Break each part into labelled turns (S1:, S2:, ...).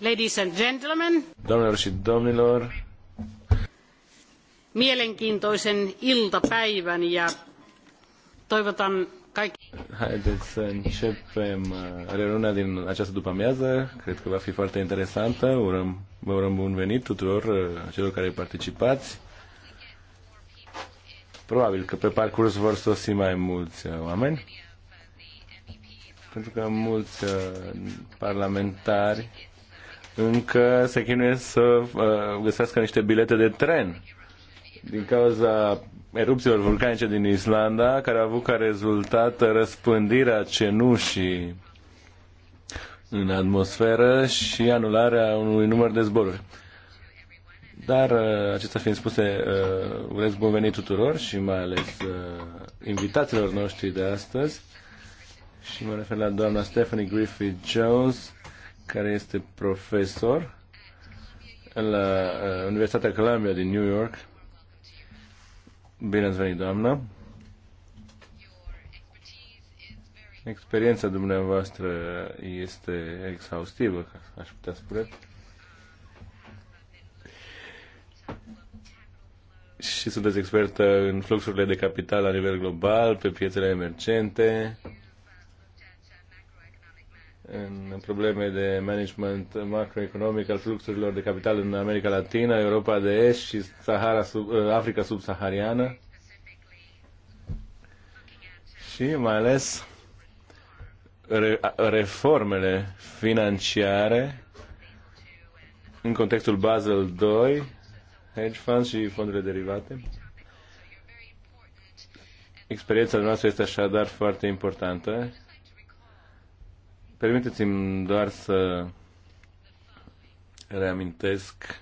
S1: Ladies and gentlemen.
S2: Doamnelor și domnilor.
S1: Mielenkiintoisen iltapäivän ja
S3: toivotan kaikki...
S2: Haideți să începem uh, reuniunea din această după-amiază. Cred că va fi foarte interesantă. Urăm, vă urăm bun venit tuturor uh, celor care participați. Probabil că pe parcurs vor sosi mai mulți uh, oameni, pentru că mulți parlamentari încă se chinuie să uh, găsească niște bilete de tren din cauza erupțiilor vulcanice din Islanda, care au avut ca rezultat răspândirea cenușii în atmosferă și anularea unui număr de zboruri. Dar, uh, acestea fiind spuse, uh, urez bun venit tuturor și mai ales invitaților noștri de astăzi. Și mă refer la doamna Stephanie Griffith Jones, care este profesor la uh, Universitatea Columbia din New York. Bine ați venit, doamnă! Experiența dumneavoastră este exhaustivă, aș putea spune. Și sunteți expertă în fluxurile de capital la nivel global, pe piețele emergente, în probleme de management macroeconomic al fluxurilor de capital în America Latina, Europa de Est și Sahara sub, uh, Africa subsahariană și mai ales re, reformele financiare în contextul Basel II, hedge funds și fondurile derivate. Experiența noastră este așadar foarte importantă Permiteți-mi doar să reamintesc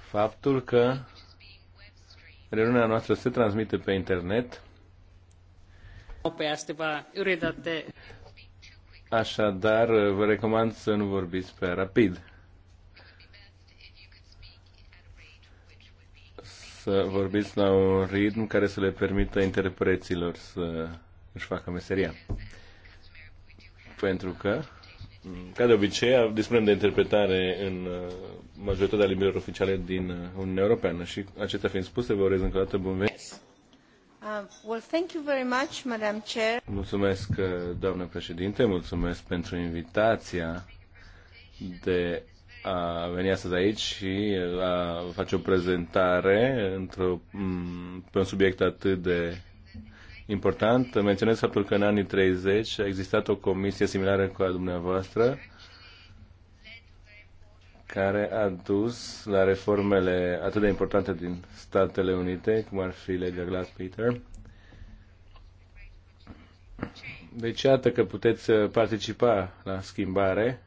S2: faptul că reuniunea noastră se transmite pe internet. Așadar, vă recomand să nu vorbiți prea rapid. Să vorbiți la un ritm care să le permită interpreților să își facă meseria. Pentru că, ca de obicei, disprem de interpretare în uh, majoritatea limbilor oficiale din uh, Uniunea Europeană și acestea fiind spuse, vă urez încă o dată bun venit.
S1: Uh, well, thank you very much, Madam Chair.
S2: Mulțumesc, uh, doamnă președinte, mulțumesc pentru invitația de a veni astăzi aici și a face o prezentare într-o, mm, pe un subiect atât de important. Menționez faptul că în anii 30 a existat o comisie similară cu a dumneavoastră care a dus la reformele atât de importante din Statele Unite, cum ar fi legea Glass-Peter. Deci iată că puteți uh, participa la schimbare.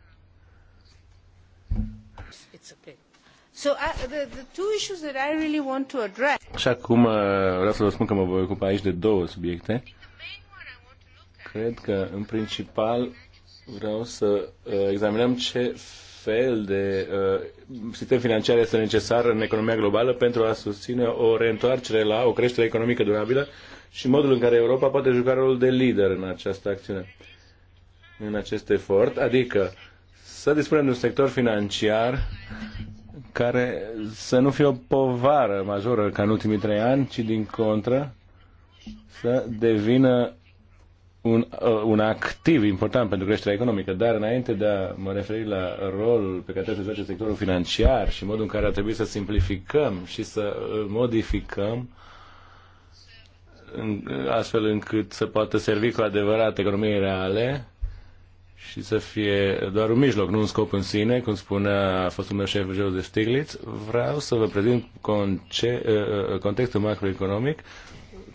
S1: It's a bit So, uh, the, the two issues that I really want to address...
S2: Și acum uh, vreau să vă spun că mă voi ocupa aici de două subiecte. Cred că, în principal, vreau să uh, examinăm ce fel de uh, sistem financiar este necesar în economia globală pentru a susține o reîntoarcere la o creștere economică durabilă și modul în care Europa poate juca rolul de lider în această acțiune, în acest efort, adică să dispunem de un sector financiar care să nu fie o povară majoră ca în ultimii trei ani, ci din contră să devină un, uh, un activ important pentru creșterea economică. Dar înainte de a mă referi la rolul pe care trebuie să joace sectorul financiar și modul în care ar trebui să simplificăm și să îl uh, modificăm uh, astfel încât să poată servi cu adevărat economiei reale, și să fie doar un mijloc, nu un scop în sine, cum spunea fostul meu șef de Stiglitz, vreau să vă prezint conce- uh, uh, contextul macroeconomic,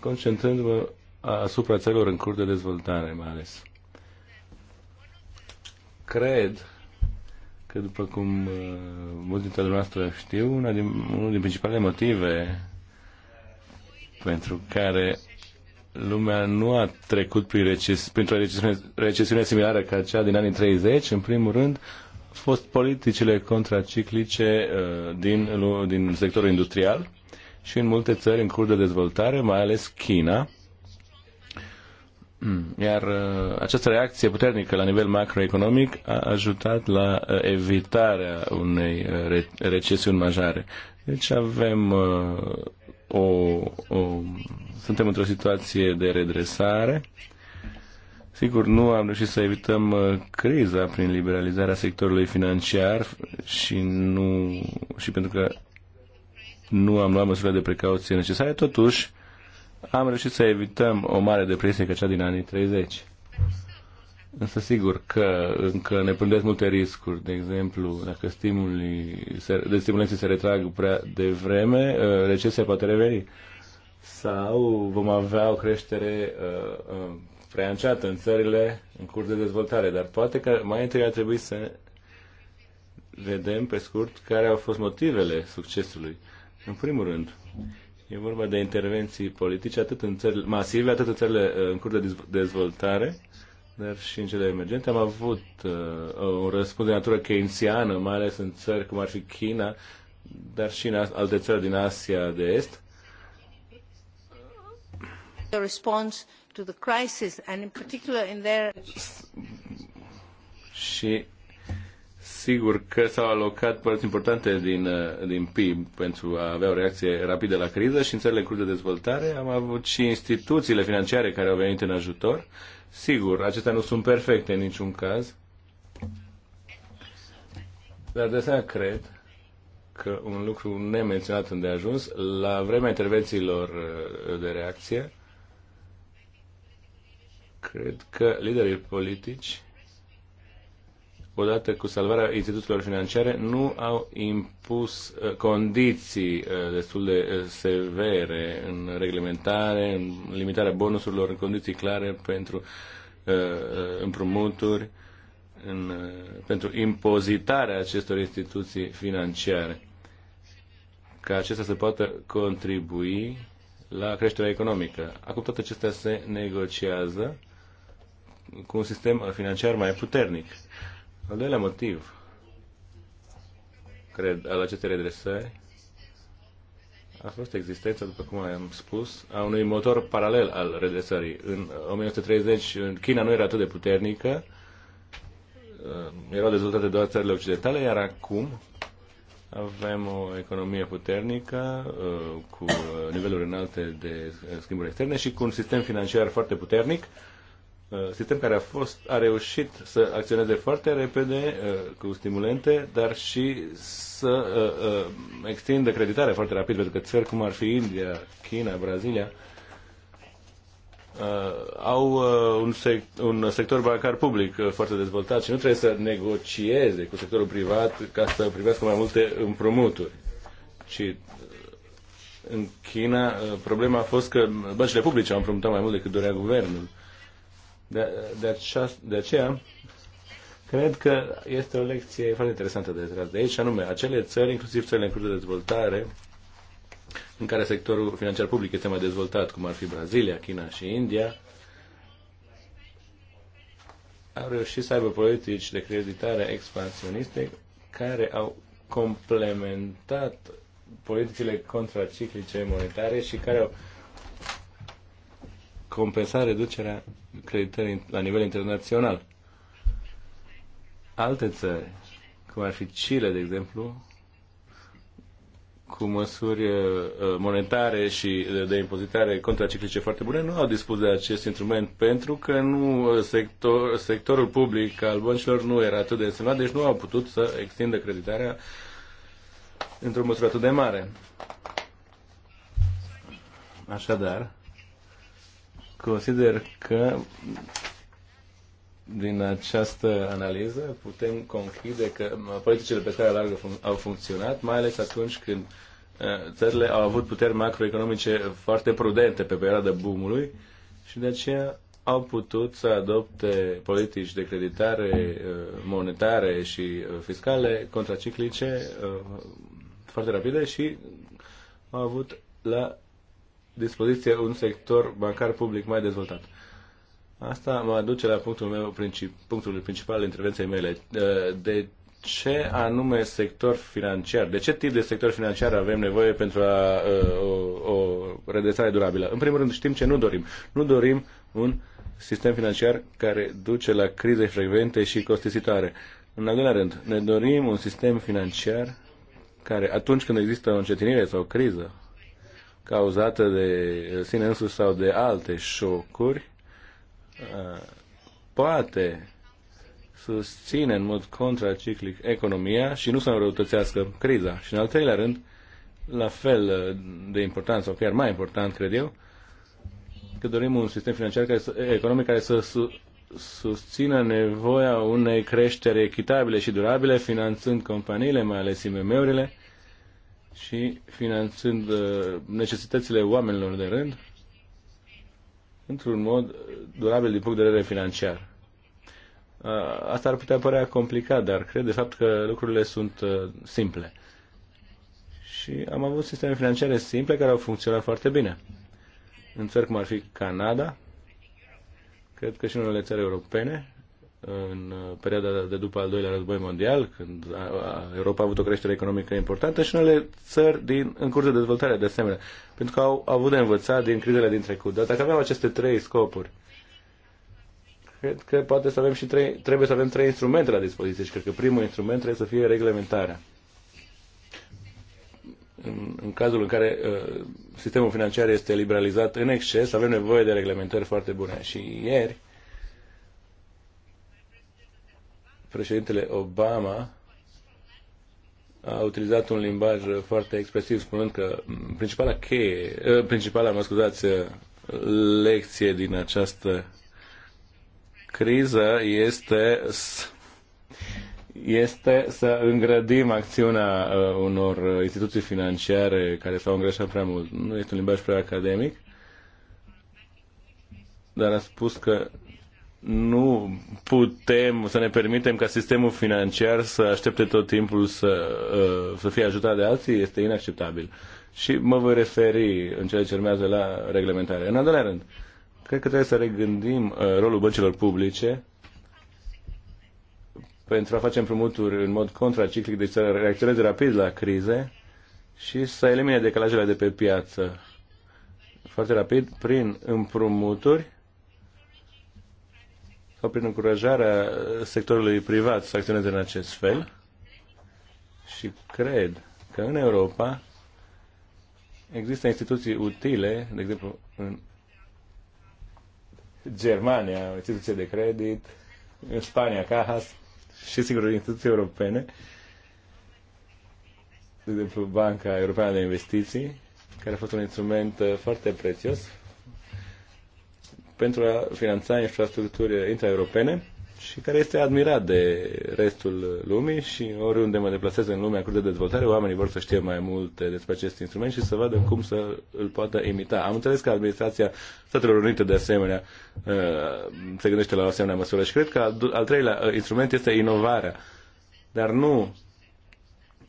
S2: concentrându-mă asupra țărilor în curs de dezvoltare, mai ales. Cred că, după cum uh, mulți dintre dumneavoastră știu, una din, unul din principalele motive pentru care lumea nu a trecut prin reces- printr-o recesiune, recesiune similară ca cea din anii 30, în primul rând, fost politicile contraciclice uh, din, din sectorul industrial și în multe țări în curs de dezvoltare, mai ales China. Mm, iar uh, această reacție puternică la nivel macroeconomic a ajutat la uh, evitarea unei uh, recesiuni majore. Deci avem uh, o, o, suntem într-o situație de redresare. Sigur, nu am reușit să evităm uh, criza prin liberalizarea sectorului financiar și, nu, și pentru că nu am luat măsurile de precauție necesare, totuși am reușit să evităm o mare depresie ca cea din anii 30. Însă sigur că încă ne prindeți multe riscuri. De exemplu, dacă stimulii se, de se retrag prea devreme, uh, recesia poate reveni. Sau vom avea o creștere prea uh, uh, înceată în țările în curs de dezvoltare. Dar poate că mai întâi ar trebui să vedem pe scurt care au fost motivele succesului. În primul rând, e vorba de intervenții politice atât în țările masive, atât în țările în curs de dezvoltare, dar și în cele emergente. Am avut uh, un răspuns de natură keynesiană, mai ales în țări cum ar fi China, dar și în alte țări din Asia de Est.
S1: The response to the crisis and in particular in their...
S2: Și sigur că s-au alocat părți importante din, uh, din PIB pentru a avea o reacție rapidă la criză și în țările în curs de dezvoltare am avut și instituțiile financiare care au venit în ajutor Sigur, acestea nu sunt perfecte în niciun caz, dar de asemenea cred că un lucru nemenționat unde ajuns, la vremea intervențiilor uh, de reacție, cred că liderii politici odată cu salvarea instituțiilor financiare, nu au impus uh, condiții uh, destul de uh, severe în reglementare, în limitarea bonusurilor, în condiții clare pentru împrumuturi, în, pentru impozitarea acestor instituții financiare, ca acestea să poată contribui la creșterea economică. Acum toate acestea se negociază cu un sistem financiar mai puternic. Al doilea motiv, cred, al acestei redresări a fost existența, după cum am spus, a unui motor paralel al redresării. În 1930 uh, în China nu era atât de puternică, uh, erau dezvoltate doar țările occidentale, iar acum avem o economie puternică, uh, cu niveluri înalte de schimburi externe și cu un sistem financiar foarte puternic Uh, sistem care a, fost, a reușit să acționeze foarte repede uh, cu stimulente, dar și să uh, extindă creditarea foarte rapid, pentru că țări cum ar fi India, China, Brazilia, au un, sec- un sector bancar public foarte dezvoltat și nu trebuie să negocieze cu sectorul privat ca să privească mai multe împrumuturi. Și în China problema a fost că băncile publice au împrumutat mai mult decât dorea guvernul de, de, acea, de aceea, cred că este o lecție foarte interesantă de tras de aici, și anume, acele țări, inclusiv țările în curs de dezvoltare, în care sectorul financiar public este mai dezvoltat, cum ar fi Brazilia, China și India, au reușit să aibă politici de creditare expansioniste care au complementat politicile contraciclice monetare și care au compensa reducerea creditării la nivel internațional. Alte țări, cum ar fi Chile, de exemplu, cu măsuri uh, monetare și de impozitare contraciclice foarte bune, nu au dispus de acest instrument pentru că nu sector, sectorul public al băncilor nu era atât de însemnat, deci nu au putut să extindă creditarea într-o măsură atât de mare. Așadar, Consider că din această analiză putem conclude că uh, politicile pe care largă fun- au funcționat, mai ales atunci când uh, țările au avut puteri macroeconomice foarte prudente pe perioada boomului și de aceea au putut să adopte politici de creditare uh, monetare și fiscale contraciclice foarte rapide și au avut la dispoziție un sector bancar public mai dezvoltat. Asta mă aduce la punctul meu punctul principal al intervenției mele. De ce anume sector financiar? De ce tip de sector financiar avem nevoie pentru a, ă, o, o redresare durabilă? În primul rând, știm ce nu dorim. Nu dorim un sistem financiar care duce la crize frecvente și costisitoare. În al doilea rând, ne dorim un sistem financiar care, atunci când există o încetinire sau o criză, cauzată de sine însuși sau de alte șocuri, uh, poate susține în mod contraciclic economia și nu să înrăutățească criza. Și în al treilea rând, la fel de important sau chiar mai important, cred eu, că dorim un sistem financiar care să, economic care să su, susțină nevoia unei creșteri echitabile și durabile, finanțând companiile, mai ales IMM-urile, și finanțând uh, necesitățile oamenilor de rând într-un mod durabil din punct de vedere financiar. Uh, asta ar putea părea complicat, dar cred de fapt că lucrurile sunt uh, simple. Și am avut sisteme financiare simple care au funcționat foarte bine. În țări cum ar fi Canada, cred că și în unele țări europene, în uh, perioada de după al doilea război mondial, când Europa a avut o creștere economică importantă și unele țări din, în curs de dezvoltare de asemenea, pentru că au, au avut de învățat din crizele din trecut. Dar dacă avem aceste trei scopuri, cred că poate să avem și trei, trebuie să avem trei instrumente la dispoziție și cred că primul instrument trebuie să fie reglementarea. În, în cazul în care uh, sistemul financiar este liberalizat în exces, avem nevoie de reglementări foarte bune. Și ieri, uh, președintele Obama a utilizat un limbaj foarte expresiv spunând că principala cheie, eh, principala, mă scuzați, eh, lecție din această criză este este să îngrădim acțiunea eh, unor instituții financiare care s-au îngrășat prea mult. Nu este un limbaj prea academic, dar a spus că nu putem să ne permitem ca sistemul financiar să aștepte tot timpul să, uh, să fie ajutat de alții, este inacceptabil. Și mă voi referi în cele ce urmează la reglementare. În al doilea rând, cred că trebuie să regândim uh, rolul băncilor publice pentru a face împrumuturi în mod contraciclic, deci să reacționeze rapid la crize și să elimine decalajele de pe piață foarte rapid prin împrumuturi sau prin încurajarea sectorului privat să acționeze în acest fel. Și cred că în Europa există instituții utile, de exemplu în Germania, o instituție de credit, în Spania, Cajas și sigur instituții europene, de exemplu Banca Europeană de Investiții, care a fost un instrument uh, foarte prețios pentru a finanța infrastructuri intraeuropene și care este admirat de restul lumii și oriunde mă deplasez în lumea cu de dezvoltare, oamenii vor să știe mai multe despre acest instrument și să vadă cum să îl poată imita. Am înțeles că administrația Statelor Unite de asemenea uh, se gândește la o asemenea măsură și cred că al treilea uh, instrument este inovarea, dar nu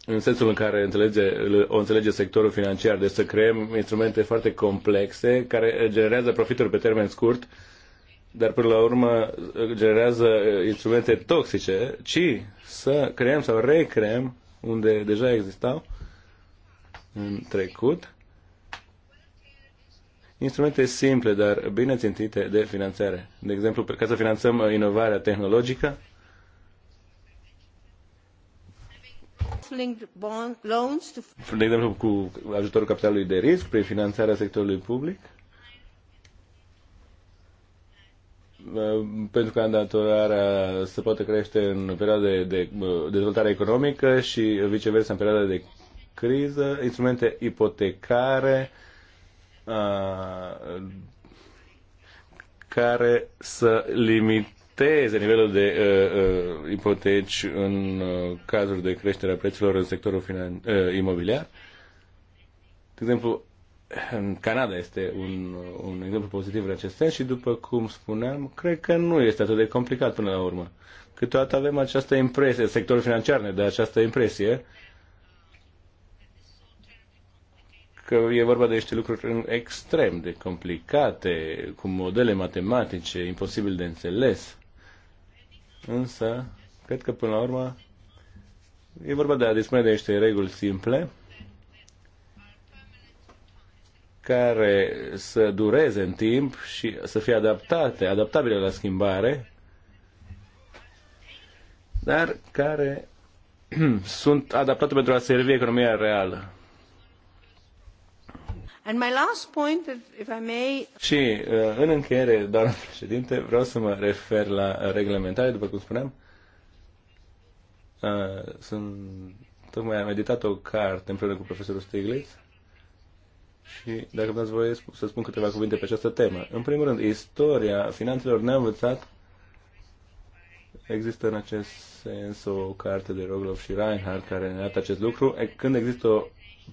S2: în sensul în care înțelege, o înțelege sectorul financiar. Deci să creăm instrumente foarte complexe care generează profituri pe termen scurt, dar până la urmă generează instrumente toxice, ci să creăm sau recreăm unde deja existau în trecut instrumente simple, dar bine țintite de finanțare. De exemplu, ca să finanțăm inovarea tehnologică,
S1: De
S2: exemplu, cu ajutorul capitalului de risc, prin finanțarea sectorului public? Uh, pentru ca îndatorarea să poată crește în perioada de uh, dezvoltare economică și viceversa în perioada de criză, instrumente ipotecare a, uh, care să limite corecteze nivelul de uh, uh, ipoteci în uh, cazuri de creștere a prețurilor în sectorul finan- uh, imobiliar. De exemplu, în Canada este un, un exemplu pozitiv în acest sens și, după cum spuneam, cred că nu este atât de complicat până la urmă. Câteodată avem această impresie, sectorul financiar ne dă această impresie că e vorba de niște lucruri extrem de complicate, cu modele matematice imposibil de înțeles însă cred că până la urmă e vorba de a dispune de niște reguli simple care să dureze în timp și să fie adaptate, adaptabile la schimbare, dar care sunt adaptate pentru a servi economia reală.
S1: And my last point, if I may...
S2: Și uh, în încheiere, doamnă președinte, vreau să mă refer la reglementare, după cum spuneam. Uh, sunt, tocmai am editat o carte împreună cu profesorul Stiglitz și dacă dați voie să spun câteva cuvinte pe această temă. În primul rând, istoria finanțelor ne-a învățat Există în acest sens o carte de Roglov și Reinhardt care ne arată acest lucru. Când există o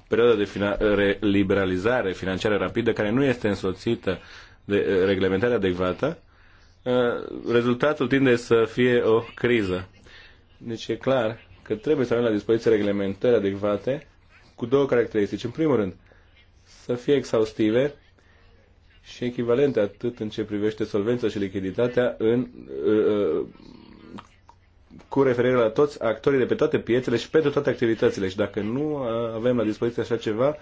S2: Perioada de fina- liberalizare financiară rapidă, care nu este însoțită de reglementare adecvată, rezultatul tinde să fie o criză. Deci e clar că trebuie să avem la dispoziție reglementări adecvate cu două caracteristici. În primul rând, să fie exhaustive și echivalente atât în ce privește solvența și lichiditatea în uh, cu referire la toți actorii de pe toate piețele și pentru toate activitățile. Și dacă nu avem la dispoziție așa ceva,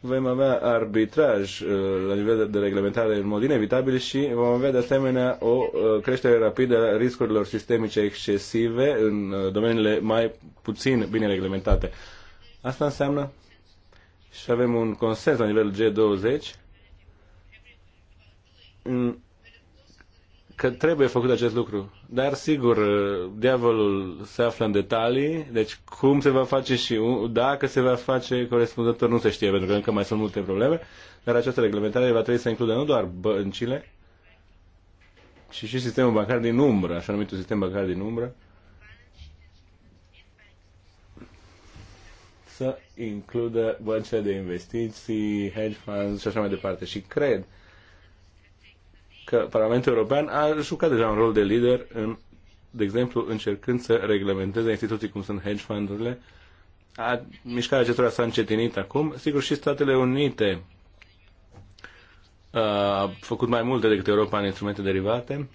S2: vom avea arbitraj uh, la nivel de reglementare în mod inevitabil și vom avea de asemenea o uh, creștere rapidă a riscurilor sistemice excesive în uh, domeniile mai puțin bine reglementate. Asta înseamnă și avem un consens la nivel G20 în că trebuie făcut acest lucru. Dar, sigur, uh, diavolul se află în detalii, deci cum se va face și dacă se va face corespunzător nu se știe, pentru că încă mai sunt multe probleme, dar această reglementare va trebui să includă nu doar băncile, ci și sistemul bancar din umbră, așa numitul sistem bancar din umbră, să includă băncile de investiții, hedge funds și așa mai departe. Și cred că Parlamentul European a jucat deja un rol de lider în, de exemplu, încercând să reglementeze instituții cum sunt hedge fundurile. A, mișcarea acestora s-a încetinit acum. Sigur, și Statele Unite a făcut mai multe decât Europa în instrumente derivate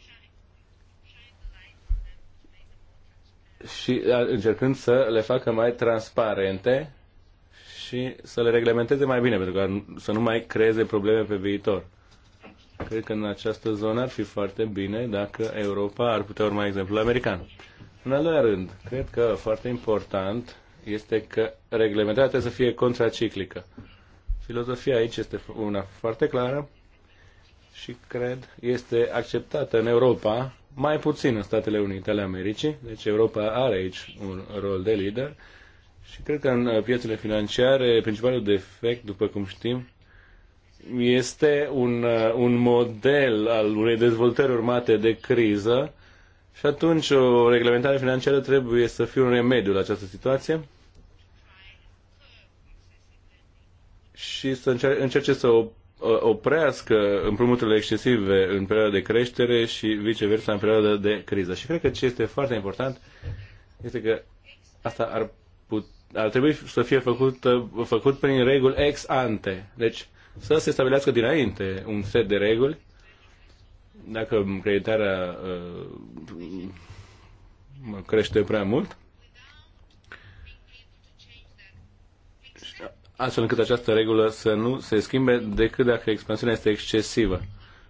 S2: și încercând să le facă mai transparente și să le reglementeze mai bine, pentru că să nu mai creeze probleme pe viitor. Cred că în această zonă ar fi foarte bine dacă Europa ar putea urma exemplul american. În al doilea rând, cred că foarte important este că reglementarea trebuie să fie contraciclică. Filozofia aici este una foarte clară și cred este acceptată în Europa, mai puțin în Statele Unite ale Americii, deci Europa are aici un rol de lider și cred că în uh, piețele financiare principalul defect, după cum știm, este un, uh, un model al unei dezvoltări urmate de criză și atunci o reglementare financiară trebuie să fie un remediu la această situație și să încerce să uh, oprească împrumuturile excesive în perioada de creștere și viceversa în perioada de criză. Și cred că ce este foarte important este că asta ar, put, ar trebui să fie făcut, făcut prin reguli ex ante. Deci, să se stabilească dinainte un set de reguli dacă creditarea uh, crește prea mult, astfel încât această regulă să nu se schimbe decât dacă expansiunea este excesivă.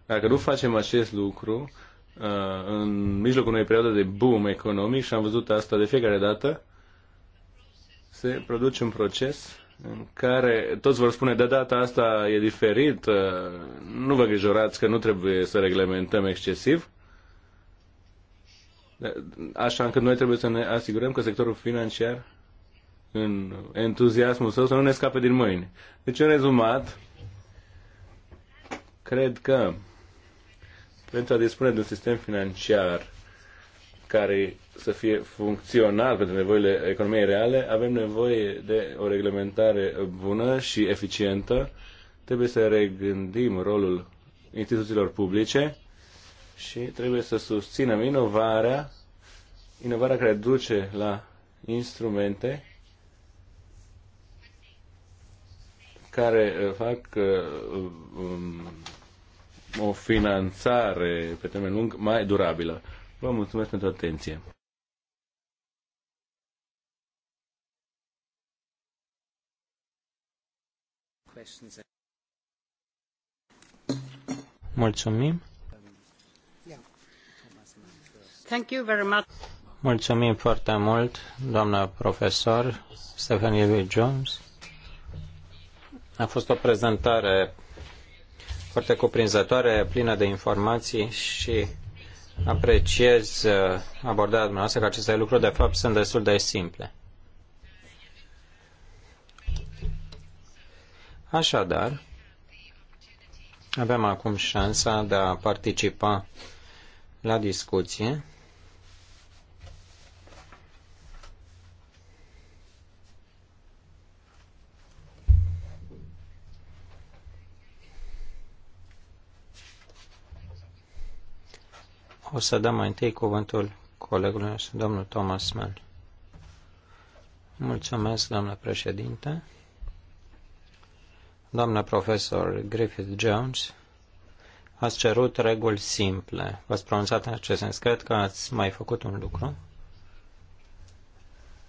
S2: Dacă nu facem acest lucru, uh, în mijlocul unei perioade de boom economic, și am văzut asta de fiecare dată, se produce un proces în care toți vor spune de da, data asta e diferit, ă, nu vă grijorați că nu trebuie să reglementăm excesiv, așa încât noi trebuie să ne asigurăm că sectorul financiar în entuziasmul său să nu ne scape din mâini. Deci, în rezumat, cred că pentru a dispune de un sistem financiar care să fie funcțional pentru nevoile economiei reale, avem nevoie de o reglementare bună și eficientă. Trebuie să regândim rolul instituțiilor publice și trebuie să susținem inovarea, inovarea care duce la instrumente care eh, fac eh, um, o finanțare pe termen lung mai durabilă. Vă mulțumesc pentru atenție.
S4: Mulțumim. Thank you very much. Mulțumim foarte mult, doamna profesor Stephanie V. Jones. A fost o prezentare foarte cuprinzătoare, plină de informații și apreciez uh, abordarea dumneavoastră că aceste lucruri de fapt sunt destul de simple. Așadar, avem acum șansa de a participa la discuție. O să dăm mai întâi cuvântul colegului nostru, domnul Thomas Mann. Mulțumesc, doamnă președinte. Doamna profesor Griffith Jones, ați cerut reguli simple. V-ați pronunțat în acest sens. Cred că ați mai făcut un lucru.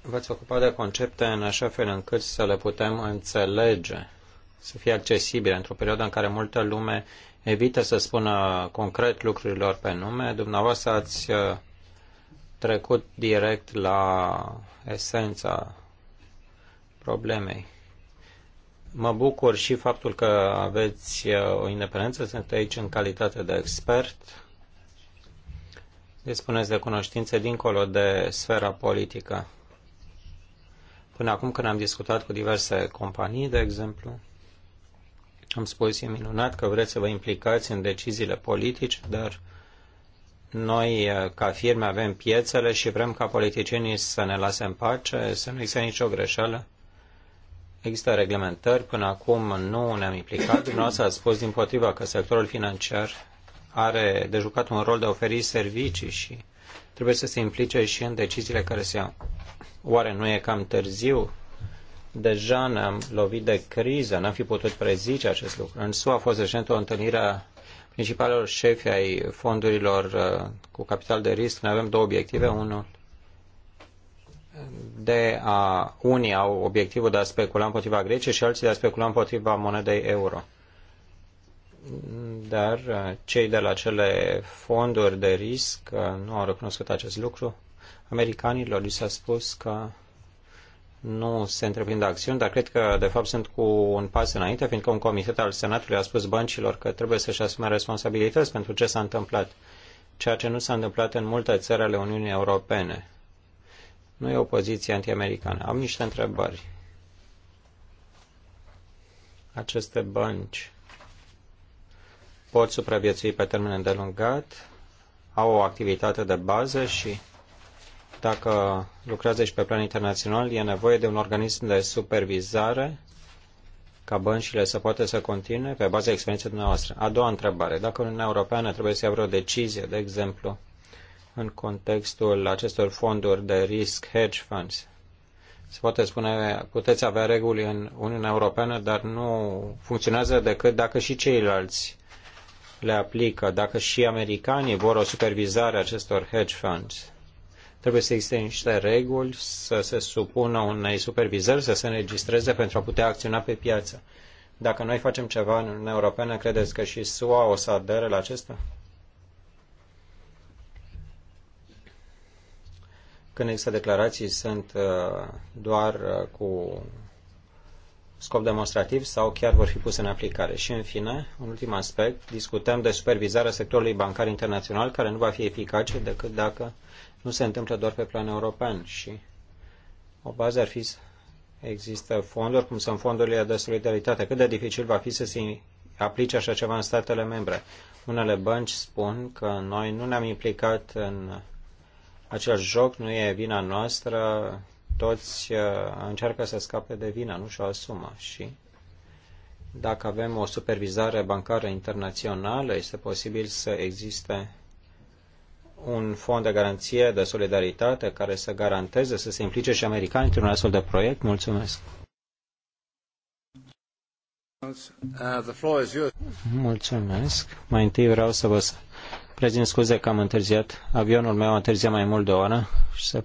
S4: V-ați ocupat de concepte în așa fel încât să le putem înțelege, să fie accesibile într-o perioadă în care multă lume evită să spună concret lucrurilor pe nume. Dumneavoastră ați uh, trecut direct la esența problemei. Mă bucur și faptul că aveți uh, o independență. Sunt aici în calitate de expert. Dispuneți de cunoștințe dincolo de sfera politică. Până acum când am discutat cu diverse companii, de exemplu, am spus, e minunat că vreți să vă implicați în deciziile politice, dar noi, uh, ca firme, avem piețele și vrem ca politicienii să ne lase în pace, să nu există nicio greșeală Există reglementări, până acum nu ne-am implicat. Dumneavoastră ați spus din potriva că sectorul financiar are de jucat un rol de a oferi servicii și trebuie să se implice și în deciziile care se iau. Oare nu e cam târziu? Deja ne-am lovit de criză, n-am fi putut prezice acest lucru. În SUA a fost recent o întâlnire a principalelor șefi ai fondurilor uh, cu capital de risc. Noi avem două obiective. Unul de a, unii au obiectivul de a specula împotriva Greciei și alții de a specula împotriva monedei euro. Dar uh, cei de la cele fonduri de risc uh, nu au recunoscut acest lucru. Americanilor li s-a spus că nu se întreprind acțiuni, dar cred că de fapt sunt cu un pas înainte, fiindcă un comitet al Senatului a spus băncilor că trebuie să-și asume responsabilități pentru ce s-a întâmplat, ceea ce nu s-a întâmplat în multe țări ale Uniunii Europene nu e o poziție antiamericană. Am niște întrebări. Aceste bănci pot supraviețui pe termen îndelungat, au o activitate de bază și dacă lucrează și pe plan internațional, e nevoie de un organism de supervizare ca băncile să poată să continue pe baza experienței noastre. A doua întrebare. Dacă Uniunea Europeană trebuie să ia vreo decizie, de exemplu, în contextul acestor fonduri de risc hedge funds. Se poate spune, puteți avea reguli în Uniunea Europeană, dar nu funcționează decât dacă și ceilalți le aplică, dacă și americanii vor o supervizare a acestor hedge funds. Trebuie să existe niște reguli, să se supună unei supervizări, să se înregistreze pentru a putea acționa pe piață. Dacă noi facem ceva în Uniunea Europeană, credeți că și SUA o să adere la acesta? când există declarații, sunt uh, doar uh, cu scop demonstrativ sau chiar vor fi puse în aplicare. Și în fine, un ultim aspect, discutăm de supervizarea sectorului bancar internațional care nu va fi eficace decât dacă nu se întâmplă doar pe plan european și o bază ar fi să există fonduri, cum sunt fondurile de solidaritate. Cât de dificil va fi să se aplice așa ceva în statele membre? Unele bănci spun că noi nu ne-am implicat în acel joc, nu e vina noastră, toți uh, încearcă să scape de vina, nu și-o asumă. Și dacă avem o supervizare bancară internațională, este posibil să existe un fond de garanție de solidaritate care să garanteze să se implice și americani într-un astfel de proiect? Mulțumesc! Uh, Mulțumesc! Mai întâi vreau să vă prezint scuze că am întârziat. Avionul meu a întârziat mai mult de o oră și se...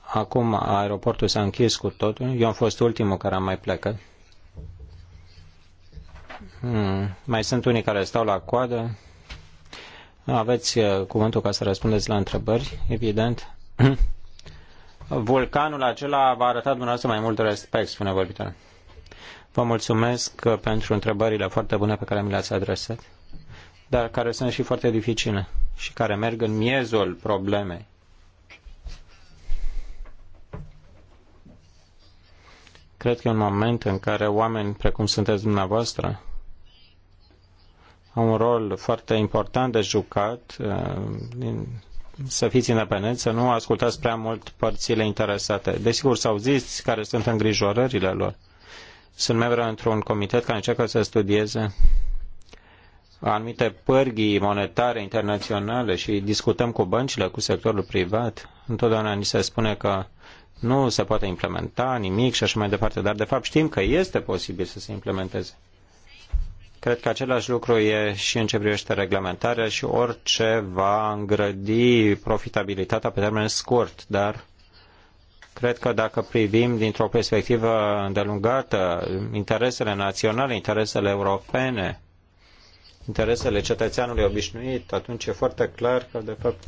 S4: Acum aeroportul s-a închis cu totul. Eu am fost ultimul care am mai plecat. Hmm. Mai sunt unii care stau la coadă. Aveți uh, cuvântul ca să răspundeți la întrebări, evident. Vulcanul acela va a arătat dumneavoastră mai mult respect, spune vorbitorul. Vă mulțumesc uh, pentru întrebările foarte bune pe care mi le-ați adresat dar care sunt și foarte dificile și care merg în miezul problemei. Cred că e un moment în care oameni precum sunteți dumneavoastră au un rol foarte important de jucat, uh, să fiți independenți, să nu ascultați prea mult părțile interesate. Desigur, s-au auziți care sunt îngrijorările lor. Sunt membru într-un comitet care încearcă să studieze anumite pârghii monetare internaționale și discutăm cu băncile, cu sectorul privat, întotdeauna ni se spune că nu se poate implementa nimic și așa mai departe, dar de fapt știm că este posibil să se implementeze. Cred că același lucru e și în ce privește reglementarea și orice va îngrădi profitabilitatea pe termen scurt, dar cred că dacă privim dintr-o perspectivă îndelungată interesele naționale, interesele europene, interesele cetățeanului obișnuit, atunci e foarte clar că, de fapt,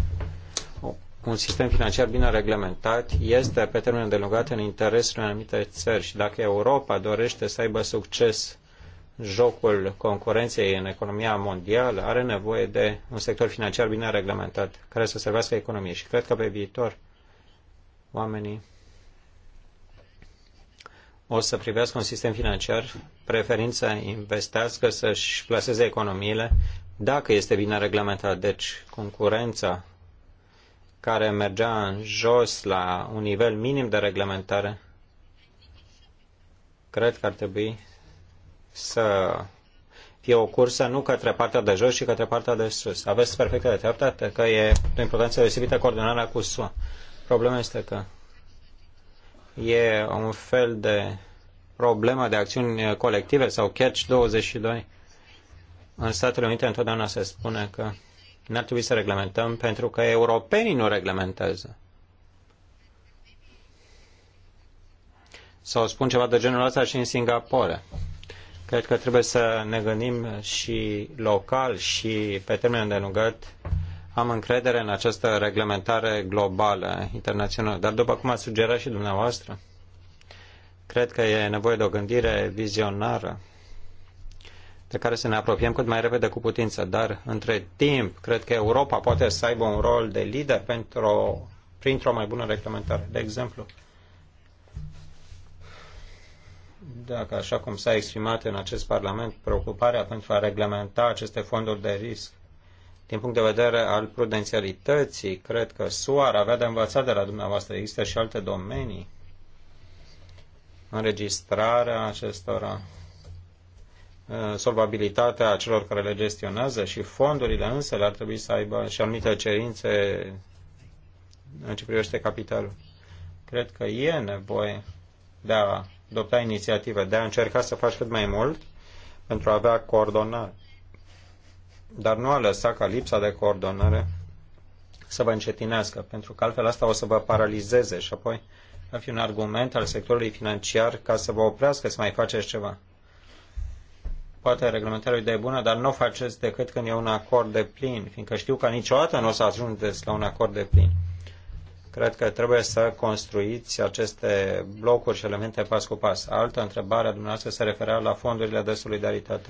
S4: un sistem financiar bine reglementat este pe termen delungat în interesul unei anumite țări și dacă Europa dorește să aibă succes jocul concurenței în economia mondială, are nevoie de un sector financiar bine reglementat care să servească economie. și cred că pe viitor oamenii o să privească un sistem financiar, preferind să investească, să-și plaseze economiile, dacă este bine reglementat. Deci, concurența care mergea în jos la un nivel minim de reglementare, cred că ar trebui să fie o cursă nu către partea de jos, ci către partea de sus. Aveți perfectă dreptate că e de importanță deosebită coordonarea cu SUA. Problema este că E un fel de problemă de acțiuni colective sau catch 22. În Statele Unite întotdeauna se spune că n-ar trebui să reglementăm pentru că europenii nu reglementează. Sau spun ceva de genul ăsta și în Singapore. Cred că trebuie să ne gândim și local și pe termen de îndelungat am încredere în această reglementare globală, internațională. Dar după cum a sugerat și dumneavoastră, cred că e nevoie de o gândire vizionară de care să ne apropiem cât mai repede cu putință. Dar, între timp, cred că Europa poate să aibă un rol de lider pentru, printr-o mai bună reglementare. De exemplu, dacă, așa cum s-a exprimat în acest Parlament, preocuparea pentru a reglementa aceste fonduri de risc din punct de vedere al prudențialității, cred că SUA ar avea de învățat de la dumneavoastră. Există și alte domenii. Înregistrarea acestora, ă, solvabilitatea celor care le gestionează și fondurile însă ar trebui să aibă și anumite cerințe în ce privește capitalul. Cred că e nevoie de a adopta inițiative, de a încerca să faci cât mai mult pentru a avea coordonare dar nu a lăsat ca lipsa de coordonare să vă încetinească, pentru că altfel asta o să vă paralizeze și apoi va fi un argument al sectorului financiar ca să vă oprească să mai faceți ceva. Poate reglementarea e de bună, dar nu o faceți decât când e un acord de plin, fiindcă știu că niciodată nu o să ajungeți la un acord de plin. Cred că trebuie să construiți aceste blocuri și elemente pas cu pas. Altă întrebare a dumneavoastră se referea la fondurile de solidaritate.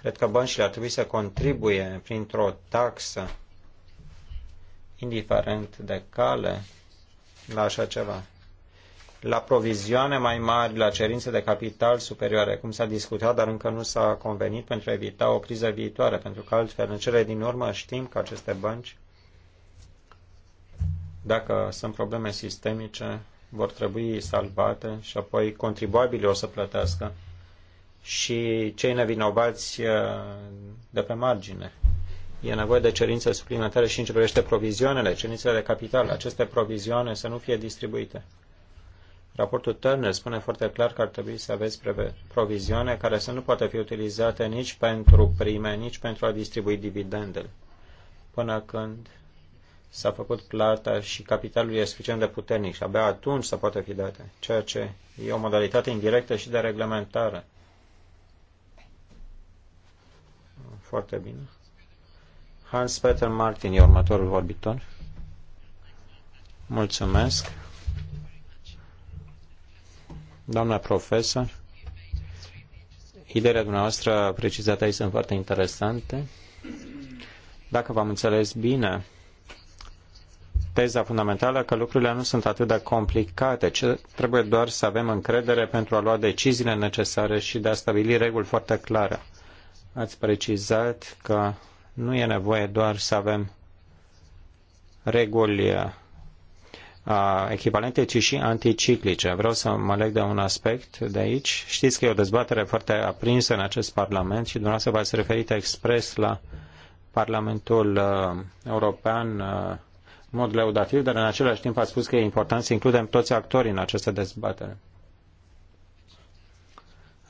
S4: Cred că băncile ar trebui să contribuie printr-o taxă, indiferent de cale, la așa ceva. La provizioane mai mari, la cerințe de capital superioare, cum s-a discutat, dar încă nu s-a convenit pentru a evita o criză viitoare, pentru că altfel, în cele din urmă, știm că aceste bănci, dacă sunt probleme sistemice, vor trebui salvate și apoi contribuabilii o să plătească și cei nevinovați uh, de pe margine. E nevoie de cerințe suplimentare și în ce privește provizioanele, cerințele de capital. Aceste provizioane să nu fie distribuite. Raportul Turner spune foarte clar că ar trebui să aveți provizioane care să nu poată fi utilizate nici pentru prime, nici pentru a distribui dividendele, până când s-a făcut plata și capitalul e suficient de puternic și abia atunci să poate fi date, ceea ce e o modalitate indirectă și de reglementare Foarte bine. Hans-Peter Martin e următorul vorbitor. Mulțumesc. Doamna profesor, ideile dumneavoastră precizate aici sunt foarte interesante. Dacă v-am înțeles bine, teza fundamentală că lucrurile nu sunt atât de complicate, ci trebuie doar să avem încredere pentru a lua deciziile necesare și de a stabili reguli foarte clare ați precizat că nu e nevoie doar să avem reguli uh, echivalente, ci și anticiclice. Vreau să mă leg de un aspect de aici. Știți că e o dezbatere foarte aprinsă în acest Parlament și dumneavoastră v-ați referit expres la Parlamentul uh, European uh, în mod leudativ, dar în același timp ați spus că e important să includem toți actorii în această dezbatere.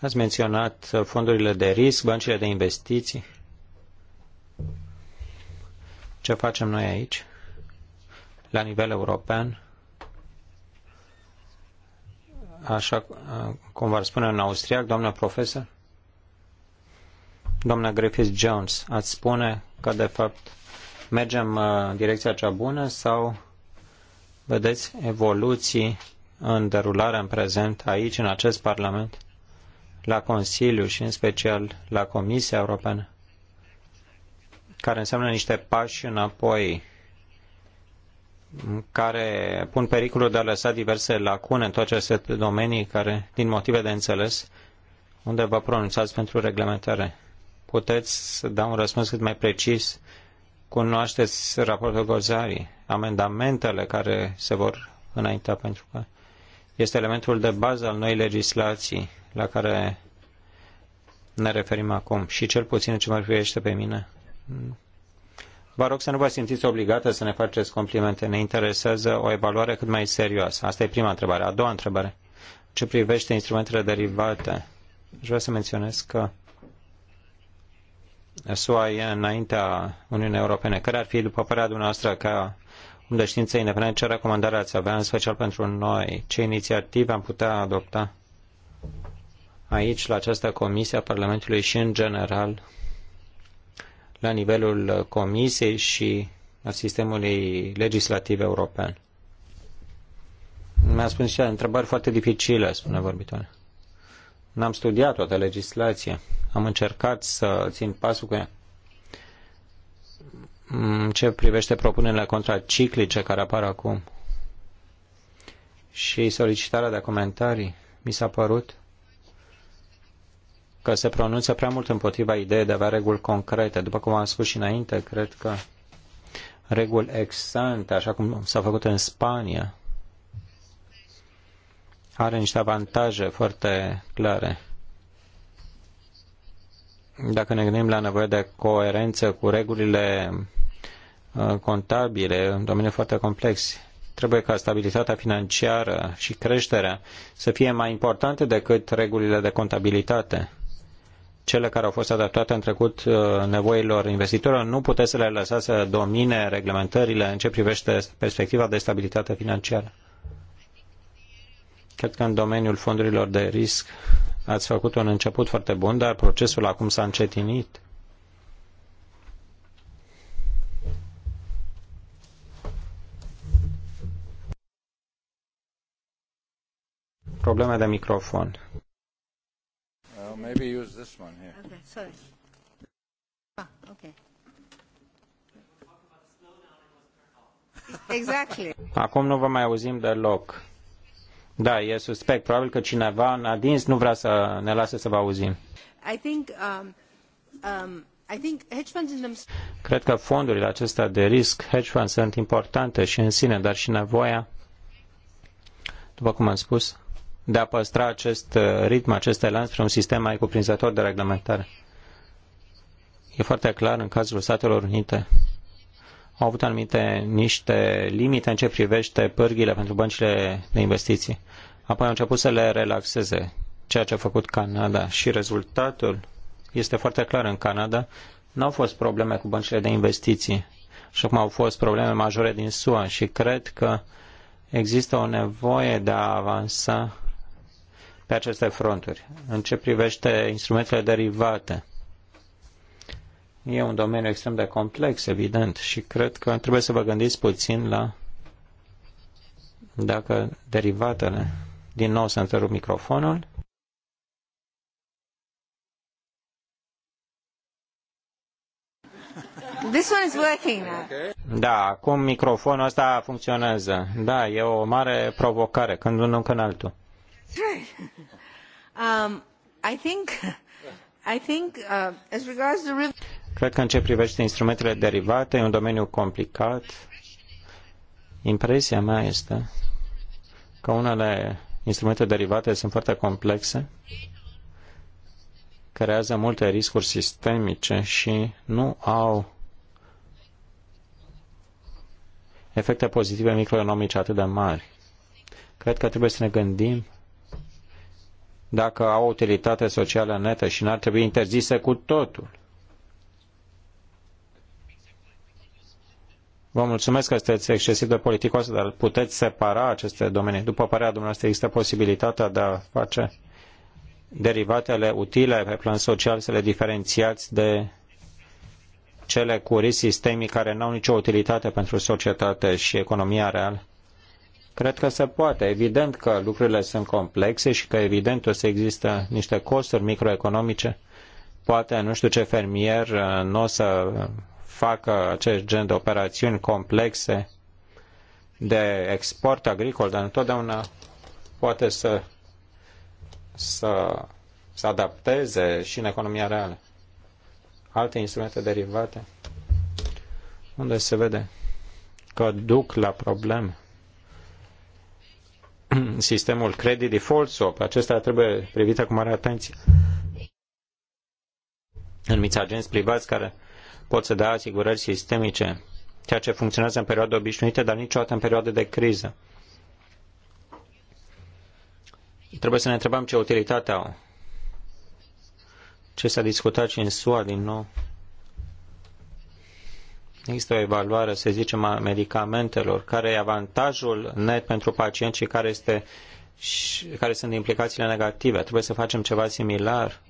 S4: Ați menționat fondurile de risc, băncile de investiții. Ce facem noi aici, la nivel european? Așa cum v-ar spune în austriac, doamnă profesor? Doamna Griffith Jones, ați spune că, de fapt, mergem uh, în direcția cea bună sau vedeți evoluții în derulare în prezent aici, în acest Parlament? la Consiliu și în special la Comisia Europeană, care înseamnă niște pași înapoi care pun pericolul de a lăsa diverse lacune în toate aceste domenii care, din motive de înțeles, unde vă pronunțați pentru reglementare. Puteți să da un răspuns cât mai precis. Cunoașteți raportul Gozari, amendamentele care se vor înainta pentru că este elementul de bază al noii legislații la care ne referim acum și cel puțin ce mă privește pe mine. Vă rog să nu vă simțiți obligată să ne faceți complimente. Ne interesează o evaluare cât mai serioasă. Asta e prima întrebare. A doua întrebare. Ce privește instrumentele derivate, aș vrea să menționez că SUA e înaintea Uniunii Europene. Care ar fi, după părerea dumneavoastră, ca de știință independent, ce recomandare ați avea, în special pentru noi? Ce inițiative am putea adopta aici, la această comisie a Parlamentului și, în general, la nivelul comisiei și a sistemului legislativ european? Mi-a spus și întrebări foarte dificile, spune vorbitoare. N-am studiat toată legislația. Am încercat să țin pasul cu ea ce privește propunerile contraciclice care apar acum și solicitarea de comentarii, mi s-a părut că se pronunță prea mult împotriva ideii de a avea reguli concrete. După cum am spus și înainte, cred că reguli exante, așa cum s-a făcut în Spania, are niște avantaje foarte clare. Dacă ne gândim la nevoie de coerență cu regulile Uh, contabile, un domeniu foarte complex. Trebuie ca stabilitatea financiară și creșterea să fie mai importante decât regulile de contabilitate. Cele care au fost adaptate în trecut uh, nevoilor investitorilor nu puteți să le lăsați să domine reglementările în ce privește perspectiva de stabilitate financiară. Cred că în domeniul fondurilor de risc ați făcut un început foarte bun, dar procesul acum s-a încetinit Probleme de microfon.
S1: Well, uh, maybe use this one here. Okay, sorry. Ah, Exactly.
S4: Acum nu vă mai auzim deloc. Da, e suspect. Probabil că cineva în adins nu vrea să ne lase să vă auzim.
S1: I think, um, um, I think hedge funds in them...
S4: Cred că fondurile acestea de risc, hedge funds, sunt importante și în sine, dar și nevoia, după cum am spus, de a păstra acest uh, ritm, acest elan spre un sistem mai cuprinzător de reglementare. E foarte clar în cazul Statelor Unite. Au avut anumite niște limite în ce privește pârghile pentru băncile de investiții. Apoi au început să le relaxeze, ceea ce a făcut Canada și rezultatul este foarte clar în Canada. Nu au fost probleme cu băncile de investiții și acum au fost probleme majore din SUA și cred că există o nevoie de a avansa pe aceste fronturi. În ce privește instrumentele derivate, e un domeniu extrem de complex, evident, și cred că trebuie să vă gândiți puțin la dacă derivatele, din nou să întrerup microfonul,
S1: This one is working now.
S4: Da, acum microfonul ăsta funcționează. Da, e o mare provocare, când unul, când altul. Cred că în ce privește instrumentele derivate, e un domeniu complicat. Impresia mea este că unele instrumente derivate sunt foarte complexe, creează multe riscuri sistemice și nu au efecte pozitive microeconomice atât de mari. Cred că trebuie să ne gândim dacă au utilitate socială netă și n-ar trebui interzise cu totul. Vă mulțumesc că sunteți excesiv de politicos, dar puteți separa aceste domenii. După părerea dumneavoastră, există posibilitatea de a face derivatele utile pe plan social să le diferențiați de cele cu risc sistemic care n-au nicio utilitate pentru societate și economia reală? Cred că se poate. Evident că lucrurile sunt complexe și că evident o să există niște costuri microeconomice. Poate nu știu ce fermier uh, nu o să facă acest gen de operațiuni complexe de export agricol, dar întotdeauna poate să, să să adapteze și în economia reală. Alte instrumente derivate, unde se vede că duc la probleme. sistemul credit default swap. Acesta trebuie privit cu mare atenție. Anumiți agenți privați care pot să dea asigurări sistemice, ceea ce funcționează în perioade obișnuite, dar niciodată în perioade de criză. Trebuie să ne întrebăm ce utilitate au. Ce s-a discutat și în SUA din nou Există o evaluare, să zicem, a medicamentelor, care e avantajul net pentru pacient și care, este, și care sunt implicațiile negative. Trebuie să facem ceva similar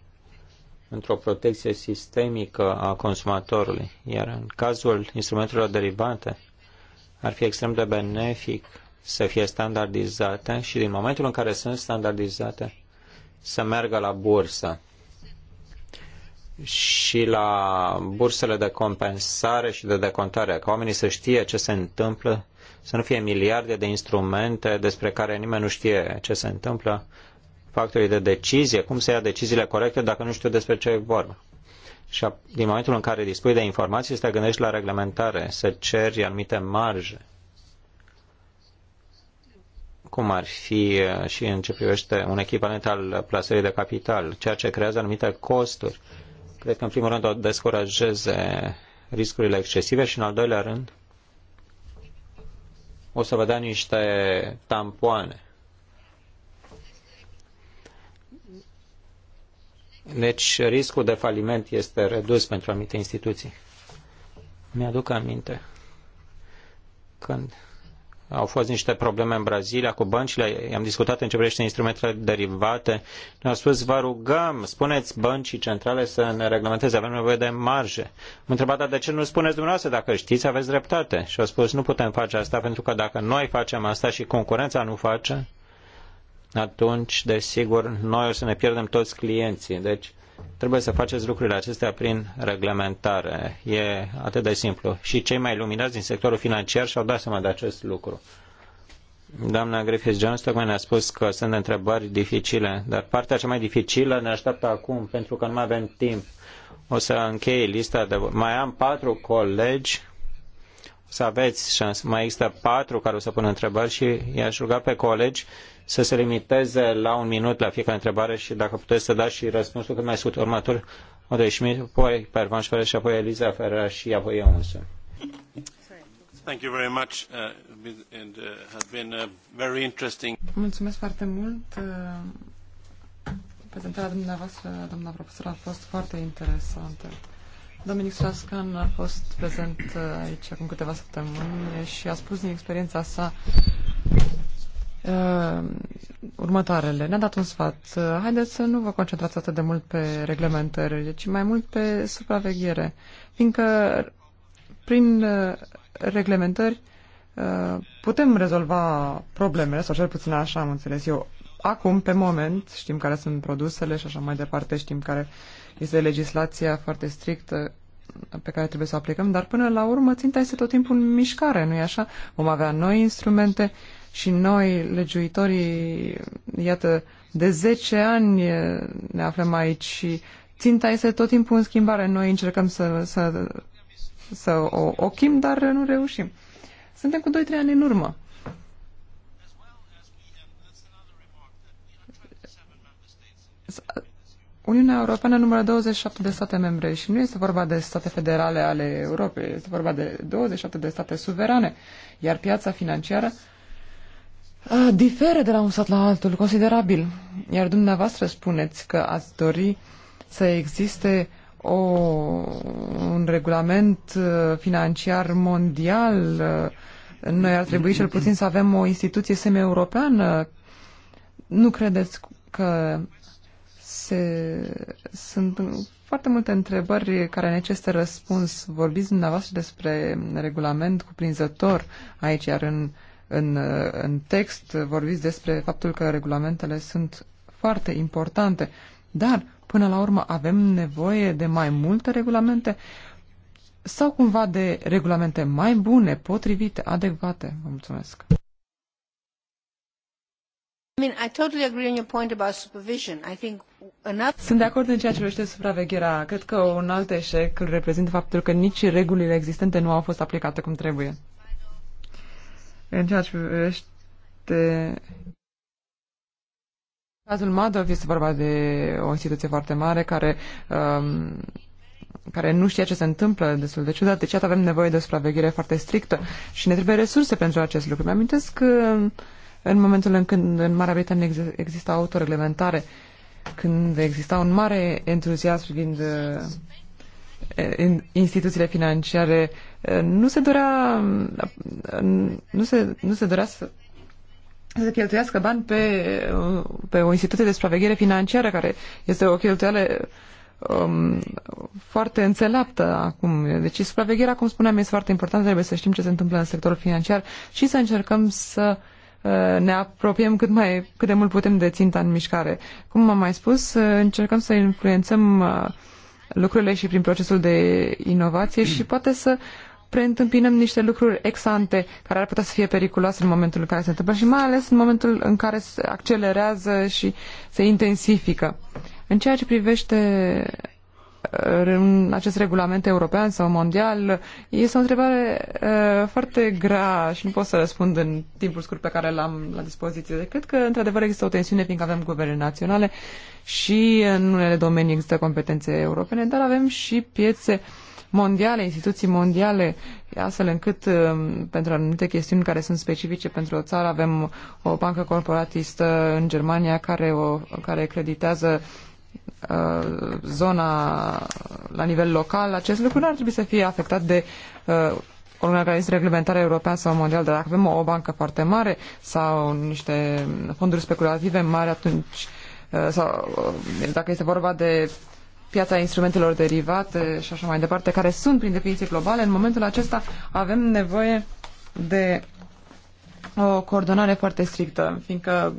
S4: într-o protecție sistemică a consumatorului. Iar în cazul instrumentelor derivate, ar fi extrem de benefic să fie standardizate și din momentul în care sunt standardizate, să meargă la bursă și la bursele de compensare și de decontare, ca oamenii să știe ce se întâmplă, să nu fie miliarde de instrumente despre care nimeni nu știe ce se întâmplă, factorii de decizie, cum să ia deciziile corecte dacă nu știu despre ce e vorba. Și din momentul în care dispui de informații, să te gândești la reglementare, să ceri anumite marje. Cum ar fi uh, și în ce privește un echivalent al plasării de capital, ceea ce creează anumite costuri cred că în primul rând o descurajeze riscurile excesive și în al doilea rând o să vă dea niște tampoane. Deci riscul de faliment este redus pentru anumite instituții. Mi-aduc aminte când au fost niște probleme în Brazilia cu băncile, am discutat în ce privește instrumentele derivate. Ne-au spus, vă rugăm, spuneți băncii centrale să ne reglementeze, avem nevoie de marje. M-am întrebat, dar de ce nu spuneți dumneavoastră dacă știți, aveți dreptate? Și au spus, nu putem face asta pentru că dacă noi facem asta și concurența nu face, atunci, desigur, noi o să ne pierdem toți clienții. Deci, Trebuie să faceți lucrurile acestea prin reglementare. E atât de simplu. Și cei mai luminați din sectorul financiar și-au dat seama de acest lucru. Doamna Griffith Jones tocmai ne-a spus că sunt întrebări dificile, dar partea cea mai dificilă ne așteaptă acum, pentru că nu mai avem timp. O să închei lista de... Mai am patru colegi, o să aveți șansă. Mai există patru care o să pună întrebări și i-aș ruga pe colegi să se limiteze la un minut la fiecare întrebare și dacă puteți să dați și răspunsul cât mai scurt următor, Odei Schmidt, apoi Pervan Șfără și apoi Eliza Ferrer și apoi eu însă.
S2: Thank you very much. Uh, and, uh, has been uh, very interesting.
S5: Mulțumesc foarte mult. Prezentarea dumneavoastră, doamna profesor, a fost foarte interesantă. Dominic Strascan a fost prezent aici acum câteva săptămâni și a spus din experiența sa uh, următoarele. Ne-a dat un sfat. Uh, haideți să nu vă concentrați atât de mult pe reglementări, ci mai mult pe supraveghere. Fiindcă prin uh, reglementări uh, putem rezolva problemele, sau cel puțin așa am înțeles eu. Acum, pe moment, știm care sunt produsele și așa mai departe, știm care este legislația foarte strictă pe care trebuie să o aplicăm, dar până la urmă ținta este tot timpul în mișcare, nu-i așa? Vom avea noi instrumente, uh, și noi, legiuitorii, iată, de 10 ani ne aflăm aici și ținta este tot timpul în schimbare. Noi încercăm să, să, să o ochim, dar nu reușim. Suntem cu 2-3 ani în urmă. Uniunea Europeană numără 27 de state membre și nu este vorba de state federale ale Europei, este vorba de 27 de state suverane, iar piața financiară uh, diferă de la un sat la altul considerabil. Iar dumneavoastră spuneți că ați dori să existe o, un regulament uh, financiar mondial. Uh, noi ar trebui cel puțin să avem o instituție semi-europeană. Nu credeți că se, sunt foarte multe întrebări care necesită răspuns. Vorbiți dumneavoastră despre regulament cuprinzător aici, iar în uh, în, în text vorbiți despre faptul că regulamentele sunt foarte importante, dar până la urmă avem nevoie de mai multe regulamente sau cumva de regulamente mai bune, potrivite, adecvate? Vă mulțumesc. Sunt de acord în ceea ce privește supravegherea. Cred că un alt eșec îl reprezintă faptul că nici regulile existente nu au fost aplicate cum trebuie. În ceea ce privește cazul Madov este vorba de o instituție foarte mare care um, care nu știa ce se întâmplă destul de ciudat, deci avem nevoie de o supraveghere foarte strictă și ne trebuie resurse pentru acest lucru. Mi-amintesc că um, în momentul în când în Marea Britanie exista autoreglementare, când exista un mare entuziasm privind uh, instituțiile financiare nu se dorea nu se, nu se dorea să să cheltuiască bani pe, pe o instituție de supraveghere financiară care este o cheltuială um, foarte înțeleaptă acum. Deci supravegherea, cum spuneam, este foarte importantă, trebuie să știm ce se întâmplă în sectorul financiar și să încercăm să ne apropiem cât, mai, cât de mult putem de ținta în mișcare. Cum am mai spus, încercăm să influențăm lucrurile și prin procesul de inovație și poate să preîntâmpinăm niște lucruri exante care ar putea să fie periculoase în momentul în care se întâmplă și mai ales în momentul în care se accelerează și se intensifică. În ceea ce privește în acest regulament european sau mondial? Este o întrebare uh, foarte grea și nu pot să răspund în timpul scurt pe care l-am la dispoziție. De cred că, într-adevăr, există o tensiune, fiindcă avem guverne naționale și în unele domenii există competențe europene, dar avem și piețe mondiale, instituții mondiale, astfel încât uh, pentru anumite chestiuni care sunt specifice pentru o țară avem o bancă corporatistă în Germania care, o, care creditează Uh, zona la nivel local, acest lucru nu ar trebui să fie afectat de uh, un organism reglementar european sau mondial, dar dacă avem o, bancă foarte mare sau niște fonduri speculative mari, atunci uh, sau uh, dacă este vorba de piața instrumentelor derivate și așa mai departe, care sunt prin definiție globale, în momentul acesta avem nevoie de o coordonare foarte strictă, fiindcă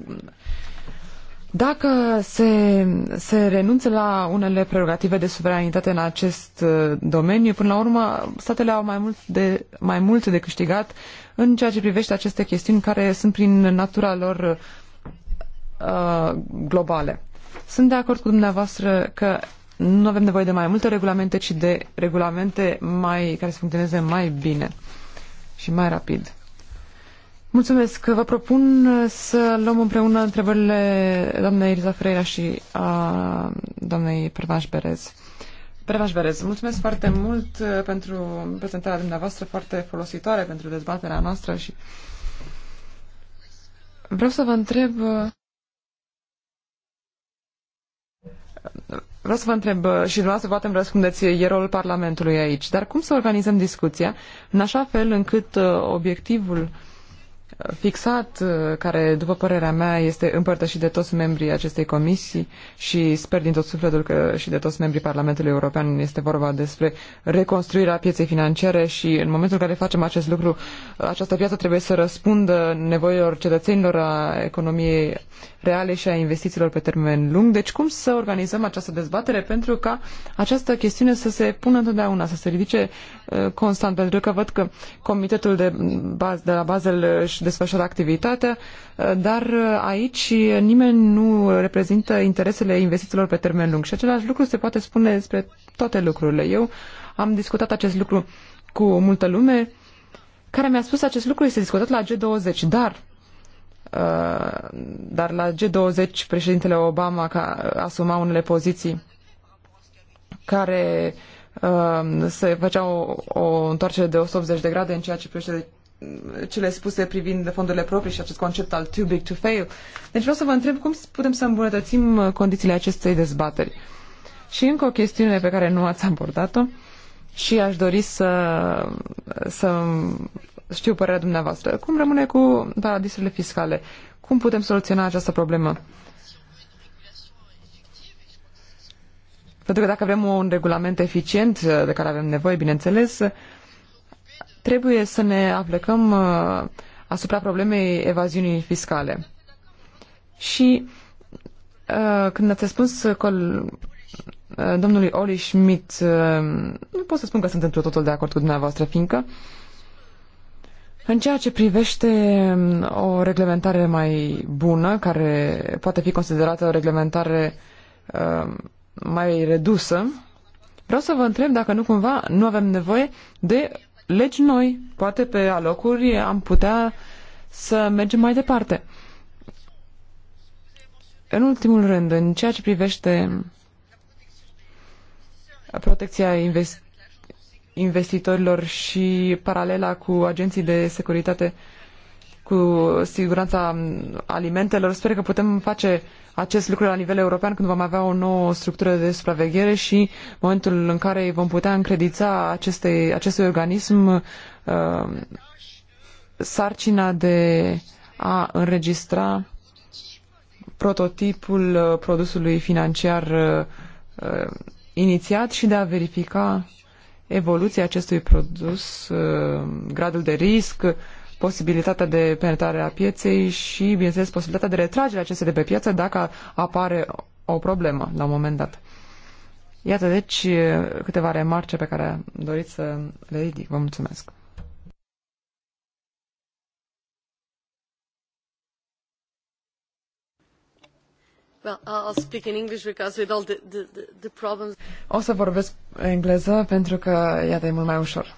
S5: dacă se, se renunță la unele prerogative de suveranitate în acest uh, domeniu, până la urmă statele au mai mult de, mai mult de câștigat în ceea ce privește aceste chestiuni care sunt prin natura lor uh, globale. Sunt de acord cu dumneavoastră că nu avem nevoie de mai multe regulamente, ci de regulamente mai, care să funcționeze mai bine și mai rapid. Mulțumesc. Vă propun uh, să luăm împreună întrebările doamnei Eliza Freira și a doamnei Pervaș Berez. Pervaș Berez, mulțumesc foarte mult uh, pentru prezentarea dumneavoastră foarte folositoare pentru dezbaterea noastră și vreau să vă întreb uh, Vreau să vă întreb și dumneavoastră poate îmi răspundeți, e rolul Parlamentului aici, dar cum să organizăm discuția în așa fel încât obiectivul uh, fixat, uh, care, după părerea mea, este împărtășit de toți membrii acestei comisii și sper din tot sufletul că și de toți membrii Parlamentului European este vorba despre reconstruirea pieței financiare și în momentul în care facem acest lucru, această piață trebuie să răspundă nevoilor cetățenilor a economiei reale și a investițiilor pe termen lung. Deci cum să organizăm această dezbatere pentru ca această chestiune să se pună întotdeauna, să se ridice uh, constant, pentru că văd că Comitetul de, baz, de la Basel își desfășoară activitatea, uh, dar uh, aici nimeni nu reprezintă interesele investițiilor pe termen lung. Și același lucru se poate spune despre toate lucrurile. Eu am discutat acest lucru cu multă lume care mi-a spus acest lucru este discutat la G20, dar Uh, dar la G20 președintele Obama ca, asuma unele poziții care uh, se făceau o, o întoarcere de 180 de grade în ceea ce privește uh, cele spuse privind fondurile proprii și acest concept al too big to fail. Deci vreau să vă întreb cum putem să îmbunătățim condițiile acestei dezbateri. Și încă o chestiune pe care nu ați abordat-o și aș dori să, să știu părerea dumneavoastră. Cum rămâne cu paradisurile da, fiscale? Cum putem soluționa această problemă? Pentru că dacă avem un regulament eficient uh, de care avem nevoie, bineînțeles, uh, trebuie să ne aplicăm uh, asupra problemei evaziunii fiscale. Și când ați spus col domnului Oli Schmidt, nu pot să spun că sunt într totul de acord cu dumneavoastră, fiindcă în ceea ce privește um, o reglementare mai bună, care poate fi considerată o reglementare uh, mai redusă, vreau să vă întreb dacă nu cumva nu avem nevoie de legi noi. Poate pe alocuri am putea să mergem mai departe. În ultimul rând, în ceea ce privește protecția investițiilor, investitorilor și paralela cu agenții de securitate cu siguranța alimentelor. Sper că putem face acest lucru la nivel european când vom avea o nouă structură de supraveghere și momentul în care vom putea încredița aceste, acestui organism uh, sarcina de a înregistra prototipul produsului financiar uh, uh inițiat și de a verifica evoluția acestui produs, uh, gradul de risc, posibilitatea de penetrare a pieței și, bineînțeles, posibilitatea de retragere acestei de pe piață dacă apare o problemă la un moment dat. Iată, deci, uh, câteva remarce pe care doriți să le ridic. Vă mulțumesc. O să vorbesc engleză pentru că, iată, e mult mai ușor.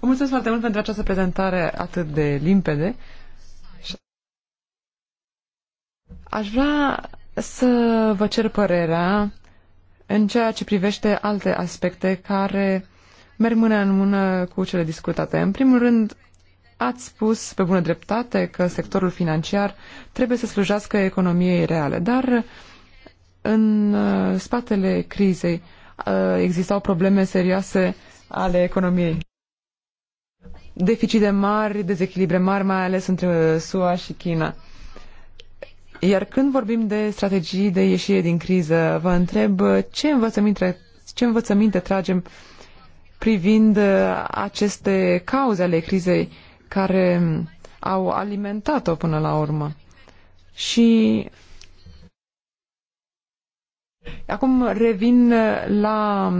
S5: Vă mulțumesc foarte mult pentru această prezentare atât de limpede. Aș vrea să vă cer părerea în ceea ce privește alte aspecte care merg mână în mână cu cele discutate. În primul rând, Ați spus pe bună dreptate că sectorul financiar trebuie să slujească economiei reale, dar în uh, spatele crizei uh, existau probleme serioase ale economiei. Deficite mari, dezechilibre mari, mai ales între uh, SUA și China. Iar când vorbim de strategii de ieșire din criză, vă întreb ce învățăminte, ce învățăminte tragem privind aceste cauze ale crizei care au alimentat-o până la urmă. Și acum revin la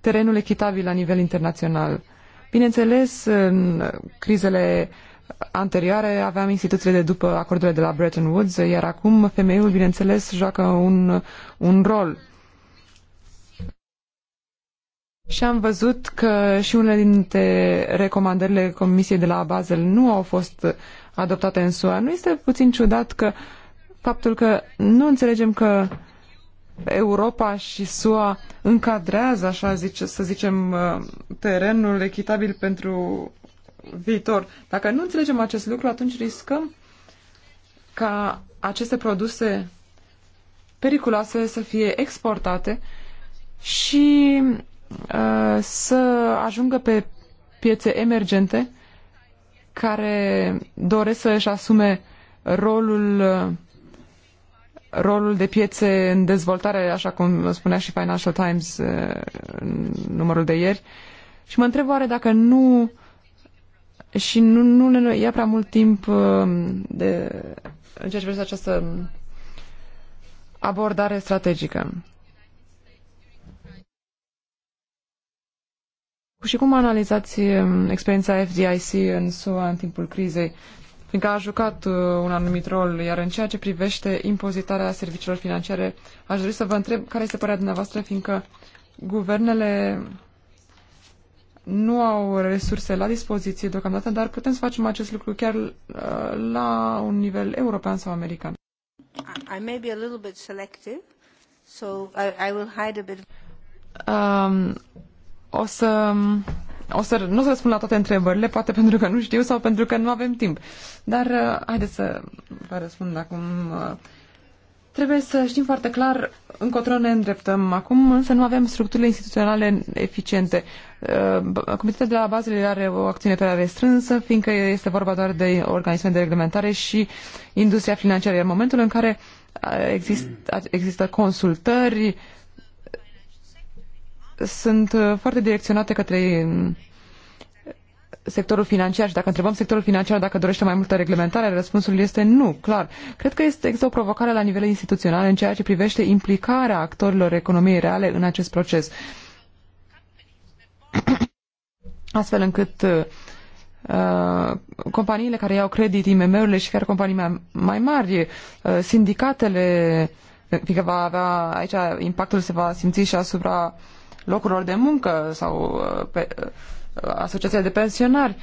S5: terenul echitabil la nivel internațional. Bineînțeles, în crizele anterioare aveam instituțiile de după acordurile de la Bretton Woods, iar acum femeiul, bineînțeles, joacă un, un rol și am văzut că și unele dintre recomandările Comisiei de la Basel nu au fost adoptate în SUA. Nu este puțin ciudat că faptul că nu înțelegem că Europa și SUA încadrează, așa zice, să zicem, uh, terenul echitabil pentru viitor. Dacă nu înțelegem acest lucru, atunci riscăm ca aceste produse periculoase să fie exportate și Uh, să ajungă pe piețe emergente care doresc să își asume rolul rolul de piețe în dezvoltare, așa cum spunea și Financial Times uh, în numărul de ieri. Și mă întreb oare dacă nu și nu, nu ne ia prea mult timp uh, de, în ceea ce această abordare strategică. Și cum analizați um, experiența FDIC în SUA în timpul crizei? fiindcă a jucat uh, un anumit rol, iar în ceea ce privește impozitarea serviciilor financiare, aș dori să vă întreb care este părerea dumneavoastră, fiindcă guvernele nu au resurse la dispoziție deocamdată, dar putem să facem acest lucru chiar uh, la un nivel european sau american.
S1: I may be a little bit selective, so I, I will hide a bit.
S5: Um, o să... O să, nu o să răspund la toate întrebările, poate pentru că nu știu sau pentru că nu avem timp. Dar uh, haideți să vă răspund acum. Uh, trebuie să știm foarte clar încotro ne îndreptăm acum, însă nu avem structurile instituționale eficiente. Uh, Comitetul de la bazele are o acțiune prea restrânsă, fiindcă este vorba doar de organisme de reglementare și industria financiară. În momentul în care exist, există consultări, sunt uh, foarte direcționate către mm, sectorul financiar și dacă întrebăm sectorul financiar dacă dorește mai multă reglementare, răspunsul este nu, clar. Cred că este, există o provocare la nivel instituțional în ceea ce privește implicarea actorilor economiei reale în acest proces. Astfel încât uh, companiile care iau credit, IMM-urile și chiar companii mai, mari, uh, sindicatele, fiindcă va avea aici impactul se va simți și asupra uh, locurilor de muncă sau uh, pe, uh, asociația de pensionari.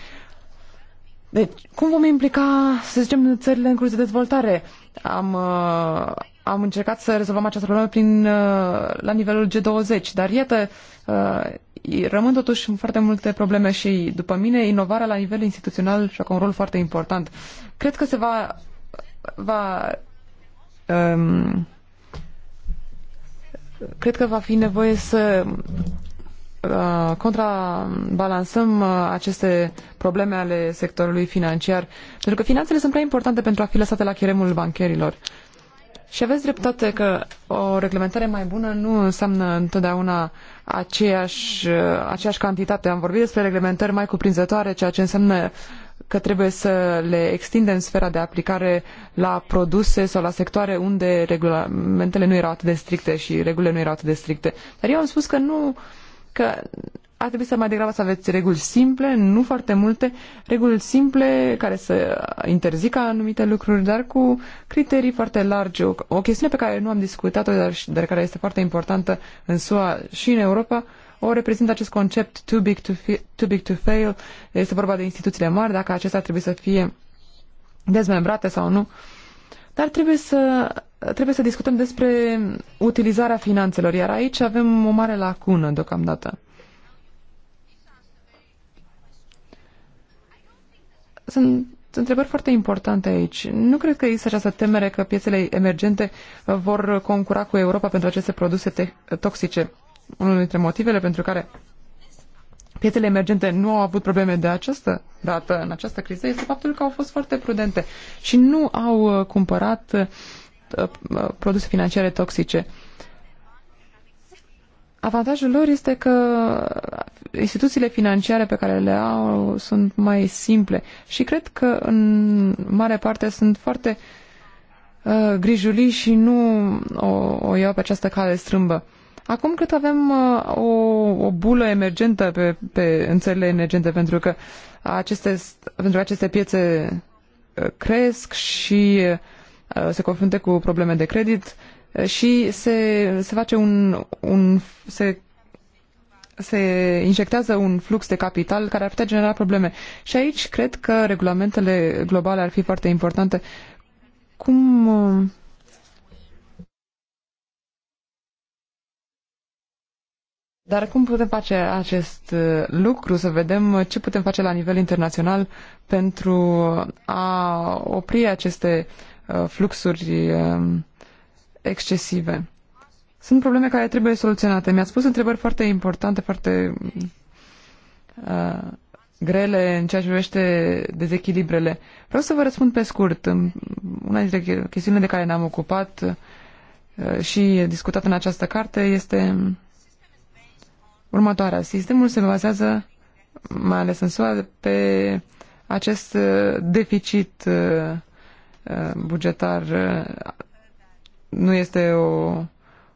S5: Deci, cum vom implica, să zicem, țările în curs de dezvoltare? Am, uh, am încercat să rezolvăm această problemă prin, la nivelul G20, dar iată, rămân totuși foarte multe probleme și, după mine, inovarea la nivel instituțional joacă un rol foarte important. Cred că se va, va um, Cred că va fi nevoie să uh, contrabalansăm uh, aceste probleme ale sectorului financiar, pentru că finanțele sunt prea importante pentru a fi lăsate la cheremul bancherilor. Și aveți dreptate că o reglementare mai bună nu înseamnă întotdeauna aceeași, uh, aceeași cantitate. Am vorbit despre reglementări mai cuprinzătoare, ceea ce înseamnă că trebuie să le extindem sfera de aplicare la produse sau la sectoare unde regulamentele nu erau atât de stricte și regulile nu erau atât de stricte. Dar eu am spus că nu, că ar trebui să mai degrabă să aveți reguli simple, nu foarte multe, reguli simple care să interzică anumite lucruri, dar cu criterii foarte largi. O, chestiune pe care nu am discutat-o, dar, dar care este foarte importantă în SUA și în Europa, uh, o reprezintă acest concept too big to, too big to fail. Este vorba de instituțiile mari, dacă acestea trebuie să fie dezmembrate sau nu. Dar trebuie să, trebuie să discutăm despre utilizarea finanțelor, iar aici avem o mare lacună deocamdată. Sunt întrebări foarte importante aici. Nu cred că există această temere că piețele emergente vor concura cu Europa pentru aceste produse toxice unul dintre motivele pentru care piețele emergente nu au avut probleme de această dată, în această criză, este faptul că au fost foarte prudente și nu au uh, cumpărat uh, produse financiare toxice. Avantajul lor este că instituțiile financiare pe care le au sunt mai simple și cred că în mare parte sunt foarte uh, grijuli și nu o, o iau pe această cale strâmbă. Uh, Acum cât avem uh, o, o bulă emergentă pe, pe, în emergente, pentru că aceste, pentru că aceste piețe uh, cresc și uh, se confrunte cu probleme de credit și se, se face un, un se, se injectează un flux de capital care ar putea genera probleme. Și aici cred că regulamentele globale ar fi foarte importante. Cum Dar cum putem face acest uh, lucru, să vedem uh, ce putem face la nivel internațional pentru a opri aceste uh, fluxuri um, excesive? Sunt probleme care trebuie soluționate. Mi-ați spus întrebări foarte importante, foarte grele în ceea ce privește dezechilibrele. Vreau să vă răspund pe scurt. Una dintre chestiunile de care ne-am ocupat și discutat în această carte este următoarea. Sistemul se bazează, mai ales în SUA, pe acest uh, deficit uh, uh, bugetar. Nu este o,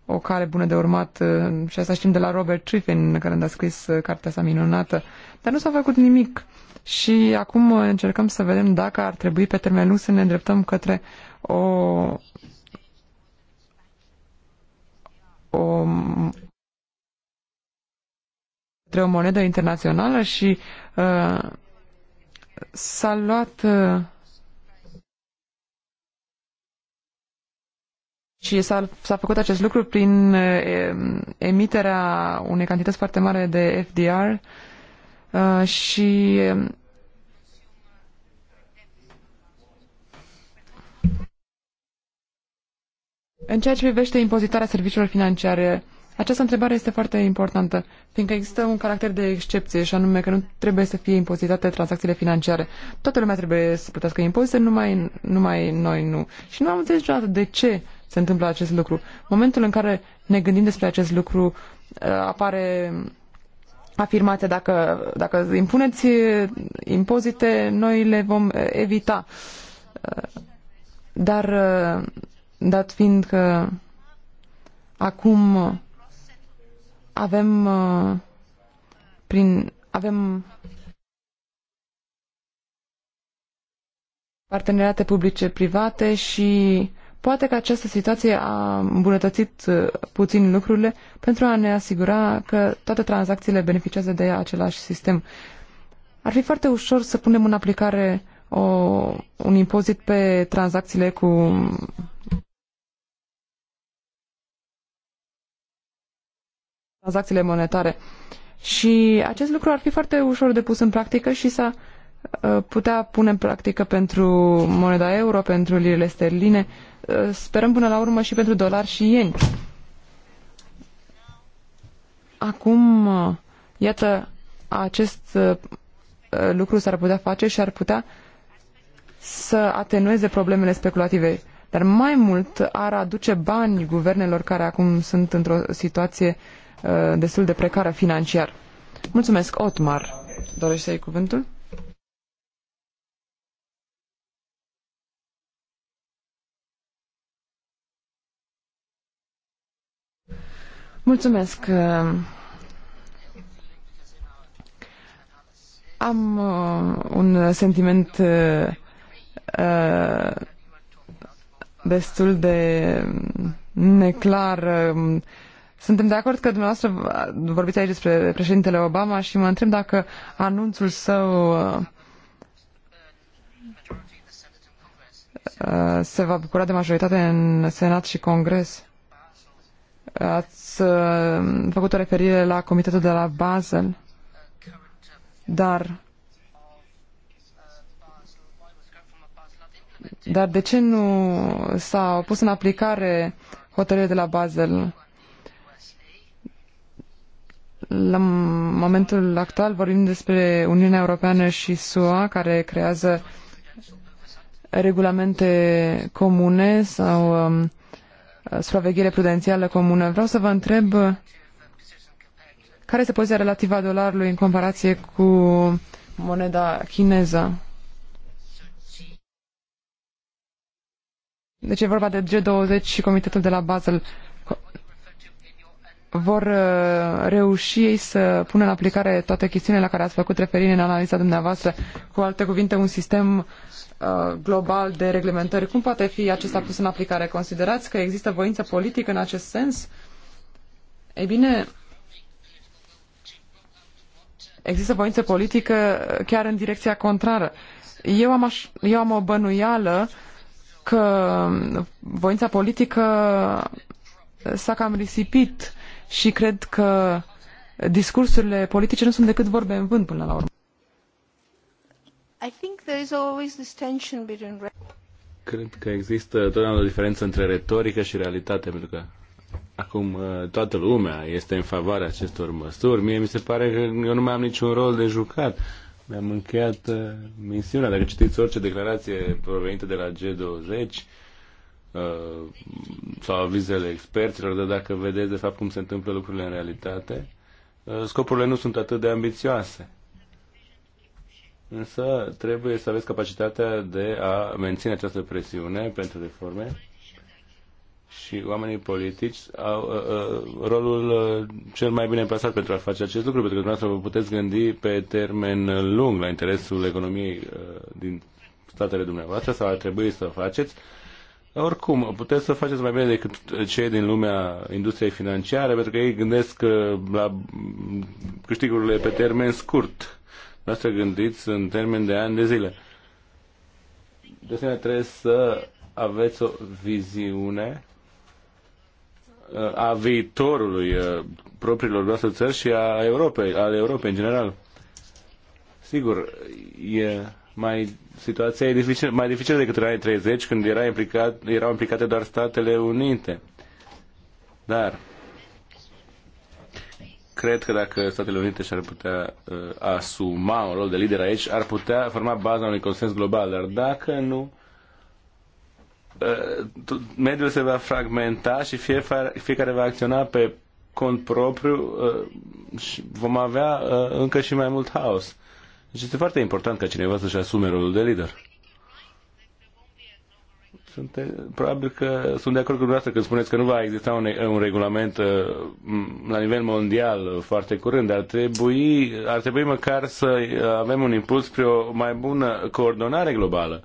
S5: o cale bună de urmat și asta știm de la Robert Triffin, care a scris cartea sa minunată, dar nu s-a făcut nimic. Și acum încercăm să vedem dacă ar trebui pe termen lung să ne îndreptăm către o o către o monedă internațională și uh, s-a luat uh, și s-a, făcut acest lucru prin uh, emiterea unei cantități foarte mare de FDR uh, și uh, În ceea ce privește impozitarea serviciilor financiare, această întrebare este foarte importantă, fiindcă există un caracter de excepție, și anume că nu trebuie să fie impozitate tranzacțiile financiare. Toată lumea trebuie să plătească impozite, numai, numai noi nu. Și nu am înțeles niciodată de ce se întâmplă acest lucru. Momentul în care ne gândim despre acest lucru, uh, apare afirmația dacă, dacă impuneți impozite, noi le vom uh, evita. Uh, dar dat fiind că acum avem uh, prin avem parteneriate publice private și poate că această situație a îmbunătățit uh, puțin lucrurile pentru a ne asigura că toate tranzacțiile beneficiază de același sistem. Ar fi foarte ușor să punem în aplicare o, un impozit pe tranzacțiile cu tranzacțiile monetare. Și acest lucru ar fi foarte ușor de pus în practică și s-a uh, putea pune în practică pentru moneda euro, pentru lirele sterline, uh, sperăm până la urmă și pentru dolari și ieni. Acum, uh, iată, acest lucru s-ar putea face și ar putea să atenueze problemele speculative. Dar mai mult ar aduce bani guvernelor care acum sunt într-o situație uh, Uh, destul de precară financiar. Mulțumesc, Otmar. Dorești să iei cuvântul?
S3: Mulțumesc. Uh, am
S5: uh, un sentiment destul de neclar suntem de acord că dumneavoastră vorbiți aici despre președintele Obama și mă întreb dacă anunțul său uh, se va bucura de majoritate în Senat și Congres. Ați uh, făcut o referire la comitetul de la Basel, dar dar de ce nu s-a pus în aplicare hotărârea de la Basel? La momentul actual vorbim despre Uniunea Europeană și SUA care creează regulamente comune sau um, supraveghere prudențială comună. Vreau să vă întreb care este poziția relativă a dolarului în comparație cu moneda chineză? Deci e vorba de G20 și Comitetul de la Basel vor uh, reuși ei să pună în aplicare toate chestiunile la care ați făcut referire în analiza dumneavoastră, cu alte cuvinte, un sistem uh, global de reglementări. Cum poate fi acesta pus în aplicare? Considerați că există voință politică în acest sens? Ei bine, există voință politică chiar în direcția contrară. Eu am, aș, eu am o bănuială că voința politică s-a cam risipit și cred că discursurile politice nu sunt decât vorbe în vânt până la urmă.
S2: Cred că există totdeauna o diferență între retorică și realitate, pentru că acum uh, toată lumea este în favoarea acestor măsuri. Mie mi se pare că eu nu mai am niciun rol de jucat. Mi-am încheiat uh, misiunea. Dacă citiți orice declarație provenită de la G20, Uh, sau avizele experților, dar dacă vedeți de fapt cum se întâmplă lucrurile în realitate, uh, scopurile nu sunt atât de ambițioase. Însă trebuie să aveți capacitatea de a menține această presiune pentru reforme și oamenii politici au uh, uh, rolul uh, cel mai bine plasat pentru a face acest lucru, pentru că dumneavoastră vă puteți gândi pe termen lung la interesul economiei uh, din statele dumneavoastră sau ar trebui să o faceți oricum, puteți să faceți mai bine decât cei din lumea industriei financiare, pentru că ei gândesc uh, la câștigurile pe termen scurt. Dar să gândiți în termen de ani de zile. De asemenea, trebuie să aveți o viziune uh, a viitorului uh, propriilor noastre țări și a Europei, al Europei în general. Sigur, e mai, situația e dificil, mai dificilă decât în anii 30, când era implicat, erau implicate doar Statele Unite. Dar cred că dacă Statele Unite și-ar putea uh, asuma un rol de lider aici, ar putea forma baza unui consens global. Dar dacă nu, uh, mediul se va fragmenta și fiecare, fiecare va acționa pe cont propriu uh, și vom avea uh, încă și mai mult haos. Deci este foarte important ca cineva să-și asume rolul de lider. Sunt, probabil că sunt de acord cu dumneavoastră când spuneți că nu va exista un, un regulament uh, la nivel mondial foarte curând, dar trebui, ar trebui măcar să avem un impuls spre o mai bună coordonare globală.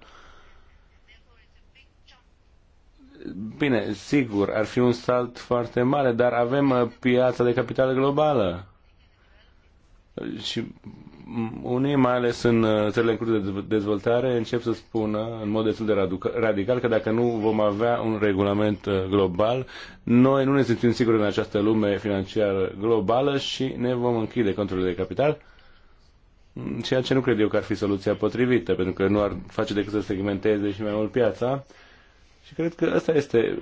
S2: Bine, sigur, ar fi un salt foarte mare, dar avem uh, piața de capital globală. Și unii, mai ales în uh, țările în curs de dezvoltare, încep să spună în mod destul de radical că dacă nu vom avea un regulament uh, global, noi nu ne simțim siguri în această lume financiară globală și ne vom închide controlul de capital, ceea ce nu cred eu că ar fi soluția potrivită, pentru că nu ar face decât să segmenteze și mai mult piața. Și cred că ăsta este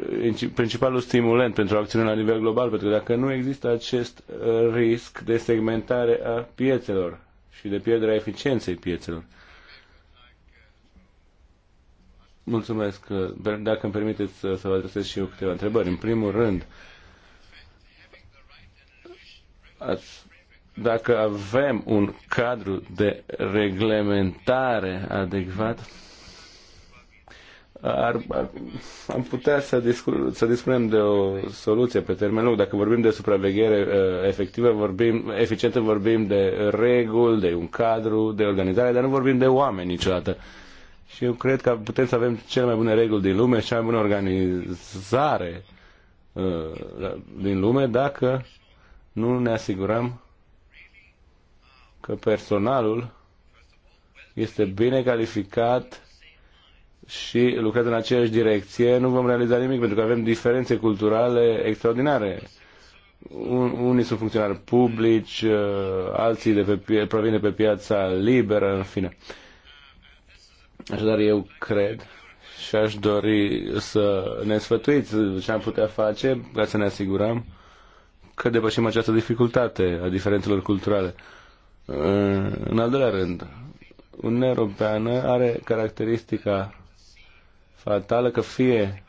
S2: principalul stimulent pentru acțiune la nivel global, pentru că dacă nu există acest uh, risc de segmentare a piețelor, și de pierderea eficienței piețelor. Mulțumesc. Dacă îmi permiteți să vă adresez și eu câteva întrebări. În primul rând, dacă avem un cadru de reglementare adecvat, ar, ar, am putea să, discu- să dispunem de o soluție pe termen lung. Dacă vorbim de supraveghere uh, efectivă, vorbim, eficientă, vorbim de reguli, de un cadru, de organizare, dar nu vorbim de oameni niciodată. Și eu cred că putem să avem cele mai bune reguli din lume și cea mai bună organizare uh, din lume dacă nu ne asigurăm că personalul este bine calificat și lucrează în aceeași direcție, nu vom realiza nimic, pentru că avem diferențe culturale extraordinare. Unii sunt funcționari publici, uh, alții de pe, provin de pe piața liberă, în fine. Așadar, eu cred și aș dori să ne sfătuiți ce am putea face ca să ne asigurăm că depășim această dificultate a diferențelor culturale. În al doilea rând, Uniunea Europeană are caracteristica fatală că fie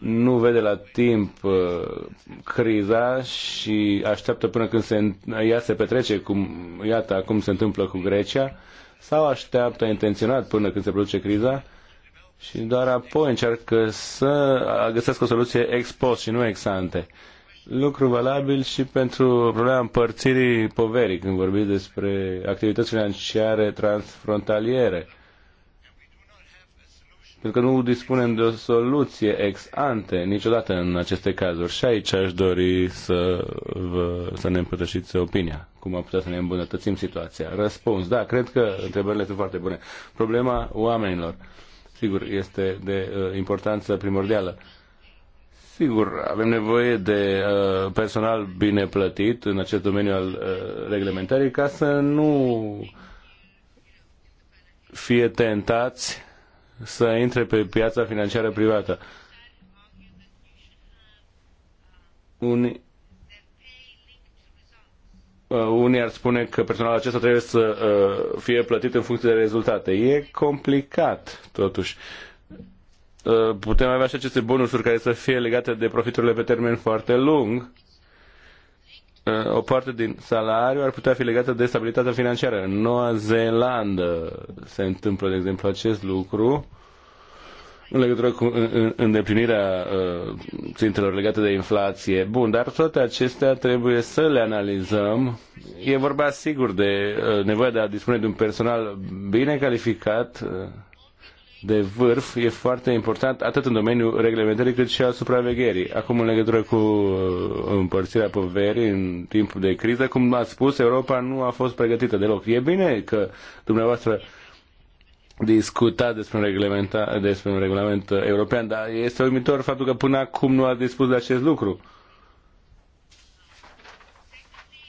S2: nu vede la timp uh, criza și așteaptă până când se, ea se petrece, cum, iată, acum se întâmplă cu Grecia, sau așteaptă intenționat până când se produce criza și doar apoi încearcă să găsească o soluție ex post și nu ex ante. Lucru valabil și pentru problema împărțirii poverii, când vorbiți despre activități financiare transfrontaliere pentru că nu dispunem de o soluție ex ante niciodată în aceste cazuri. Și aici aș dori să, vă, să ne împărtășiți opinia, cum am putea să ne îmbunătățim situația. Răspuns, da, cred că întrebările sunt foarte bune. Problema oamenilor, sigur, este de uh, importanță primordială. Sigur, avem nevoie de uh, personal bine plătit în acest domeniu al uh, reglementării ca să nu fie tentați să intre pe piața financiară privată. Unii, uh, unii ar spune că personalul acesta trebuie să uh, fie plătit în funcție de rezultate. E complicat, totuși. Uh, putem avea și aceste bonusuri care să fie legate de profiturile pe termen foarte lung, Eh, o parte din salariu ar putea fi legată de stabilitatea financiară. În Noua Zeelandă se întâmplă, de exemplu, acest lucru în legătură cu îndeplinirea eh, țintelor legate de inflație. Bun, dar toate acestea trebuie să le analizăm. E vorba, sigur, de eh, nevoia de a dispune de un personal bine calificat de vârf e foarte important atât în domeniul reglementării cât și al supravegherii. Acum în legătură cu uh, împărțirea poverii în timpul de criză, cum ați spus, Europa nu a fost pregătită deloc. E bine că dumneavoastră discuta despre un, despre un regulament uh, european, dar este uimitor faptul că până acum nu a dispus de acest lucru.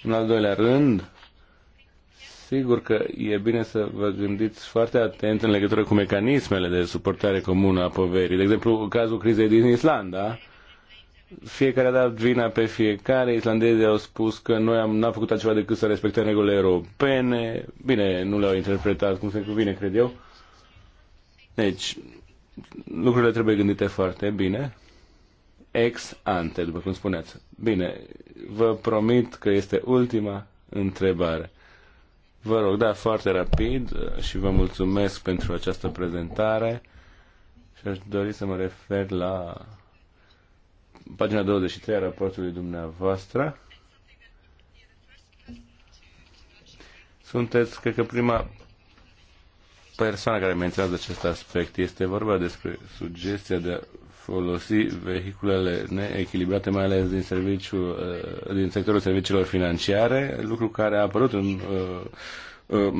S2: În al doilea rând, sigur că e bine să vă gândiți foarte atent în legătură cu mecanismele de suportare comună a poverii. De exemplu, cazul crizei din Islanda, fiecare a dat vina pe fiecare, islandezii au spus că noi am, n-am făcut altceva decât să respectăm regulile europene, bine, nu le-au interpretat cum se cuvine, cred eu. Deci, lucrurile trebuie gândite foarte bine, ex ante, după cum spuneați. Bine, vă promit că este ultima întrebare. Vă rog, da, foarte rapid uh, și vă mulțumesc pentru această prezentare și aș dori să mă refer la pagina 23 a raportului dumneavoastră. Sunteți, cred că, prima persoana care menționează acest aspect. Este vorba despre sugestia de a folosi vehiculele neechilibrate, mai ales din, serviciu, uh, din sectorul serviciilor financiare, lucru care a apărut în uh, uh,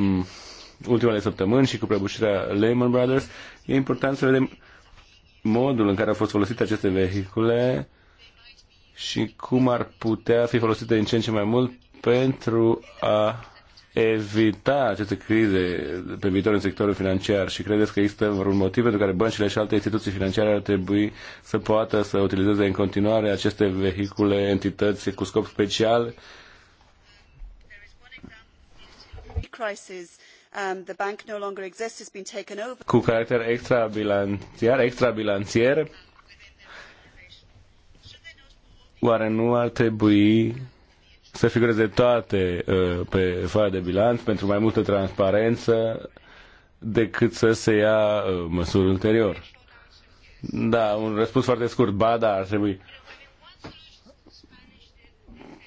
S2: ultimele săptămâni și cu prăbușirea Lehman Brothers. E important să vedem modul în care au fost folosite aceste vehicule și cum ar putea fi folosite din ce în ce mai mult pentru a evita aceste crize pe viitor în sectorul financiar și credeți că există vreun motiv pentru care băncile și alte instituții financiare ar trebui să poată să utilizeze în continuare aceste vehicule, entități cu scop special? Um, cu caracter extrabilanțiar, extrabilanțier, oare nu ar trebui să figureze toate uh, pe foaia de bilanț pentru mai multă transparență decât să se ia uh, măsuri ulterior. Da, un răspuns foarte scurt. Ba, da, ar trebui.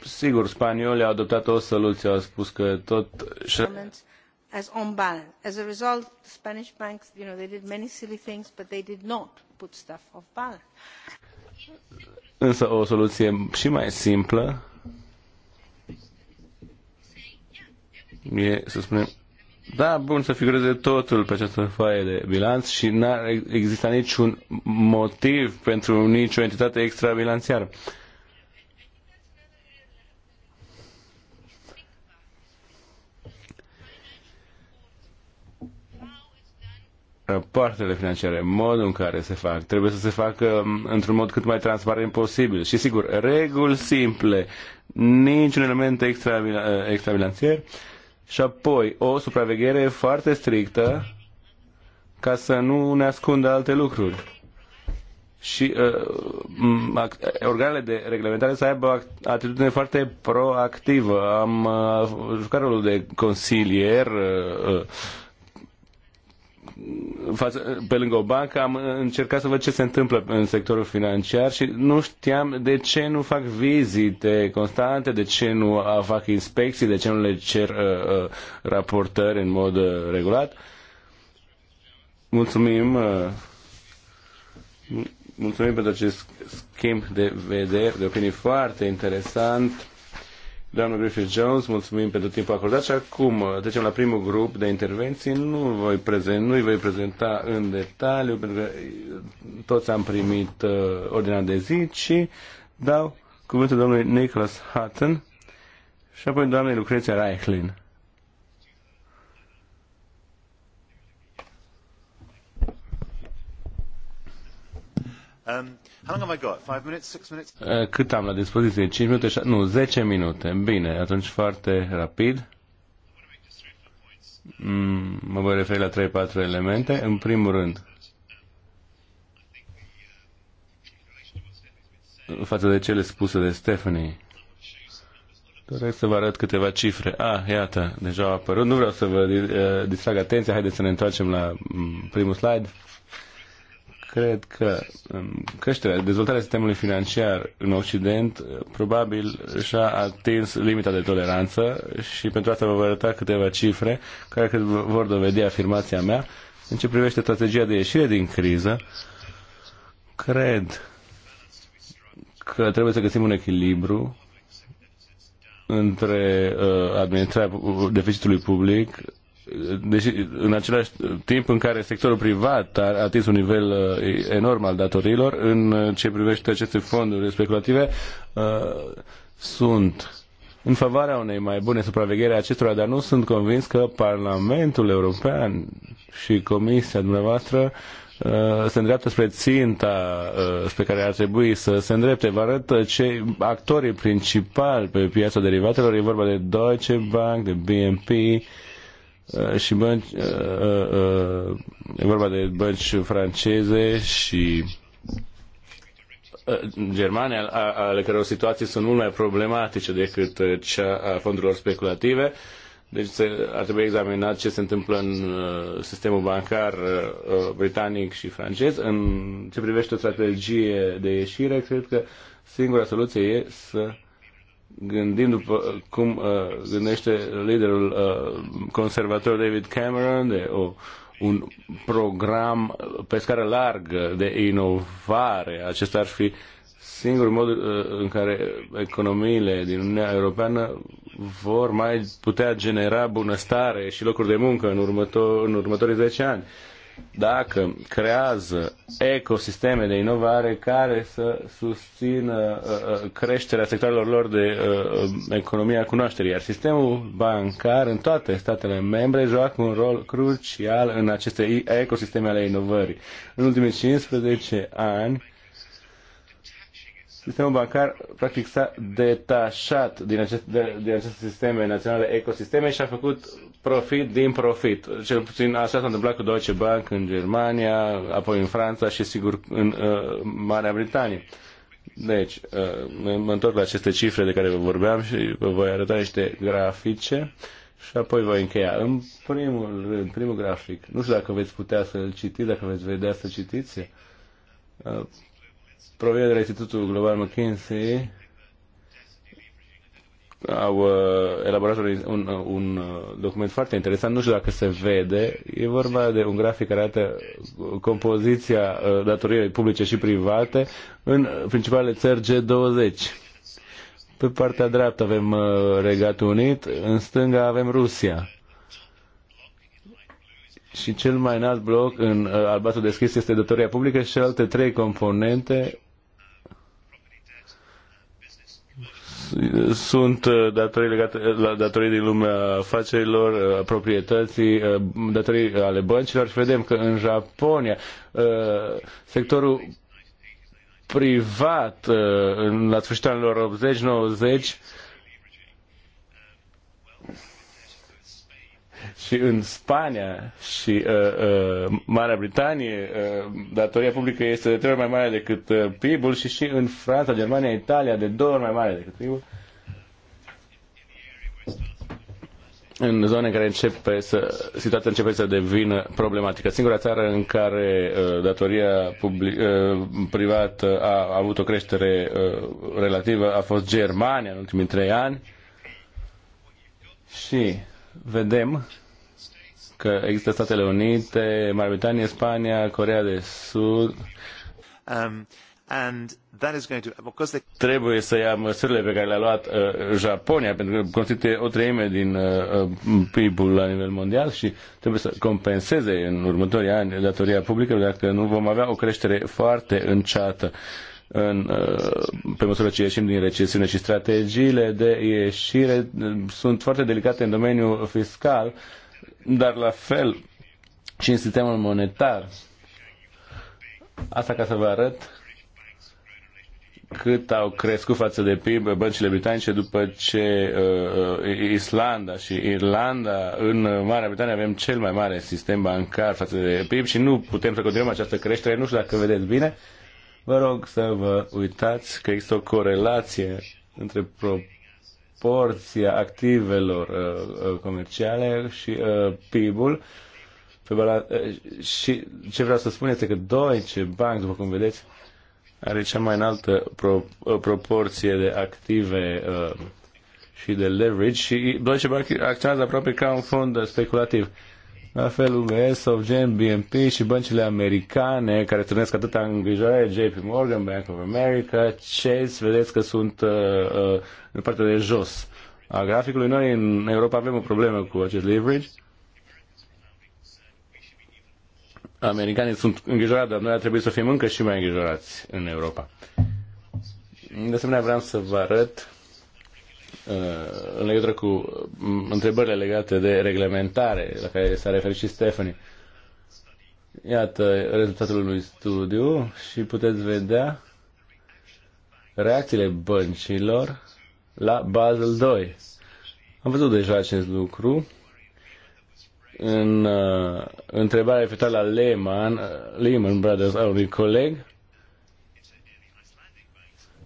S2: Sigur, spaniolii au adoptat o soluție, au spus că tot...
S1: As on balance. As a result, the Spanish banks, you know, they did many silly things, but they did not put stuff off balance.
S2: Însă o soluție și mai simplă e, să spunem, da, bun să figureze totul pe această foaie de bilanț și n-ar exista niciun motiv pentru nicio entitate extrabilanțiară. rapoartele financiare, modul în care se fac, trebuie să se facă um, într-un mod cât mai transparent posibil. Și sigur, reguli simple, niciun element extra, uh, extra și apoi o supraveghere foarte strictă ca să nu ne ascundă alte lucruri. Și uh, organele de reglementare să aibă o atitudine foarte proactivă. Am uh, jucat rolul de consilier. Uh, uh, față, pe lângă o bancă, am încercat să văd ce se întâmplă în sectorul financiar și nu știam de ce nu fac vizite constante, de ce nu fac inspecții, de ce nu le cer uh, uh, raportări în mod uh, regulat. Mulțumim, uh, mulțumim pentru acest schimb de vedere, de opinii foarte interesant. Doamna Griffith Jones, mulțumim pentru timpul acordat și acum uh, trecem la primul grup de intervenții. Nu voi prezent, nu voi prezenta în detaliu, pentru că uh, toți am primit uh, ordinea de zi, ci dau cuvântul domnului Nicholas Hutton și apoi doamnei Lucreția Reichlin. Um, cât am la dispoziție? 5 minute? Nu, 10 minute. Bine, atunci foarte rapid. Mm, mă voi referi la 3-4 elemente. În primul rând, față de cele spuse de Stephanie, Doresc să vă arăt câteva cifre. Ah, iată, deja au apărut. Nu vreau să vă eh, distrag atenția. Haideți să ne întoarcem la mm, primul slide cred că um, creșterea, dezvoltarea sistemului financiar în Occident uh, probabil și-a atins limita de toleranță și pentru asta vă voi arăta câteva cifre care cred vor dovedi afirmația mea în ce privește strategia de ieșire din criză. Cred că trebuie să găsim un echilibru între uh, administrarea deficitului public deci, în același timp în care sectorul privat a atins un nivel uh, enorm al datorilor, în uh, ce privește aceste fonduri speculative, uh, sunt în favoarea unei mai bune supraveghere a acestora, dar nu sunt convins că Parlamentul European și Comisia dumneavoastră se îndreaptă spre ținta spre care ar trebui să se îndrepte. Vă arăt ce actorii principali pe piața derivatelor, e vorba de Deutsche Bank, de BNP, Uh, și bănci, uh, uh, e vorba de bănci franceze și germane, ale căror situații sunt mult mai problematice decât cea a fondurilor speculative. Deci ar trebui examinat ce se întâmplă în sistemul bancar britanic și francez. În ce privește o strategie de ieșire, cred că singura soluție e să Gândindu- uh, cum uh, gândește liderul uh, conservator David Cameron de o, un program pe scară largă de inovare. Acesta ar fi singurul mod uh, în care economiile din Uniunea Europeană vor mai putea genera bunăstare și locuri de muncă în, următor, în următorii 10 ani. Uh, dacă creează ecosisteme de inovare care să susțină uh, uh, creșterea sectorilor lor de uh, economia cunoașterii. Iar sistemul bancar în toate statele membre joacă un rol crucial în aceste ecosisteme ale inovării. În ultimii 15 ani, sistemul bancar practic s-a detașat din, de, din aceste sisteme naționale ecosisteme și a făcut profit din profit. Cel puțin asta s-a întâmplat cu Deutsche Bank în Germania, apoi în Franța și sigur în uh, Marea Britanie. Deci, uh, mă întorc la aceste cifre de care vă vorbeam și vă voi arăta niște grafice și apoi voi încheia. În primul rând, primul grafic, nu știu dacă veți putea să-l citiți, dacă veți vedea să citiți, uh, provine de la Institutul Global McKinsey, au uh, elaborat un, un, un uh, document foarte interesant, nu știu dacă se vede, e vorba de un grafic care arată compoziția uh, datoriei publice și private în principalele țări G20. Pe partea dreaptă avem uh, Regatul Unit, în stânga avem Rusia. Și cel mai înalt bloc în uh, albastru deschis este datoria publică și alte trei componente sunt uh, datorii legate uh, la datorii din lumea afacerilor, uh, proprietății, datorii ale băncilor și vedem că în Japonia sectorul privat la sfârșitul anilor 80-90 și în Spania și uh, uh, Marea Britanie uh, datoria publică este de trei ori mai mare decât uh, PIB-ul și și în Franța, Germania, Italia de două ori mai mare decât PIB-ul. în zone în care începe să, situația începe să devină problematică. Singura țară în care uh, datoria public, uh, privată a, a avut o creștere uh, relativă a fost Germania în ultimii trei ani și vedem că există Statele Unite, Marea Britanie, Spania, Corea de Sud. Um, and that is going to, because they... Trebuie să ia măsurile pe care le-a luat uh, Japonia, pentru că constituie o treime din uh, uh PIB-ul la nivel mondial și trebuie să compenseze în următorii ani datoria publică dacă nu vom avea o creștere foarte înceată. Uh, în, uh, pe măsură ce ieșim din recesiune și strategiile de ieșire uh, sunt foarte delicate în domeniul fiscal, dar la fel și în sistemul monetar. Asta ca să vă arăt cât au crescut față de PIB băncile britanice după ce uh, uh, Islanda și Irlanda, în Marea Britanie avem cel mai mare sistem bancar față de PIB și nu putem să continuăm această creștere. Nu știu dacă vedeți bine. Uh, Vă rog să vă uitați că există o corelație între proporția activelor uh, uh comerciale și uh, PIB-ul. Pe bala, uh, și ce vreau să spun este că Deutsche Bank, după cum vedeți, are cea mai înaltă pro, uh, proporție de active uh, și de leverage și Deutsche Bank acționează aproape ca un fond speculativ. Uh, la fel UBS, SoftGen, BNP și băncile americane care trânesc atâta îngrijorare, JP Morgan, Bank of America, Chase, vedeți că sunt uh, uh, în partea de jos a graficului. Noi în Europa avem o problemă cu acest leverage. Americanii sunt îngrijorați, dar noi ar trebui să fim încă și mai îngrijorați în Europa. De asemenea, vreau să vă arăt Uh, în legătură cu mm, întrebările legate de reglementare, la care s-a referit și Stephanie. Iată rezultatul unui studiu și puteți vedea reacțiile băncilor la Basel 2. Am văzut deja acest lucru în uh, întrebarea referitoare la Lehman, uh, Lehman Brothers a unui coleg.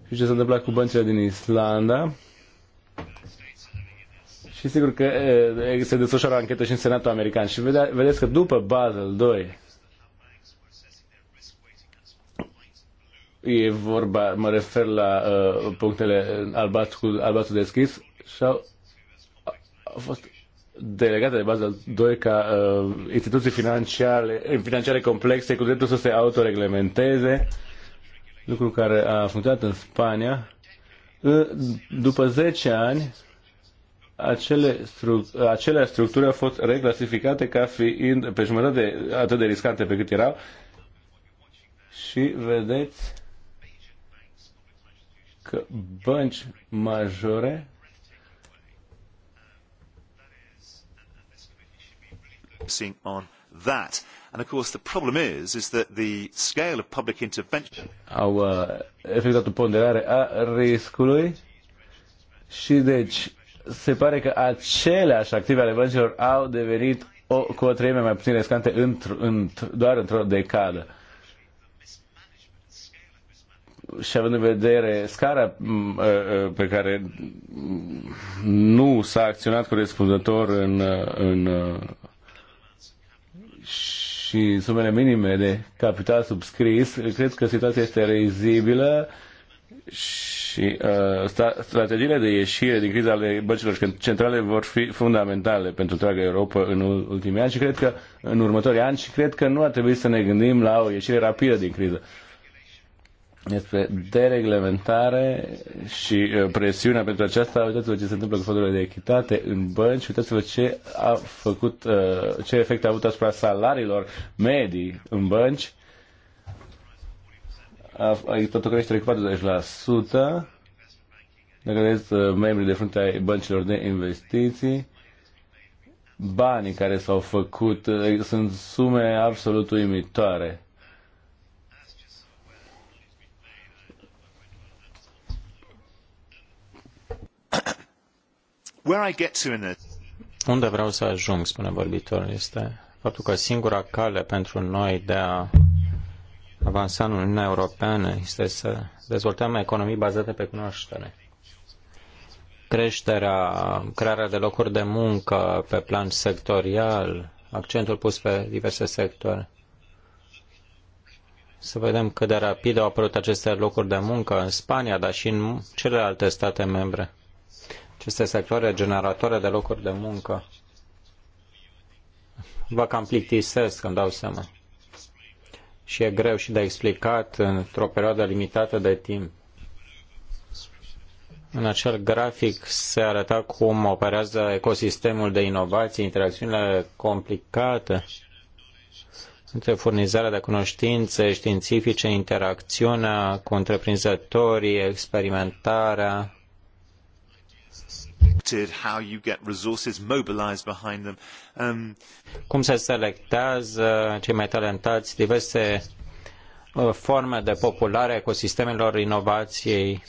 S2: Și ce s-a întâmplat cu băncile din Islanda? Și sigur că e, se desfășoară o anchetă și în Senatul American. Și vede, vedeți că după Basel II e vorba, mă refer la uh, punctele albastru, albastru deschis și au, au fost delegate de bază 2 ca uh, instituții financiare, financiare complexe cu dreptul să se autoreglementeze, lucru care a funcționat în Spania. După 10 ani, acele, stru, acele structuri au fost reclasificate ca fiind pe jumătate atât de riscante pe cât erau și vedeți că bănci majore on that. And of course, the problem is, is that the scale of public intervention au uh, efectuat o ponderare a riscului și deci se pare că aceleași active ale băncilor au devenit o, cu o treime mai puțin riscante într, într, doar într-o decadă. Și având în vedere scara ă, ă, pe care nu s-a acționat corespunzător în, ă, în și sumele minime de capital subscris, cred că situația este rezibilă și uh, strategiile de ieșire din criza ale băncilor centrale vor fi fundamentale pentru întreaga Europa în ultimii ani și cred că în următorii ani și cred că nu ar trebui să ne gândim la o ieșire rapidă din criză. Despre dereglementare și uh, presiunea pentru aceasta, uitați-vă ce se întâmplă cu fondurile de echitate în bănci, uitați-vă ce a făcut, uh, ce efect a avut asupra salariilor medii în bănci a existat o creștere cu 40%. Dacă vedeți uh, membrii de frunte ai băncilor de investiții, banii care s-au făcut uh, sunt sume absolut uimitoare.
S5: Where I get to in
S4: Unde vreau să ajung, spune vorbitorul, este faptul că singura cale pentru noi de a avansa în Uniunea Europeană este să dezvoltăm economii bazate pe cunoaștere. Creșterea, crearea de locuri de muncă pe plan sectorial, accentul pus pe diverse sectoare. Să vedem cât de rapid au apărut aceste locuri de muncă în Spania, dar și în celelalte state membre. Aceste sectoare generatoare de locuri de muncă. Vă cam plictisesc când dau seama și e greu și de explicat într-o perioadă limitată de timp. În acel grafic se arăta cum operează ecosistemul de inovații, interacțiunile complicate între furnizarea de cunoștințe științifice, interacțiunea cu întreprinzătorii, experimentarea, how you get resources mobilized behind them. Um... Cum se selectează cei mai talentați, diverse uh, forme de populare cu sistemelor inovației,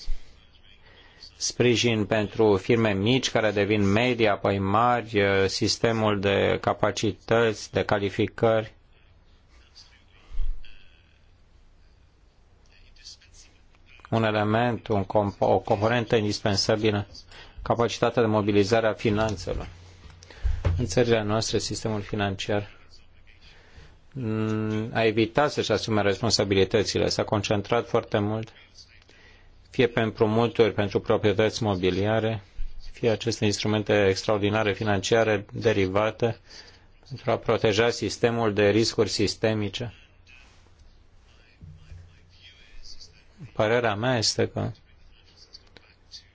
S4: sprijin pentru firme mici care devin medii, apoi mari, uh, sistemul de capacități, de calificări. Un element, un comp o componentă indispensabilă capacitatea de mobilizare a finanțelor. În țările noastre, sistemul financiar mm, a evitat să-și asume responsabilitățile, s-a concentrat foarte mult fie pe împrumuturi pentru proprietăți mobiliare, fie aceste instrumente extraordinare financiare derivate pentru a proteja sistemul de riscuri sistemice. Părerea mea este că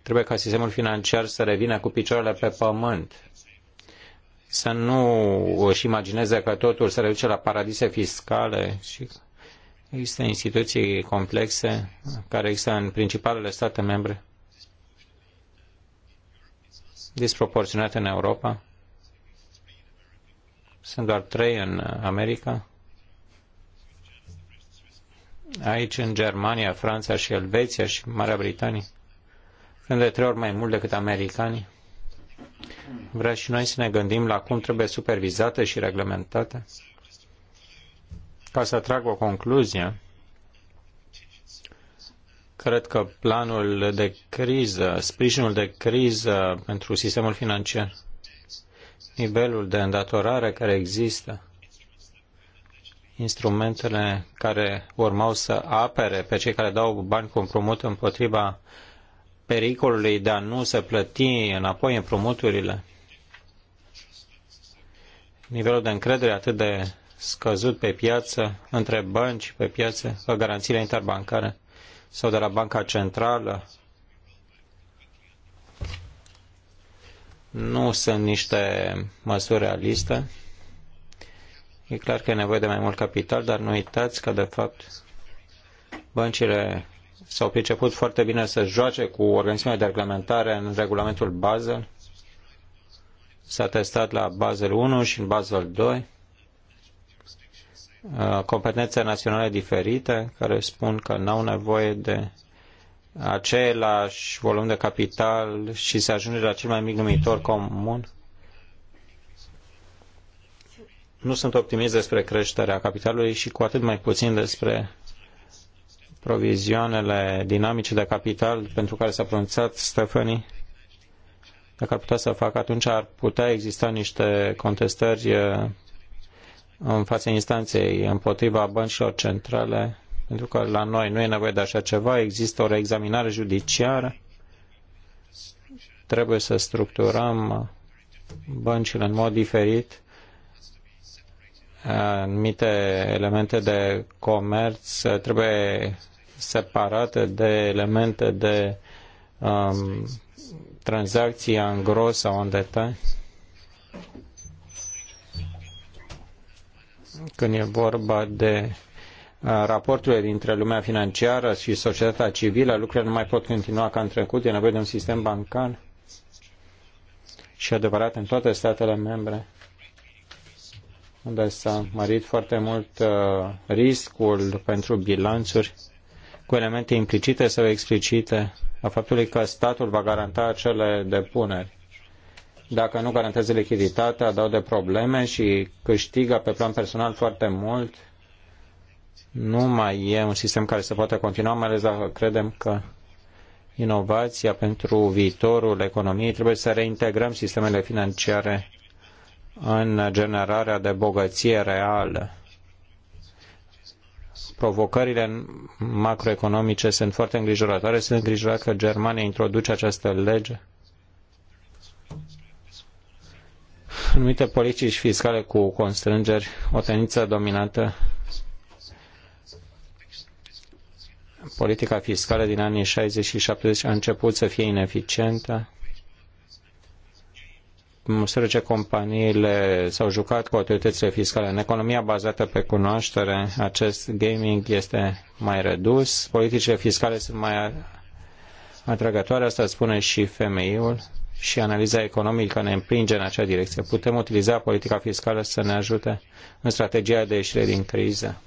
S4: Trebuie ca sistemul financiar să revină cu picioarele pe pământ, să nu își imagineze că totul se reduce la paradise fiscale și există instituții complexe care există în principalele state membre disproporționate în Europa. Sunt doar trei în America. Aici, în Germania, Franța și Elveția și Marea Britanie câștigând de trei ori mai mult decât americanii. Vrea și noi să ne gândim la cum trebuie supervizate și reglementate. Ca să trag o concluzie, cred că planul de criză, sprijinul de criză pentru sistemul financiar, nivelul de îndatorare care există, instrumentele care urmau să apere pe cei care dau bani cu împrumut împotriva pericolului de a nu se plăti înapoi împrumuturile, nivelul de încredere atât de scăzut pe piață, între bănci pe piață, sau garanțiile interbancare, sau de la Banca Centrală, nu sunt niște măsuri realiste. E clar că e nevoie de mai mult capital, dar nu uitați că, de fapt, băncile s-au priceput foarte bine să joace cu organismele de reglementare în regulamentul Basel. S-a testat la Basel 1 și în Basel 2 uh, competențe naționale diferite care spun că n-au nevoie de același volum de capital și se ajunge la cel mai mic numitor comun? Nu sunt optimist despre creșterea capitalului și cu atât mai puțin despre provizioanele dinamice de capital pentru care s-a pronunțat Stefani, dacă ar putea să facă, atunci ar putea exista niște contestări eh, în fața instanței împotriva băncilor centrale, pentru că la noi nu e nevoie de așa ceva, există o reexaminare judiciară, trebuie să structurăm băncile în mod diferit anumite elemente de comerț trebuie separate de elemente de um, tranzacții în gros sau în detali. Când e vorba de uh, raporturile dintre lumea financiară și societatea civilă, lucrurile nu mai pot continua ca în trecut, e nevoie de un sistem bancar și adevărat în toate statele membre unde s-a mărit foarte mult uh, riscul pentru bilanțuri cu elemente implicite sau explicite a faptului că statul va garanta acele depuneri. Dacă nu garantează lichiditatea, dau de probleme și câștigă pe plan personal foarte mult. Nu mai e un sistem care să poate continua, mai ales dacă credem că inovația pentru viitorul economiei trebuie să reintegrăm sistemele financiare în generarea de bogăție reală. Provocările macroeconomice sunt foarte îngrijorătoare. Sunt îngrijorat că Germania introduce această lege. Anumite politici fiscale cu constrângeri, o tendință dominantă politica fiscală din anii 60 și 70 a început să fie ineficientă strânge companiile s-au jucat cu autoritățile fiscale în economia bazată pe cunoaștere, acest gaming este mai redus, politicile fiscale sunt mai atrăgătoare, asta spune și femeiul și analiza economică ne împinge în acea direcție. Putem utiliza politica fiscală să ne ajute în strategia de ieșire din criză.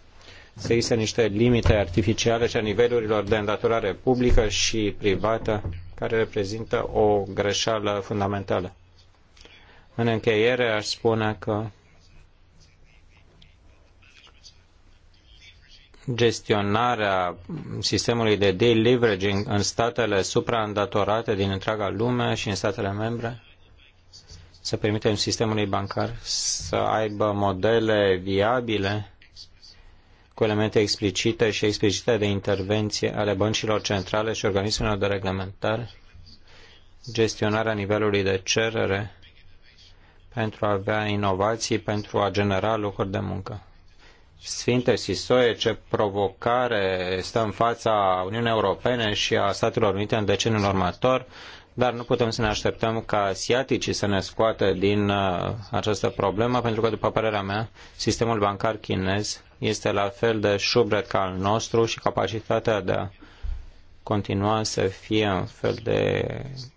S4: Să există niște limite artificiale și a nivelurilor de îndatorare publică și privată care reprezintă o greșeală fundamentală în încheiere aș spune că gestionarea sistemului de deleveraging în statele supraîndatorate din întreaga lume și în statele membre, să permitem sistemului bancar să aibă modele viabile cu elemente explicite și explicite de intervenție ale băncilor centrale și organismelor de reglementare, gestionarea nivelului de cerere pentru a avea inovații, pentru a genera locuri de muncă. Sfinte Sisoie, ce provocare stă în fața Uniunii Europene și a Statelor Unite în deceniul următor, dar nu putem să ne așteptăm ca asiaticii să ne scoată din uh, această problemă, pentru că, după părerea mea, sistemul bancar chinez este la fel de șubret ca al nostru și capacitatea de a continua să fie un fel de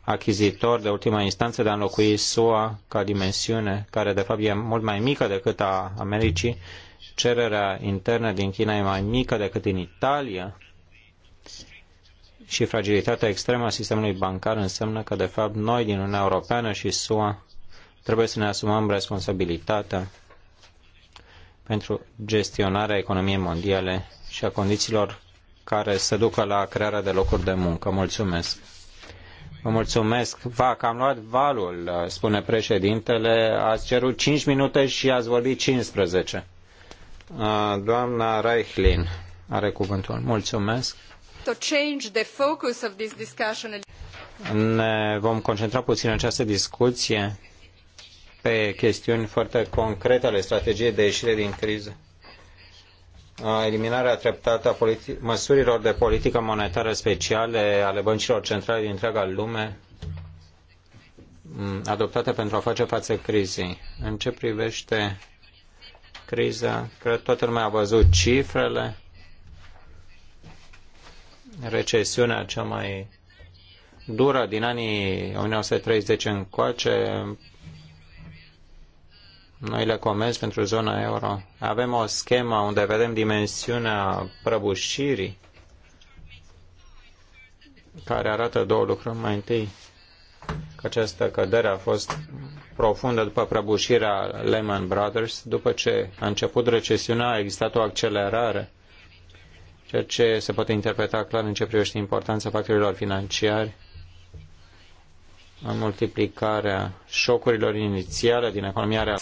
S4: achizitor de ultima instanță de a înlocui SUA ca dimensiune, care de fapt e mult mai mică decât a Americii. Cererea internă din China e mai mică decât din Italia și fragilitatea extremă a sistemului bancar înseamnă că, de fapt, noi din Uniunea Europeană și SUA trebuie să ne asumăm responsabilitatea pentru gestionarea economiei mondiale și a condițiilor care să ducă la crearea de locuri de muncă. Mulțumesc! Vă mulțumesc. Va, că am luat valul, spune președintele. Ați cerut 5 minute și ați vorbit 15. Doamna Reichlin are cuvântul. Mulțumesc.
S1: To change the focus of this discussion.
S4: Ne vom concentra puțin în această discuție pe chestiuni foarte concrete ale strategiei de ieșire din criză eliminarea treptată a măsurilor de politică monetară speciale ale băncilor centrale din întreaga lume mm, adoptate pentru a face față crizei. În ce privește criza, cred toată lumea a văzut cifrele, recesiunea cea mai dură din anii 1930 încoace, noile comenzi pentru zona euro. Avem o schemă unde vedem dimensiunea prăbușirii care arată două lucruri. Mai întâi, că această cădere a fost profundă după prăbușirea Lehman Brothers. După ce a început recesiunea, a existat o accelerare, ceea ce se poate interpreta clar în ce privește importanța factorilor financiari în multiplicarea șocurilor inițiale din economia reală.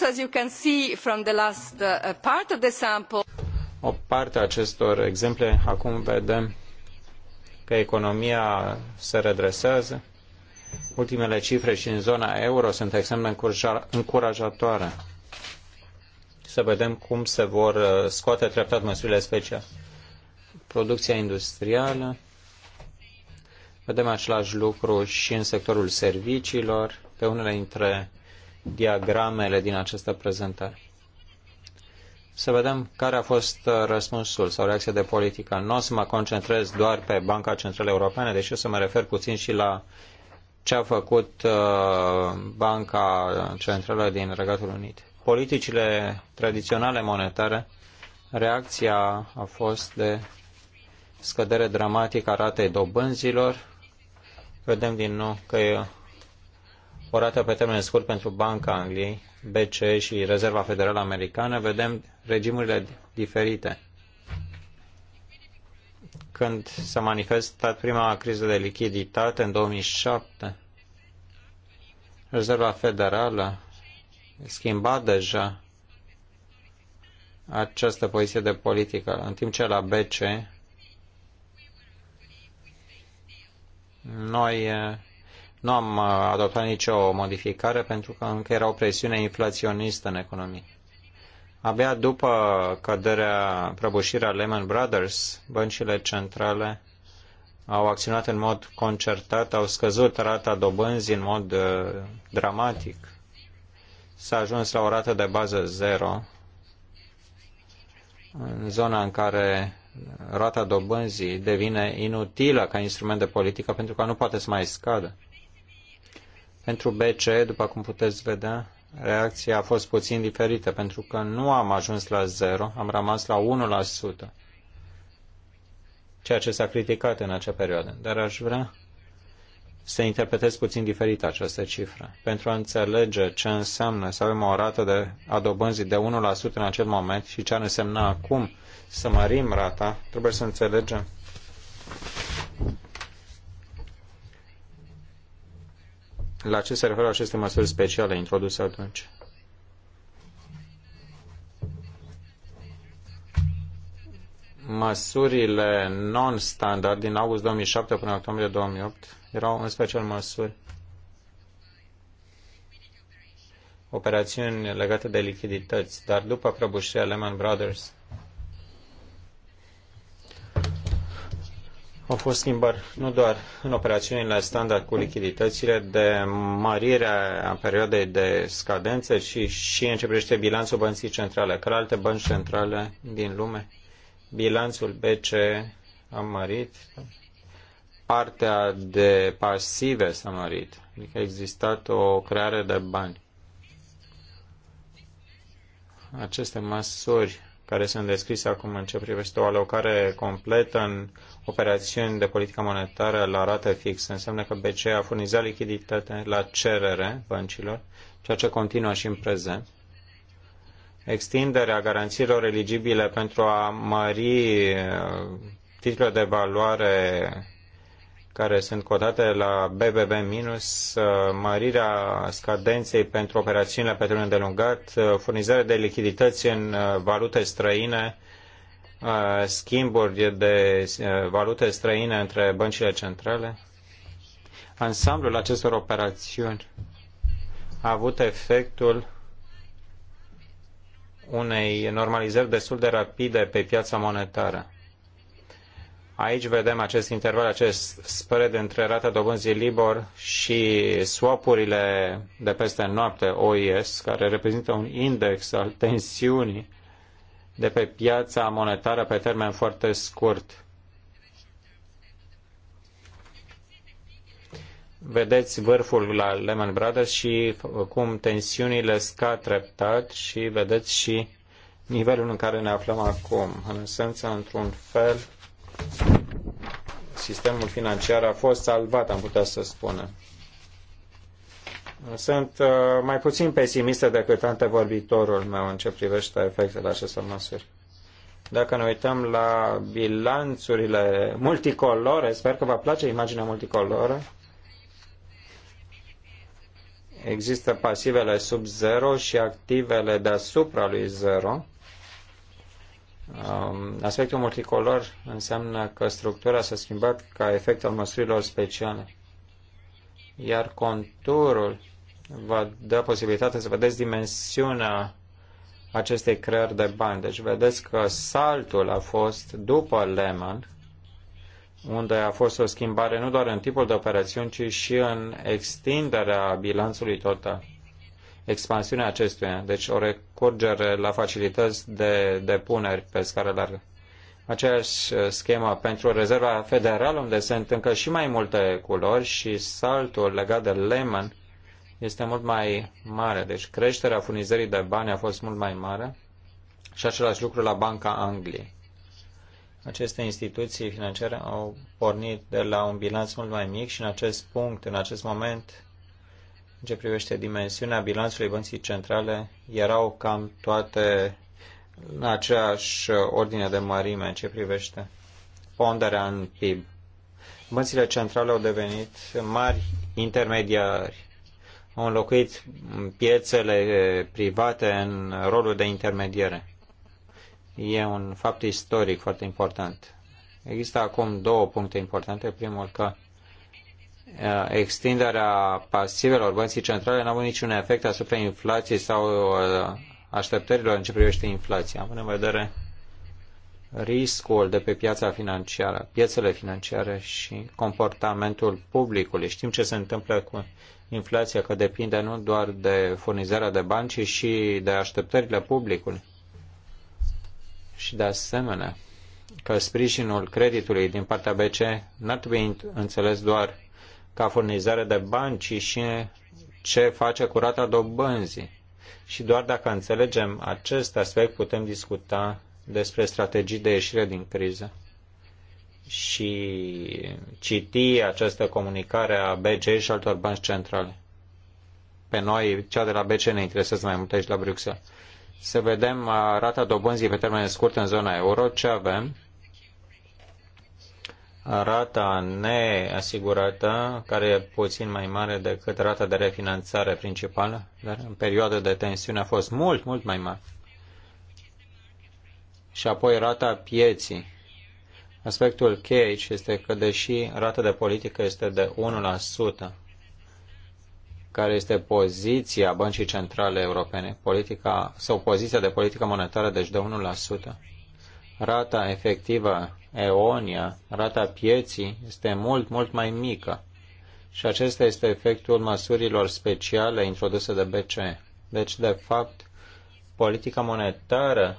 S4: O parte a acestor exemple acum vedem că economia se redresează. Ultimele cifre și în zona euro sunt exemple încurajatoare. Să vedem cum se vor uh, scoate treptat măsurile speciale. Producția industrială, Vedem același lucru și în sectorul serviciilor, pe unele dintre diagramele din această prezentare. Să vedem care a fost uh, răspunsul sau reacția de politică. Nu o să mă concentrez doar pe Banca Centrală Europeană, deși o să mă refer puțin și la ce a făcut uh, Banca Centrală din Regatul Unit. Politicile tradiționale monetare, reacția a fost de scădere dramatică a ratei dobânzilor, vedem din nou că e o rată pe termen scurt pentru Banca Angliei, BCE și Rezerva Federală Americană, vedem regimurile diferite. Când s-a manifestat prima criză de lichiditate în 2007, Rezerva Federală schimba deja această poziție de politică, în timp ce la BCE Noi eh, nu am eh, adoptat nicio modificare pentru că încă era o presiune inflaționistă în economie. Abia după căderea, prăbușirea Lehman Brothers, băncile centrale au acționat în mod concertat, au scăzut rata dobânzii în mod eh, dramatic. S-a ajuns la o rată de bază zero în zona în care rata dobânzii devine inutilă ca instrument de politică pentru că nu poate să mai scadă. Pentru BCE, după cum puteți vedea, reacția a fost puțin diferită pentru că nu am ajuns la zero, am rămas la 1%, ceea ce s-a criticat în acea perioadă. Dar aș vrea să interpretez puțin diferit această cifră. Pentru a înțelege ce înseamnă să avem o rată de adobânzii de 1% în acel moment și ce ar însemna acum să mărim rata, trebuie să înțelegem la ce se referă aceste măsuri speciale introduse atunci. Măsurile non-standard din august 2007 până octombrie 2008 erau în special măsuri operațiuni legate de lichidități, dar după prăbușirea Lehman Brothers au fost schimbări nu doar în operațiunile standard cu lichiditățile, de mărire a perioadei de scadență, ci și în ce privește bilanțul băncii centrale. Că alte bănci centrale din lume, bilanțul BC a mărit partea de pasive s-a mărit. Adică a existat o creare de bani. Aceste măsuri care sunt descrise acum în ce privește o alocare completă în operațiuni de politică monetară la rată fixă. Înseamnă că BCE a furnizat lichiditate la cerere băncilor, ceea ce continuă și în prezent. Extinderea garanțiilor eligibile pentru a mări uh, titlurile de valoare care sunt cotate la BBB minus, uh, mărirea scadenței pentru operațiunile pe termen delungat, uh, furnizare de lichidități în uh, valute străine, schimburi de valute străine între băncile centrale. Ansamblul acestor operațiuni a avut efectul unei normalizări destul de rapide pe piața monetară Aici vedem acest interval, acest spread între rata dobânzii Libor și swapurile de peste noapte OIS, care reprezintă un index al tensiunii de pe piața monetară pe termen foarte scurt. Vedeți vârful la Lehman Brothers și cum tensiunile scad treptat și vedeți și nivelul în care ne aflăm acum. În esență, într-un fel, sistemul financiar a fost salvat, am putea să spunem. Sunt uh, mai puțin pesimistă decât antevorbitorul meu în ce privește efectele acestor măsuri. Dacă ne uităm la bilanțurile multicolore, sper că vă place imaginea multicoloră, există pasivele sub zero și activele deasupra lui zero Um, aspectul multicolor înseamnă că structura s-a schimbat ca efect al măsurilor speciale, iar conturul vă dă da posibilitatea să vedeți dimensiunea acestei creări de bani. Deci vedeți că saltul a fost după Lehman, unde a fost o schimbare nu doar în tipul de operațiuni, ci și în extinderea bilanțului total expansiunea acestuia, deci o recurgere la facilități de depuneri pe scară largă. Aceeași uh, schemă pentru rezerva federală, unde sunt încă și mai multe culori și saltul legat de Lehman este mult mai mare. Deci creșterea furnizării de bani a fost mult mai mare și același lucru la Banca Angliei. Aceste instituții financiare au pornit de la un bilanț mult mai mic și în acest punct, în acest moment, în ce privește dimensiunea bilanțului băncii centrale, erau cam toate în aceeași ordine de mărime în ce privește ponderea în PIB. Băncile centrale au devenit mari intermediari, au înlocuit piețele private în rolul de intermediere. E un fapt istoric foarte important. Există acum două puncte importante. Primul că Uh, extinderea pasivelor băncii centrale n-a avut niciun efect asupra inflației sau uh, așteptărilor în ce privește inflația. Având în vedere riscul de pe piața financiară, piețele financiare și comportamentul publicului. Știm ce se întâmplă cu inflația, că depinde nu doar de furnizarea de bani, ci și de așteptările publicului. Și de asemenea, că sprijinul creditului din partea BCE n-ar trebui înțeles doar ca furnizare de bani, ci și ce face cu rata dobânzii. Și doar dacă înțelegem acest aspect putem discuta despre strategii de ieșire din criză. Și citi această comunicare a BCE și altor bănci centrale. Pe noi, cea de la BCE ne interesează mai mult aici la Bruxelles. Să vedem uh, rata dobânzii pe termen scurt în zona euro, ce avem, rata neasigurată, care e puțin mai mare decât rata de refinanțare principală, dar în perioada de tensiune a fost mult, mult mai mare. Și apoi rata pieții. Aspectul cheie aici este că, deși rata de politică este de 1%, care este poziția Băncii Centrale Europene, politica, sau poziția de politică monetară, deci de 1%, rata efectivă Eonia, rata pieții este mult, mult mai mică. Și acesta este efectul măsurilor speciale introduse de BCE. Deci, de fapt, politica monetară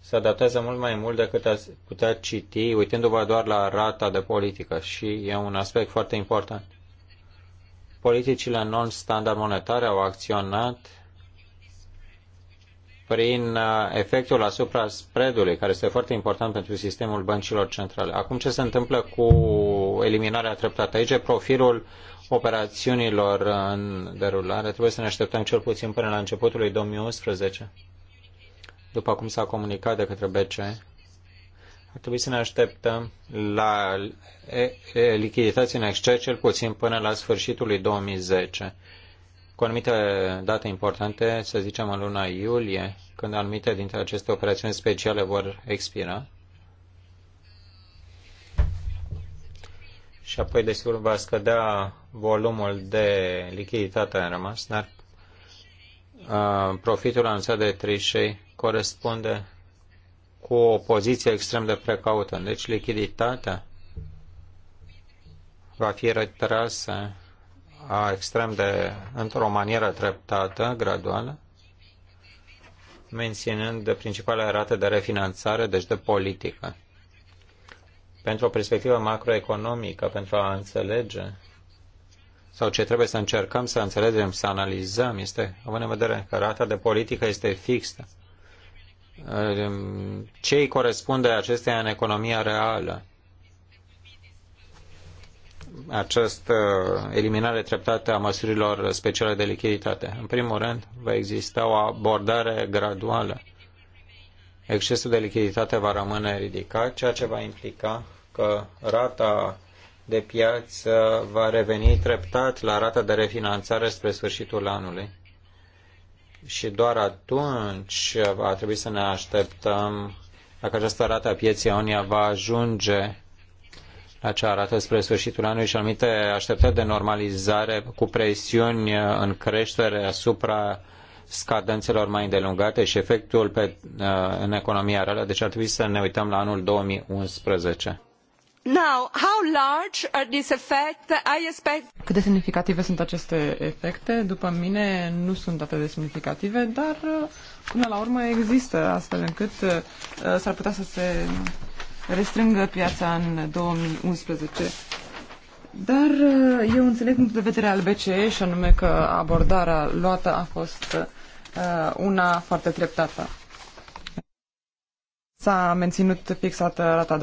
S4: se adaptează mult mai mult decât ați putea citi uitându-vă doar la rata de politică și e un aspect foarte important. Politicile non-standard monetare au acționat prin uh, efectul asupra spreadului, care este foarte important pentru sistemul băncilor centrale. Acum, ce se întâmplă cu eliminarea treptată? Aici profilul operațiunilor în derulare. Trebuie să ne așteptăm cel puțin până la începutul lui 2011, după cum s-a comunicat de către BCE. Ar trebui să ne așteptăm la lichidități în exces cel puțin până la sfârșitul lui 2010 cu anumite date importante, să zicem în luna iulie, când anumite dintre aceste operațiuni speciale vor expira. Și apoi, desigur, va scădea volumul de lichiditate în rămas, dar profitul anunțat de Trișei corespunde cu o poziție extrem de precaută. Deci lichiditatea va fi retrasă a extrem de, într-o manieră treptată, graduală, menținând de principale rate de refinanțare, deci de politică. Pentru o perspectivă macroeconomică, pentru a înțelege sau ce trebuie să încercăm să înțelegem, să analizăm, este, având în vedere că rata de politică este fixă, ce îi corespunde acesteia în economia reală? această eliminare treptată a măsurilor speciale de lichiditate. În primul rând, va exista o abordare graduală. Excesul de lichiditate va rămâne ridicat, ceea ce va implica că rata de piață va reveni treptat la rata de refinanțare spre sfârșitul anului. Și doar atunci va trebui să ne așteptăm dacă această rată a pieței ONIA va ajunge la ce arată spre sfârșitul anului și anumite așteptări de normalizare cu presiuni în creștere asupra scadențelor mai îndelungate și efectul pe, uh, în economia reală, deci ar trebui să ne uităm la anul 2011.
S5: Now, how large are these effects? I expect... Cât de semnificative sunt aceste efecte? După mine nu sunt atât de semnificative, dar uh, până la urmă există astfel încât uh, s-ar putea să se restrângă piața în 2011. Dar eh, eu înțeleg punctul de vedere al BCE și anume că abordarea luată a fost eh, una foarte treptată. S-a menținut fixată rata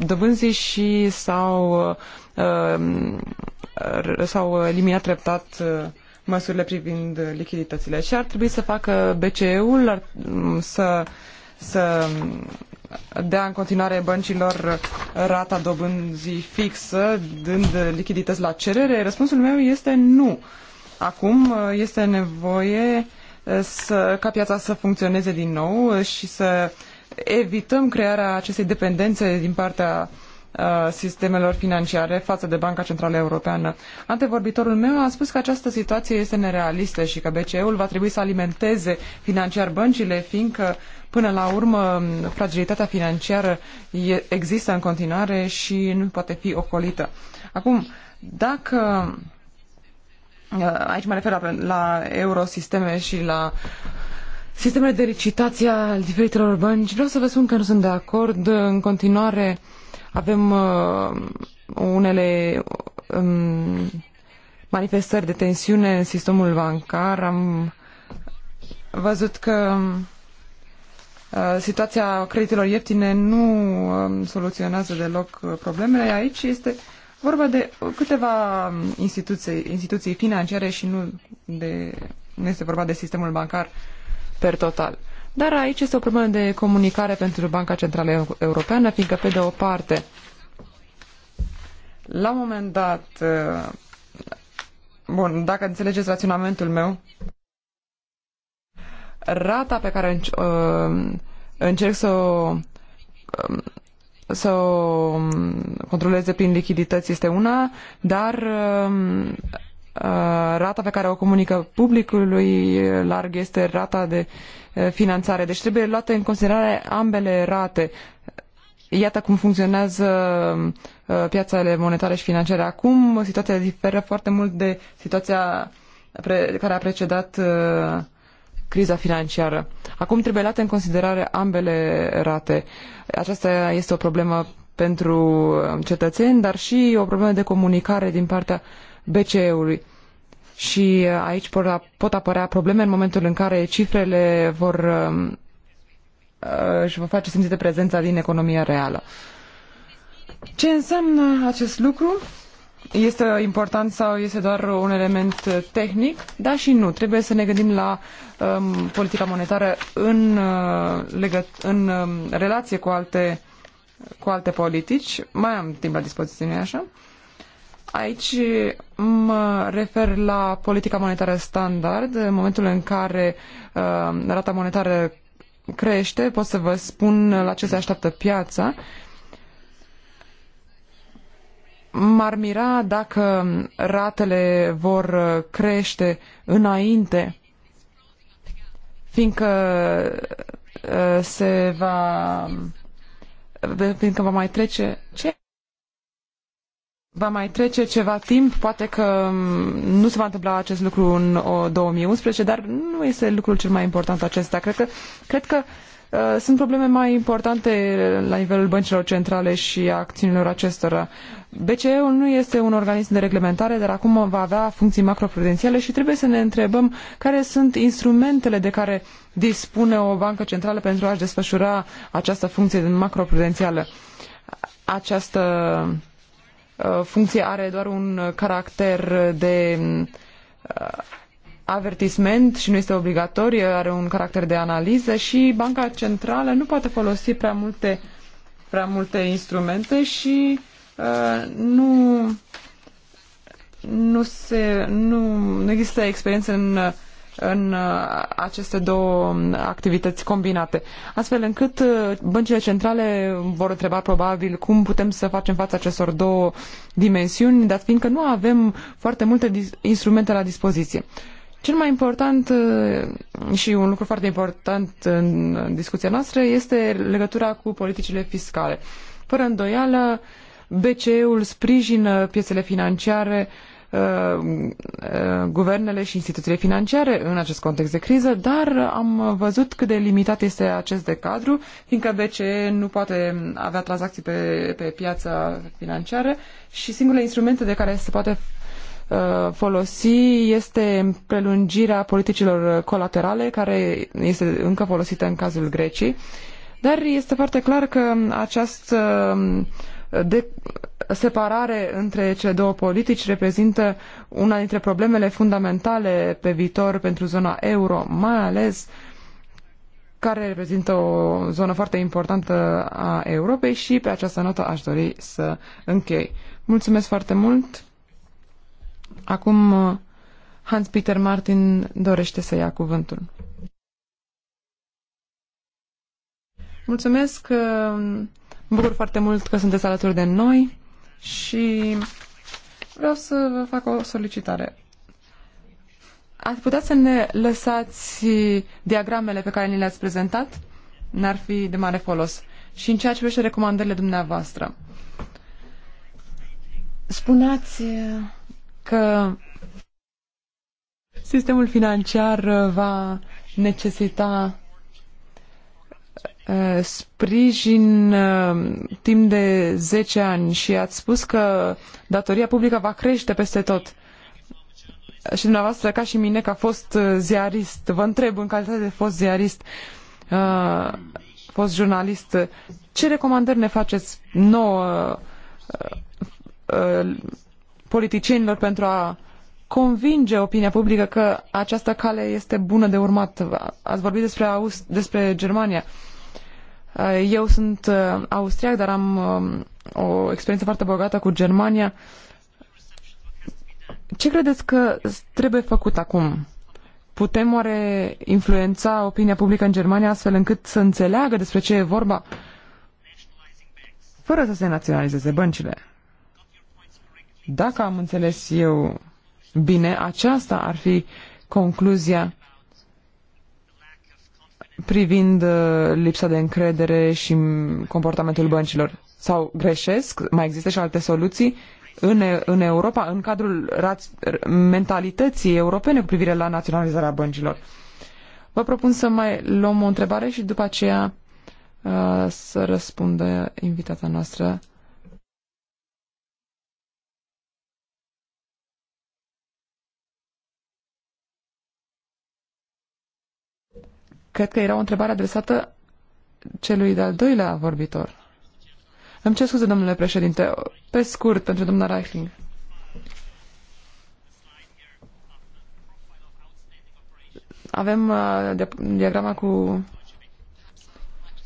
S5: dobânzii și s-au, eh, s-au eliminat treptat măsurile privind lichiditățile. Și ar trebui să facă BCE-ul? Să, să dea în continuare băncilor rata dobânzii fixă, dând lichidități la cerere? Răspunsul meu este nu. Acum uh, este nevoie uh, să, ca piața să funcționeze din nou și să evităm crearea acestei dependențe din partea uh, Uh, sistemelor financiare față de Banca Centrală Europeană. Antevorbitorul meu a spus că această situație este nerealistă și că BCE-ul va trebui să alimenteze financiar băncile, fiindcă până la urmă fragilitatea financiară există în continuare și nu poate fi ocolită. Acum, dacă uh, aici mă refer la, la eurosisteme și la sistemele de licitație al diferitelor bănci, vreau să vă spun că nu sunt de acord în continuare uh, avem uh, unele um, manifestări de tensiune în sistemul bancar. Am văzut că um, uh, situația creditelor ieftine nu um, soluționează deloc uh, problemele. Aici este vorba de câteva um, instituții, instituții financiare și nu, de, nu este vorba de sistemul bancar per total. Dar aici este o problemă de comunicare pentru Banca Centrală Europeană, fiindcă, pe de o parte, la un moment dat, bun, dacă înțelegeți raționamentul meu, rata pe care înc uh, încerc să o um, să o um, controleze prin lichidități este una, dar um, Uh, rata pe care o comunică publicului larg este rata de uh, finanțare. Deci trebuie luate în considerare ambele rate. Iată cum funcționează uh, piațele monetare și financiare acum. Situația diferă foarte mult de situația care a precedat criza financiară. Acum trebuie luate în considerare ambele rate. Aceasta este o problemă pentru cetățeni, dar și o problemă de comunicare din partea uh, BCE-ului. Și uh, aici pot apărea probleme în momentul în care cifrele vor um, uh, își vor face simțită prezența din economia reală. Ce înseamnă acest lucru? Este important sau este doar un element uh, tehnic? Da și nu. Trebuie să ne gândim la um, politica monetară în, uh, legă, în um, relație cu alte, cu alte politici. Mai am timp la dispoziție, nu așa? Uh, Aici mă refer la politica monetară standard. În momentul în care uh, rata monetară crește, pot să vă spun la ce se așteaptă piața. M-ar mira dacă ratele vor crește înainte, fiindcă uh, se va fiindcă va mai trece ce? Va mai trece ceva timp, poate că mm, nu se va întâmpla acest lucru în 2011, dar nu este lucrul cel mai important acesta. Cred că, cred că uh, sunt probleme mai importante la nivelul băncilor centrale și a acțiunilor acestora. BCE-ul nu este un organism de reglementare, dar acum va avea funcții macroprudențiale și trebuie să ne întrebăm care sunt instrumentele de care dispune o bancă centrală pentru a-și desfășura această funcție macroprudențială. Această Uh, funcție are doar un caracter de uh, avertisment și nu este obligatorie, are un caracter de analiză și Banca Centrală nu poate folosi prea multe, prea multe instrumente și uh, nu, nu, se, nu, nu există experiență în în uh, aceste două um, activități combinate. Astfel încât uh, băncile centrale vor întreba probabil cum putem să facem față acestor două dimensiuni, dar fiindcă nu avem foarte multe instrumente la dispoziție. Cel mai important uh, și un lucru foarte important în discuția noastră este legătura cu politicile fiscale. Fără îndoială, BCE-ul sprijină piețele financiare uh, Uh, guvernele și instituțiile financiare în acest context de criză, dar am văzut cât de limitat este acest de cadru, fiindcă BCE nu poate avea tranzacții pe, pe piața financiară și singurele instrumente de care se poate uh, folosi este prelungirea politicilor colaterale, care este încă folosită în cazul Greciei. Dar este foarte clar că această uh, de, separare între cele două politici reprezintă una dintre problemele fundamentale pe viitor pentru zona euro, mai ales care reprezintă o zonă foarte importantă a Europei și pe această notă aș dori să închei. Mulțumesc foarte mult! Acum uh, Hans-Peter Martin dorește să ia cuvântul. Mulțumesc! Uh, mă bucur foarte mult că sunteți alături de noi. Și vreau să vă fac o solicitare. Ați putea să ne lăsați diagramele pe care ni le-ați prezentat? N-ar fi de mare folos. Și în ceea ce vește recomandările dumneavoastră. Spuneați că sistemul financiar va necesita Uh, sprijin uh, timp de 10 ani și ați spus că datoria publică va crește peste tot. Și dumneavoastră, ca și mine, că a fost uh, ziarist, vă întreb în calitate de fost ziarist, fost jurnalist, ce recomandări ne faceți nouă politicienilor pentru a convinge opinia publică că această cale este bună de urmat. Ați vorbit despre, Aust- despre Germania. Uh, Uh, eu sunt uh, austriac, dar am um, o experiență foarte bogată cu Germania. Ce credeți că trebuie făcut acum? Putem oare influența opinia publică în Germania astfel încât să înțeleagă despre ce e vorba? Fără să se naționalizeze băncile. Dacă am înțeles eu bine, aceasta ar fi concluzia privind uh, lipsa de încredere și comportamentul băncilor. Sau greșesc, mai există și alte soluții în, în Europa, în cadrul mentalității europene cu privire la naționalizarea băncilor. Vă propun să mai luăm o întrebare și după aceea uh, să răspundă invitata noastră Cred că era o întrebare adresată celui de-al doilea vorbitor. Îmi cer scuze, domnule președinte, pe scurt, pentru domnul Reichling. Avem uh, diagrama cu...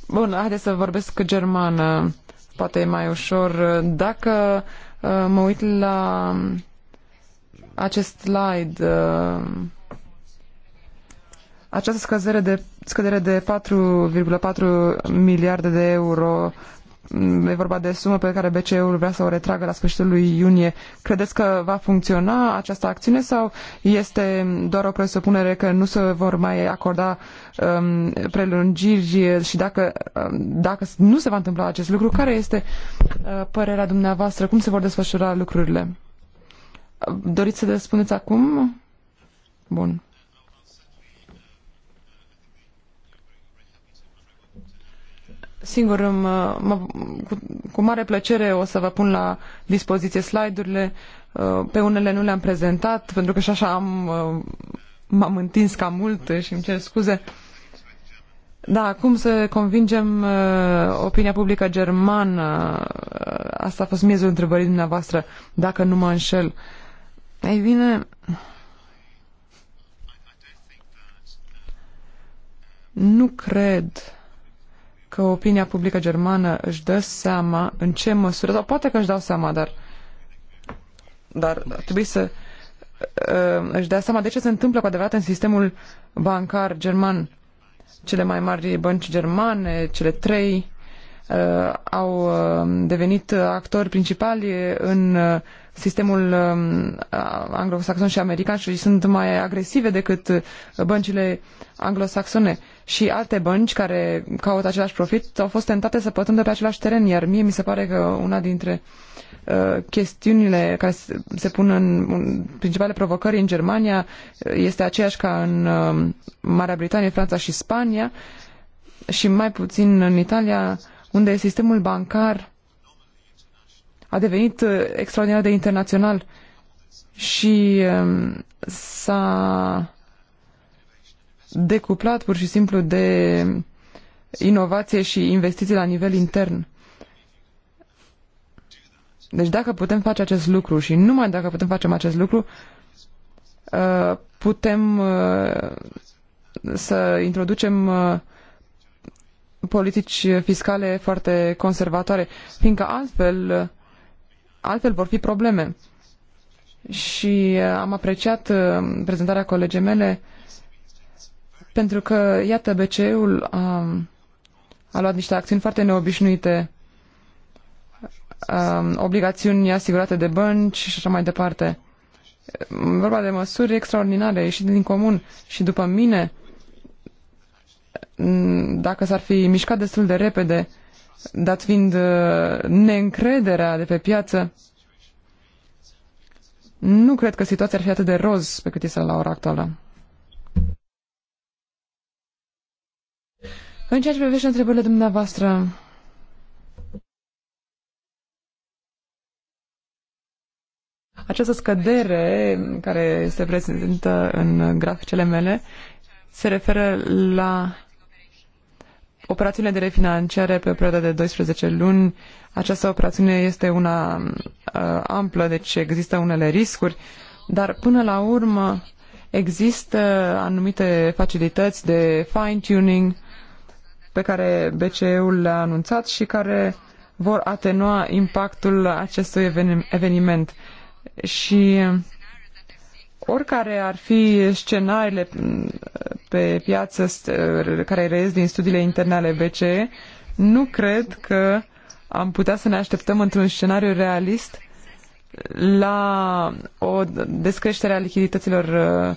S5: Bun, haideți să vorbesc germană, poate e mai ușor. Dacă uh, mă uit la um, acest slide, uh, această scăzere de scădere de 4,4 miliarde de euro. Mm, e vorba de sumă pe care BCE-ul vrea să o retragă la sfârșitul lui iunie. Credeți că va funcționa această acțiune sau este doar o presupunere că nu se vor mai acorda um, prelungiri și dacă, um, dacă nu se va întâmpla acest lucru, care este uh, părerea dumneavoastră? Cum se vor desfășura lucrurile? Doriți să le spuneți acum? Bun. Singur, mă, uh, mă, cu, cu mare plăcere o să vă pun la dispoziție slide-urile. Uh, pe unele nu le-am prezentat, pentru că și așa am, uh, m-am întins cam mult și îmi cer scuze. Da, cum să convingem uh, opinia publică germană? Asta a fost miezul întrebării dumneavoastră, dacă nu mă înșel. Ei bine, nu cred că opinia publică germană își dă seama în ce măsură, sau poate că își dau seama, dar, dar trebuie să uh, își dea seama de ce se întâmplă cu adevărat în sistemul bancar german. Cele mai mari bănci germane, cele trei, uh, au uh, devenit actori principali în uh, sistemul um, anglosaxon și american și sunt mai agresive decât uh, băncile anglosaxone și alte bănci care caută același profit au fost tentate să pătrundă pe același teren, iar mie mi se pare că una dintre uh, chestiunile care se, pun în, în principale provocări în Germania uh, este aceeași ca în uh, Marea Britanie, Franța și Spania și mai puțin în Italia, unde sistemul bancar a devenit extraordinar de internațional și um, s-a decuplat pur și simplu de inovație și investiții la nivel intern. Deci dacă putem face acest lucru și numai dacă putem face acest lucru, uh, putem uh, să introducem uh, politici fiscale foarte conservatoare, fiindcă altfel, altfel vor fi probleme. Și am apreciat prezentarea colegii mele pentru că, iată, BCE-ul a, a luat niște acțiuni foarte neobișnuite, a, obligațiuni asigurate de bănci și așa mai departe. Vorba de măsuri extraordinare, ieșit din comun și după mine, dacă s-ar fi mișcat destul de repede, dat fiind uh, neîncrederea de pe piață, nu cred că situația ar fi atât de roz pe cât este la ora actuală. În ceea ce privește întrebările dumneavoastră, această scădere care se prezintă în graficele mele se referă la operațiunile de refinanciare pe o perioadă de 12 luni. Această operațiune este una uh, amplă, deci există unele riscuri, dar până la urmă există anumite facilități de fine-tuning uh, pe care BCE-ul le-a anunțat și care vor atenua impactul acestui eveniment. Și oricare ar fi scenariile mm, pe piață care reiesc din studiile interne ale BCE, nu cred că am putea să ne așteptăm într-un scenariu realist la o descreștere a lichidităților uh,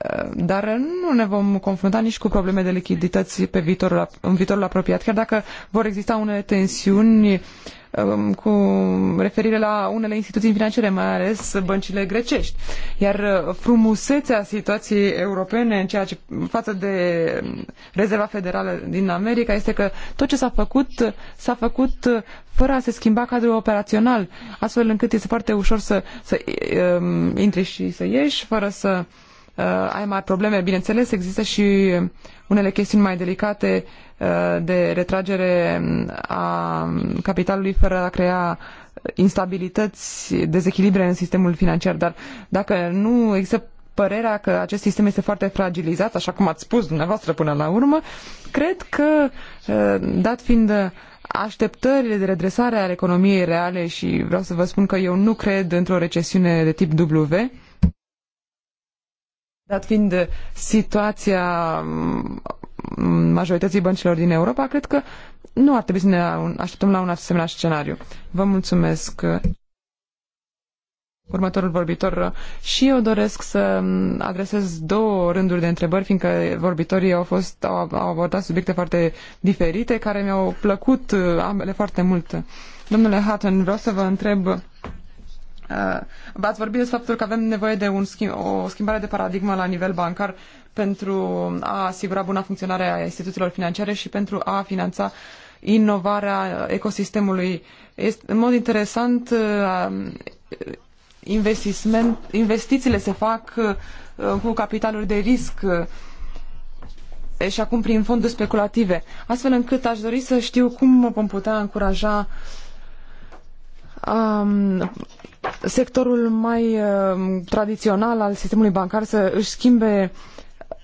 S5: Eh, dar nu ne vom confrunta nici cu probleme de lichidități pe viitorul, în viitorul apropiat, chiar dacă vor exista unele tensiuni eh, cu referire la unele instituții financiare, mai ales băncile grecești. Iar eh, frumusețea situației europene în ceea ce față de mm, Rezerva Federală din America este că tot ce s-a făcut, s-a făcut fără a se schimba cadrul operațional, astfel încât este foarte ușor să, să um, intri și să ieși, fără să uh, Uh, ai mai probleme. Bineînțeles, există și unele chestiuni mai delicate uh, de retragere um, a capitalului fără a crea instabilități, dezechilibre în sistemul financiar, dar dacă nu există părerea că acest sistem este foarte fragilizat, așa cum ați spus dumneavoastră până la urmă, cred că, uh, dat fiind așteptările de redresare ale economiei reale și vreau să vă spun că eu nu cred într-o recesiune de tip W, Dat fiind situația mm, majorității băncilor din Europa, cred că nu ar trebui să ne așteptăm la un asemenea scenariu. Vă mulțumesc. Următorul vorbitor și eu doresc să mm, adresez două rânduri de întrebări, fiindcă vorbitorii au, fost, au, au abordat subiecte foarte diferite, care mi-au plăcut eh, ambele foarte mult. Domnule Hatton, vreau să vă întreb Uh, v-ați vorbit de faptul că avem nevoie de un o schimbare de paradigmă la nivel bancar pentru a asigura buna funcționare a instituțiilor financiare și pentru a finanța inovarea ecosistemului. Este, în mod interesant, uh, investițiile se fac uh, cu capitaluri de risc și acum prin fonduri speculative, astfel încât aș dori să știu cum vom putea încuraja um, sectorul mai ehm, tradițional al sistemului bancar să își schimbe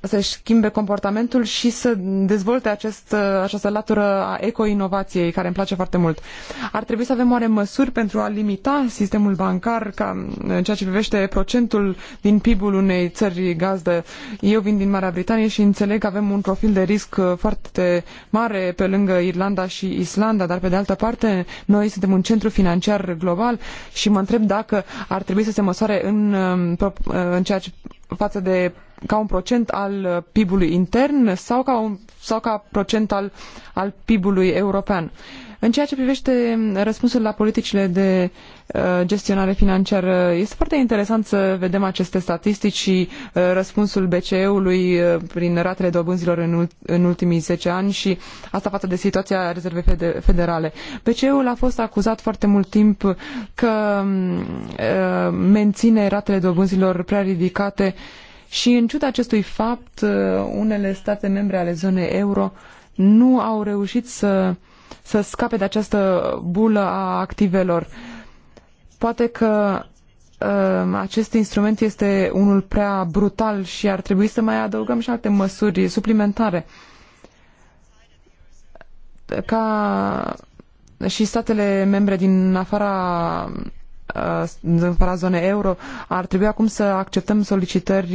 S5: să-și schimbe comportamentul și să dezvolte acest, această latură a ecoinovației, care îmi place foarte mult. Ar trebui să avem oare măsuri pentru a limita sistemul bancar ca, în ceea ce privește procentul din PIB-ul unei țări gazdă. Eu vin din Marea Britanie și înțeleg că avem un profil de risc foarte mare pe lângă Irlanda și Islanda, dar pe de altă parte noi suntem un centru financiar global și mă întreb dacă ar trebui să se măsoare în, în ceea ce față de ca un procent al uh, PIB-ului intern sau ca, un, sau ca procent al, al PIB-ului european. În ceea ce privește um, răspunsul la politicile de uh, gestionare financiară, este foarte interesant să vedem aceste statistici și uh, răspunsul BCE-ului prin ratele dobânzilor în, ultimii zece ani și asta față de situația rezervei federale. BCE-ul a fost acuzat foarte mult timp că um, menține ratele dobânzilor prea ridicate și în ciuda acestui fapt, uh, unele state membre ale zonei euro nu au reușit să, să scape de această bulă a activelor. Poate că uh, acest instrument este unul prea brutal și ar trebui să mai adăugăm și alte măsuri suplimentare. Ca și statele membre din afara Uh, fără zone euro, ar trebui acum să acceptăm solicitări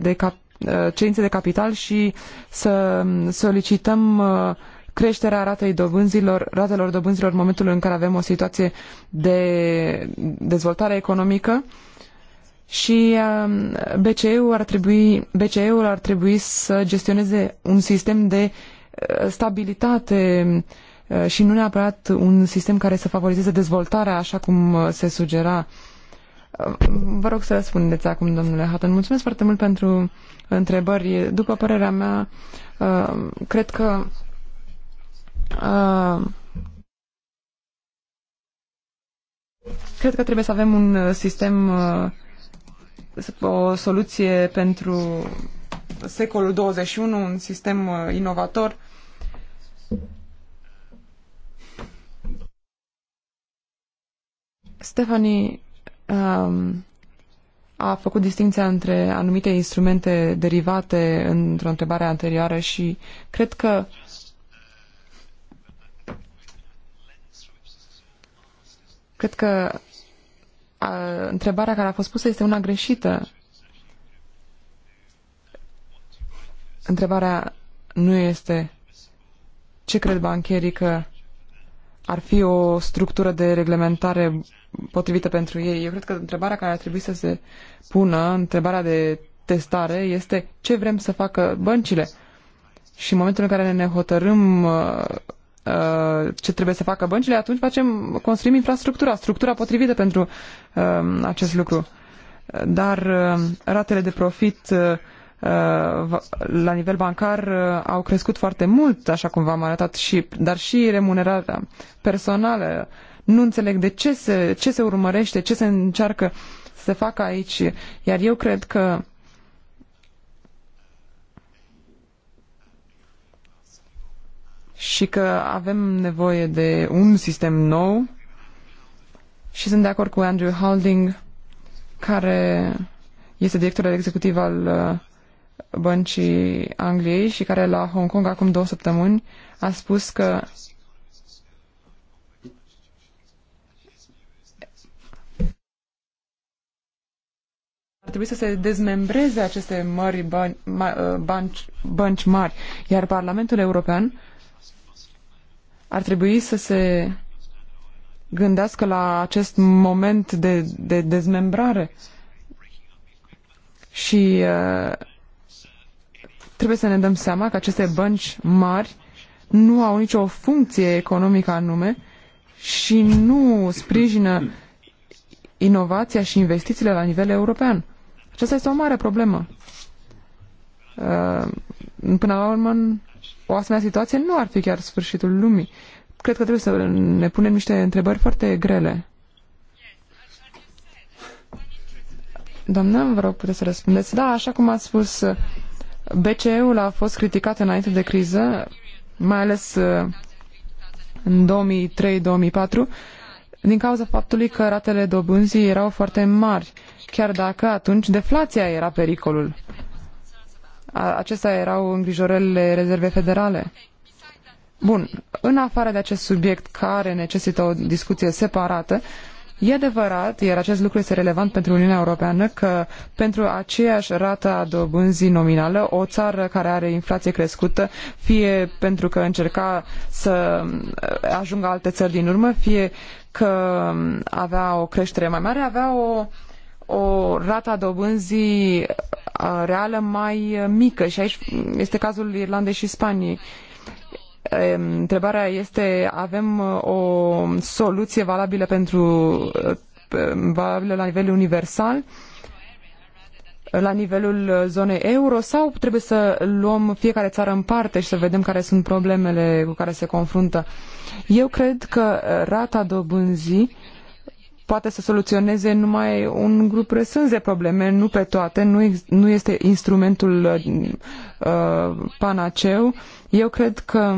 S5: de cap, uh, cerințe de capital și să solicităm uh, creșterea ratei dobânzilor, ratelor dobânzilor în momentul în care avem o situație de dezvoltare economică și um, BCE-ul ar trebui, BCE-ul ar trebui să gestioneze un sistem de stabilitate uh, Eh, și nu neapărat un sistem care să favorizeze dezvoltarea, așa cum eh, se sugera. Eh, vă rog să răspundeți acum, domnule Hatton. Mulțumesc foarte mult pentru întrebări. După părerea mea, cred că cred că trebuie să avem un sistem, o soluție pentru secolul 21, un sistem inovator Stefani um, a făcut distinția între anumite instrumente derivate într-o întrebare anterioară și cred că cred că a, întrebarea care a fost pusă este una greșită. Întrebarea nu este ce cred bancherii că ar fi o structură de reglementare potrivită pentru ei. Eu cred că întrebarea care ar trebui să se pună, întrebarea de testare, este ce vrem să facă băncile. Și în momentul în care ne hotărâm uh, uh, ce trebuie să facă băncile, atunci facem, construim infrastructura, structura potrivită pentru uh, acest lucru. Dar uh, ratele de profit uh, la nivel bancar uh, au crescut foarte mult, așa cum v-am arătat, și, dar și remunerarea personală. Nu înțeleg de ce se, ce se urmărește, ce se încearcă să se facă aici. Iar eu cred că și că avem nevoie de un sistem nou și sunt de acord cu Andrew Holding, care este directorul executiv al uh, Băncii Angliei și care la Hong Kong acum două săptămâni a spus că ar trebui să se dezmembreze aceste mari bani, ma, uh, bănci, bănci mari, iar Parlamentul European ar trebui să se gândească la acest moment de, de dezmembrare și uh, Trebuie să ne dăm seama că aceste bănci mari nu au nicio funcție economică anume și nu sprijină inovația și investițiile la nivel european. Aceasta este o mare problemă. Uh, până la urmă, o asemenea situație nu ar fi chiar sfârșitul lumii. Cred că trebuie să ne punem niște întrebări foarte grele. Doamnă, vă rog, puteți să răspundeți. Da, așa cum ați spus BCE-ul a fost criticat înainte de criză, mai ales uh, în 2003-2004, din cauza faptului că ratele dobânzii erau foarte mari, chiar dacă atunci deflația era pericolul. Acestea erau îngrijorările rezerve federale. Bun, în afară de acest subiect care necesită o discuție separată, E adevărat, iar acest lucru este relevant pentru Uniunea Europeană, că pentru aceeași rată a dobânzii nominală, o țară care are inflație crescută, fie pentru că încerca să eh, ajungă alte țări din urmă, fie că mm, avea o creștere mai mare, avea o, o rată a dobânzii eh, reală mai eh, mică și aici mm, este cazul Irlandei și Spaniei. Întrebarea este, avem uh, o soluție valabilă pentru uh, valabilă la nivel universal? la nivelul zonei euro sau trebuie să luăm fiecare țară în parte și să vedem care sunt problemele cu care se confruntă? Eu cred că rata dobânzii poate să soluționeze numai un grup răsâns de probleme, nu pe toate, nu, nu este instrumentul uh, panaceu. Eu cred că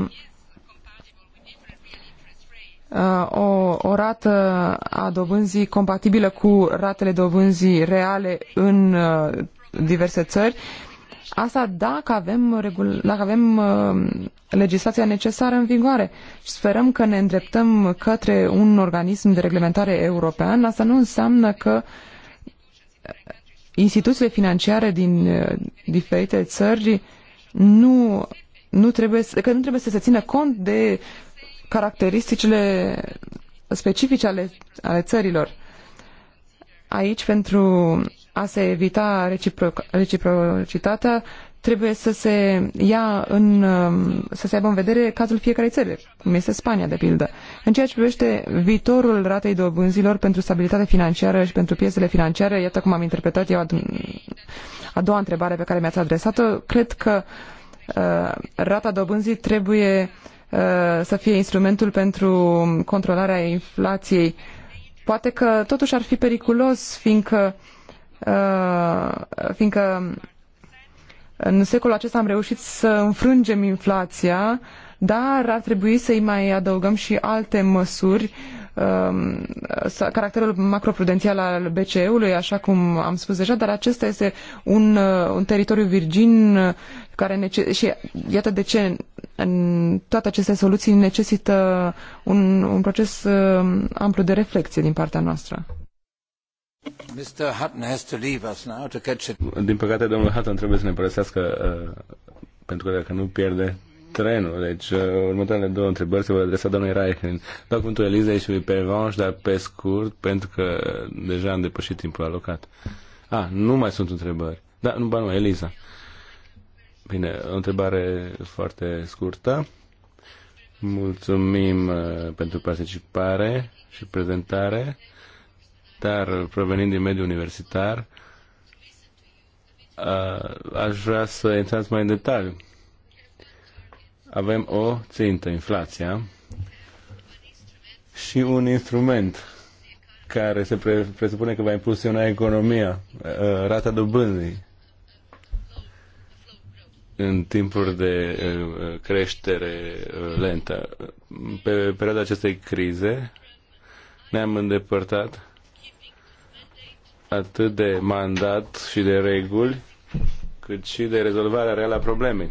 S5: uh, o, o rată a dobânzii compatibilă cu ratele dobânzii reale în uh, diverse țări uh, Asta dacă avem, regul, dacă avem uh, legislația necesară în vigoare și sperăm că ne îndreptăm către un organism de reglementare european, asta nu înseamnă că instituțiile financiare din uh, diferite țări nu, nu trebuie, să, că nu trebuie să se țină cont de caracteristicile specifice ale, ale țărilor. Aici, pentru a se evita reciproc reciprocitatea, trebuie să se ia în, um, să se aibă în vedere cazul fiecarei țări, cum este Spania, de pildă. În ceea ce privește viitorul ratei dobânzilor pentru stabilitatea financiară și pentru piesele financiare, iată cum am interpretat eu a doua întrebare pe care mi-ați adresat-o, cred că uh, rata dobânzii trebuie uh, să fie instrumentul pentru controlarea inflației. Poate că totuși ar fi periculos, fiindcă uh, Uh, fiindcă în secolul acesta am reușit să înfrângem inflația, dar ar trebui să-i mai adăugăm și alte măsuri um, caracterul macroprudențial al BCE-ului, așa cum am spus deja, dar acesta este un, uh, un teritoriu virgin uh, care nece- și iată de ce în toate aceste soluții necesită un, un proces amplu de reflexie din partea noastră.
S4: Mr. Hutton has to leave us now to catch it.
S2: Din păcate, domnul Hutton trebuie să ne părăsească uh, pentru că dacă nu pierde trenul. Deci, uh, următoarele două întrebări se vor adresa doamnei Reichen. Dau cuvântul Elizei și lui Pervanș, dar pe scurt, pentru că uh, deja am depășit timpul alocat. A, nu mai sunt întrebări. Da, nu, ba nu, Eliza. Bine, o întrebare foarte scurtă. Mulțumim uh, pentru participare și prezentare universitar, provenind din mediul universitar, aș vrea să intrați mai în detaliu. Avem o țintă, inflația, și un instrument care se pre- presupune că va impulsiona economia, rata dobânzii în timpuri de creștere lentă. Pe perioada acestei crize ne-am îndepărtat atât de mandat și de reguli, cât și de rezolvarea reală a problemei.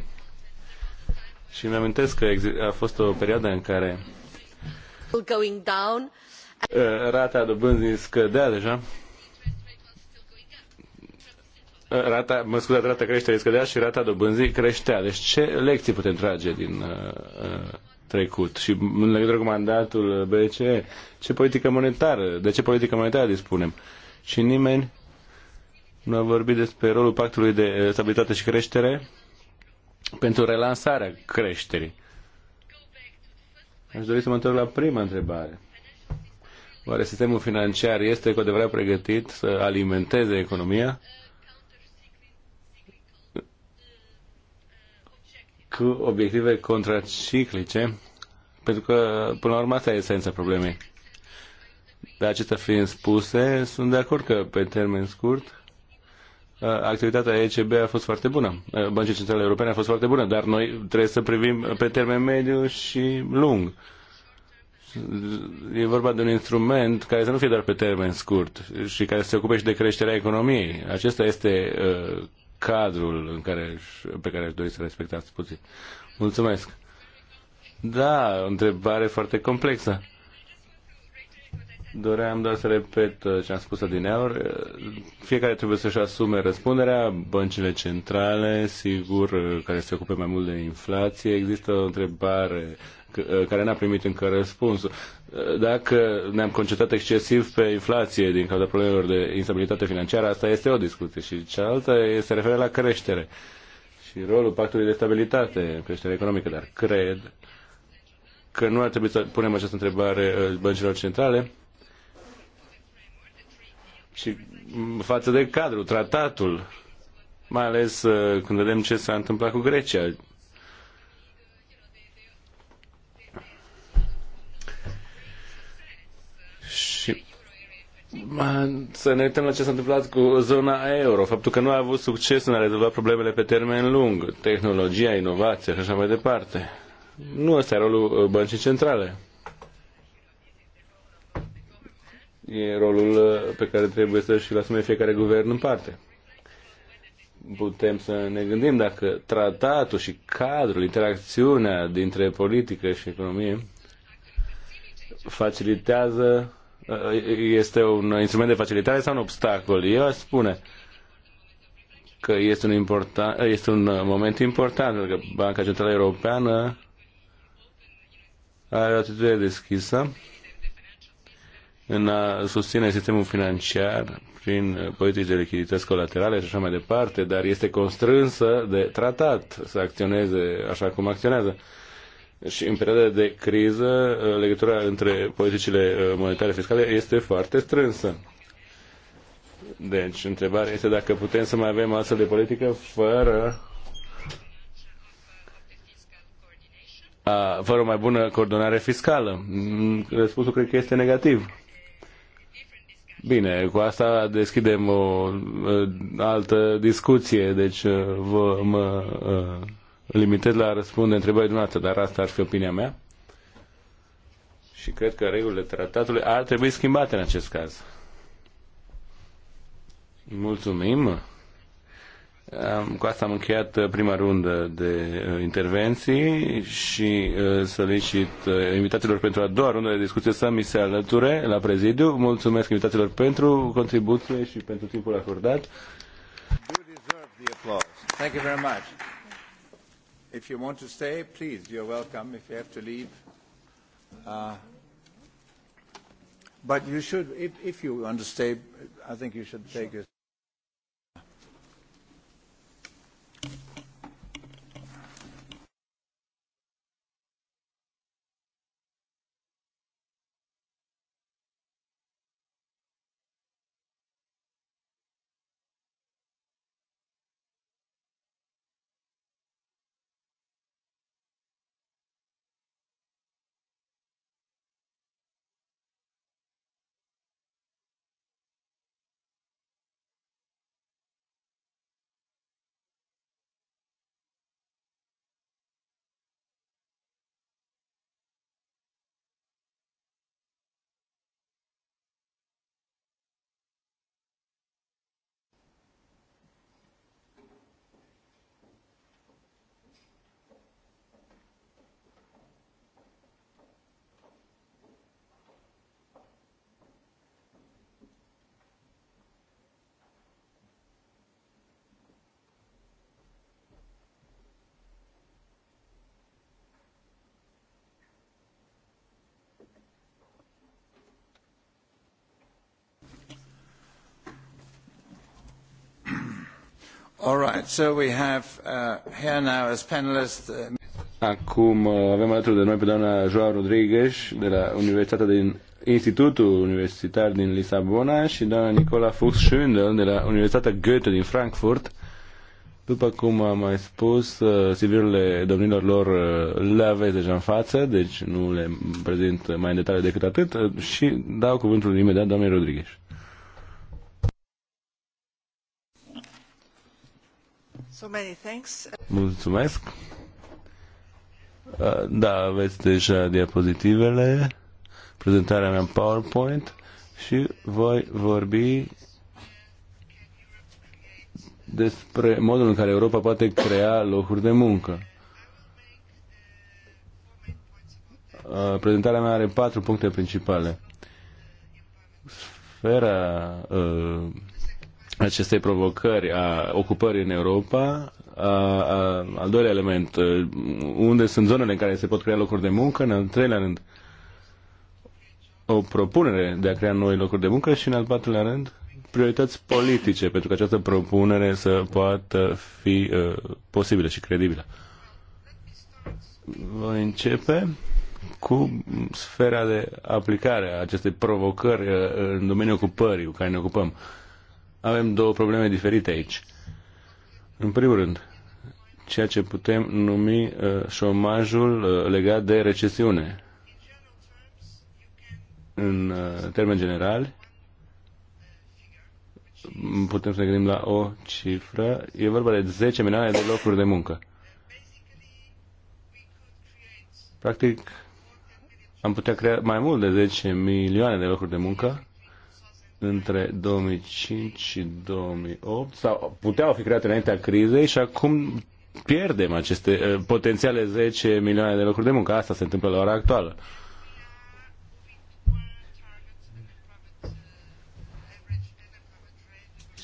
S2: Și îmi amintesc că a fost o perioadă în care
S1: uh,
S2: rata dobânzii scădea deja. Uh, rata, mă scuzați, rata creșterii scădea și rata dobânzii creștea. Deci ce lecții putem trage din uh, uh trecut? Și în legătură cu mandatul BCE, ce politică monetară, de ce politică monetară dispunem? Uh, și nimeni nu a vorbit despre rolul pactului de eh, stabilitate și creștere pentru relansarea creșterii. Aș dori să mă întorc la prima întrebare. Oare sistemul financiar este cu adevărat pregătit să alimenteze economia? cu obiective contraciclice, pentru că, până la urmă, asta e esența problemei. Dar acestea fiind spuse, sunt de acord că pe termen scurt activitatea ECB a fost foarte bună, Băncii Centrale Europene a fost foarte bună, dar noi trebuie să privim pe termen mediu și lung. E vorba de un instrument care să nu fie doar pe termen scurt și care să se ocupe și de creșterea economiei. Acesta este cadrul în care, pe care aș dori să respectați puțin. Mulțumesc. Da, o întrebare foarte complexă. Doream doar să repet uh, ce am spus adineauri. Uh, fiecare trebuie să-și asume răspunderea. Băncile centrale, sigur, uh, care se ocupe mai mult de inflație. Există o întrebare care n-a primit încă răspuns. Dacă ne-am concentrat excesiv pe inflație din cauza problemelor de instabilitate financiară, asta este o discuție. Și cealaltă se referă la creștere și rolul pactului de stabilitate în creștere economică. Dar cred că nu ar trebui să punem această întrebare băncilor centrale, și față de cadru, tratatul, mai ales uh, când vedem ce s-a întâmplat cu Grecia. Și să ne uităm la ce s-a întâmplat cu zona euro, faptul că nu a avut succes în a rezolva problemele pe termen lung, tehnologia, inovația și așa mai departe. Nu ăsta e rolul uh, băncii centrale. e rolul uh, pe care trebuie să și-l asume fiecare guvern în parte. Putem să ne gândim dacă tratatul și cadrul, interacțiunea dintre politică și economie facilitează, uh, este un instrument de facilitare sau un obstacol. Eu aș spune că este un, important, este un uh, moment important, pentru că Banca Centrală Europeană are o atitudine deschisă în a susține sistemul financiar prin uh, politici de lichidități colaterale și așa mai departe, dar este constrânsă de tratat să acționeze așa cum acționează. Și în perioada de criză, uh, legătura între politicile uh, monetare fiscale este foarte strânsă. Deci, întrebarea este dacă putem să mai avem astfel de politică fără a, fără o mai bună coordonare fiscală. Mm, răspunsul cred că este negativ. Bine, cu asta deschidem o altă discuție, deci uh, vă, mă uh, limitez la răspunde întrebării dumneavoastră, dar asta ar fi opinia mea. Și cred că regulile tratatului ar trebui schimbate în acest caz. Mulțumim! Cu asta am încheiat uh, prima rundă de uh, intervenții și uh, solicit invitațiilor pentru a doua rundă de discuție să mi se alăture la prezidiu. Mulțumesc invitațiilor pentru contribuție și pentru timpul acordat. Thank
S1: you very much. If you want to stay, please, you're welcome. If you have to leave, uh, but you should, if, if you want to
S3: stay, I think you should take
S1: All right, so we have uh, here now as panelist. Uh...
S2: Acum uh, avem alături de noi pe doamna Joa Rodriguez de la Universitatea din Institutul Universitar din Lisabona și doamna Nicola fuchs schündel de la Universitatea Goethe din Frankfurt. După cum am mai spus, uh, cv domnilor lor uh, le aveți deja în față, deci nu le prezint mai în detaliu decât atât și dau cuvântul imediat doamnei Rodriguez.
S1: So many thanks.
S2: Mulțumesc. Uh, da, aveți deja diapozitivele, prezentarea mea în PowerPoint și voi vorbi despre modul în care Europa poate crea locuri de muncă. Uh, prezentarea mea are patru puncte principale. Sfera uh, acestei provocări a ocupării în Europa. A, a, al doilea element, unde sunt zonele în care se pot crea locuri de muncă. În al treilea rând, o propunere de a crea noi locuri de muncă și în al patrulea rând, priorități politice pentru că această propunere să poată fi uh, posibilă și credibilă. Voi începe cu sfera de aplicare a acestei provocări uh, în domeniul ocupării cu care ne ocupăm. Uh, avem două probleme diferite aici. În primul rând, ceea ce putem numi uh, șomajul uh, legat de recesiune. În uh, termeni generali, putem să ne gândim la o cifră, e vorba de 10 milioane de locuri de muncă. Practic, am putea crea mai mult de 10 milioane de locuri de muncă între 2005 și 2008 sau puteau fi create înaintea crizei și acum pierdem aceste uh, potențiale 10 milioane de locuri de muncă. Asta se întâmplă la ora actuală.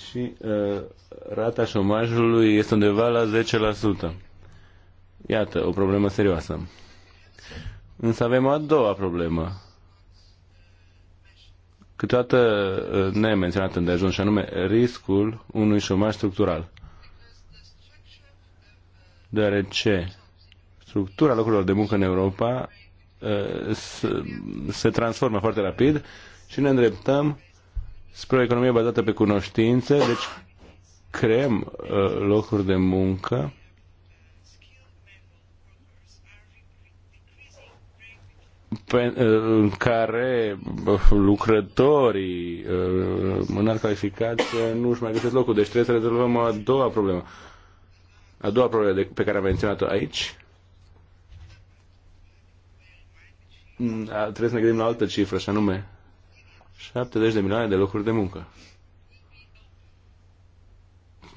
S2: Și uh, rata șomajului este undeva la 10%. Iată, o problemă serioasă. Însă avem o a doua problemă câteodată uh, nemenționat în dejun, și anume riscul unui șomaj structural. Deoarece structura locurilor de muncă în Europa uh, se transformă foarte rapid și ne îndreptăm spre o economie bazată pe cunoștințe, deci creăm uh, locuri de muncă Eh, în care lucrătorii mânar eh, calificați eh, nu își mai găsesc locul. Deci trebuie să rezolvăm a doua problemă. A doua problemă pe care am menționat-o aici. Mm, trebuie să ne gândim la altă cifră, și anume 70 de milioane de locuri de muncă.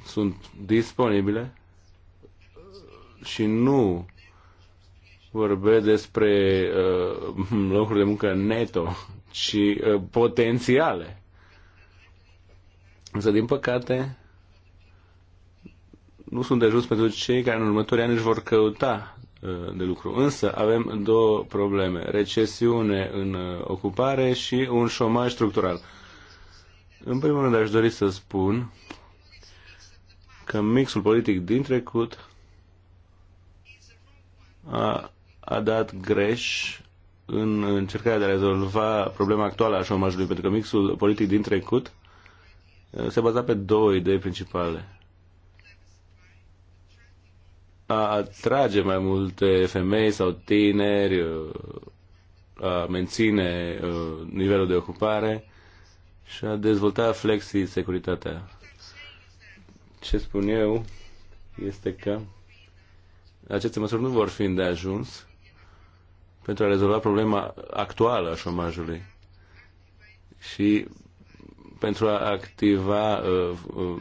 S2: Sunt disponibile și nu vorbesc despre uh, locuri de muncă neto, ci uh, potențiale. Însă, din păcate, nu sunt de ajuns pentru cei care în următorii ani își vor căuta uh, de lucru. Însă avem două probleme. Recesiune în uh, ocupare și un șomaj structural. În primul rând aș dori să spun că mixul politic din trecut a a dat greș în încercarea de a rezolva problema actuală a șomajului, pentru că mixul politic din trecut uh, se baza pe două idei principale. A atrage mai multe femei sau tineri, uh, a menține uh, nivelul de ocupare și a dezvolta flexi securitatea. Ce spun eu este că aceste măsuri nu vor fi îndeajuns pentru a rezolva problema actuală a șomajului și pentru a activa uh, uh,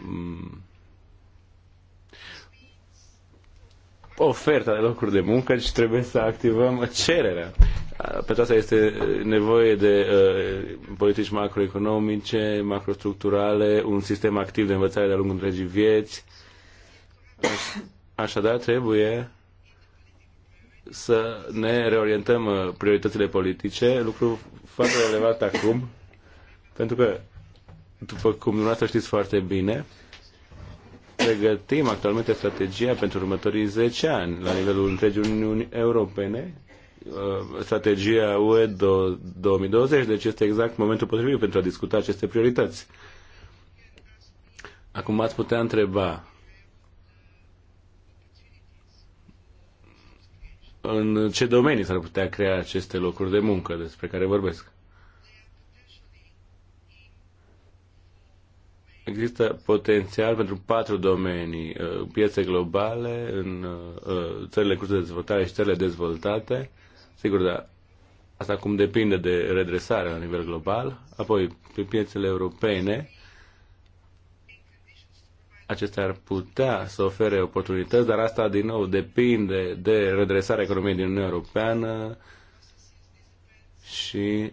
S2: oferta de locuri de muncă, și trebuie să activăm cererea. Uh, pentru asta este nevoie de uh, politici macroeconomice, macrostructurale, un sistem activ de învățare de-a lungul întregii vieți. Așadar, trebuie să ne reorientăm uh, prioritățile politice, lucru foarte relevant acum, pentru că, după cum dumneavoastră știți foarte bine, pregătim actualmente strategia pentru următorii 10 ani la nivelul întregii Uniuni Europene, uh, strategia UE 2020, deci este exact momentul potrivit pentru a discuta aceste priorități. Acum ați putea întreba, în ce domenii s-ar putea crea aceste locuri de muncă despre care vorbesc. Există potențial pentru patru domenii. Uh, piețe globale în uh, uh, țările curse de dezvoltare și țările dezvoltate. Sigur, dar asta cum depinde de redresarea la nivel global. Apoi, pe piețele europene, acestea ar putea să ofere oportunități, dar asta din nou depinde de redresarea economiei din Uniunea Europeană și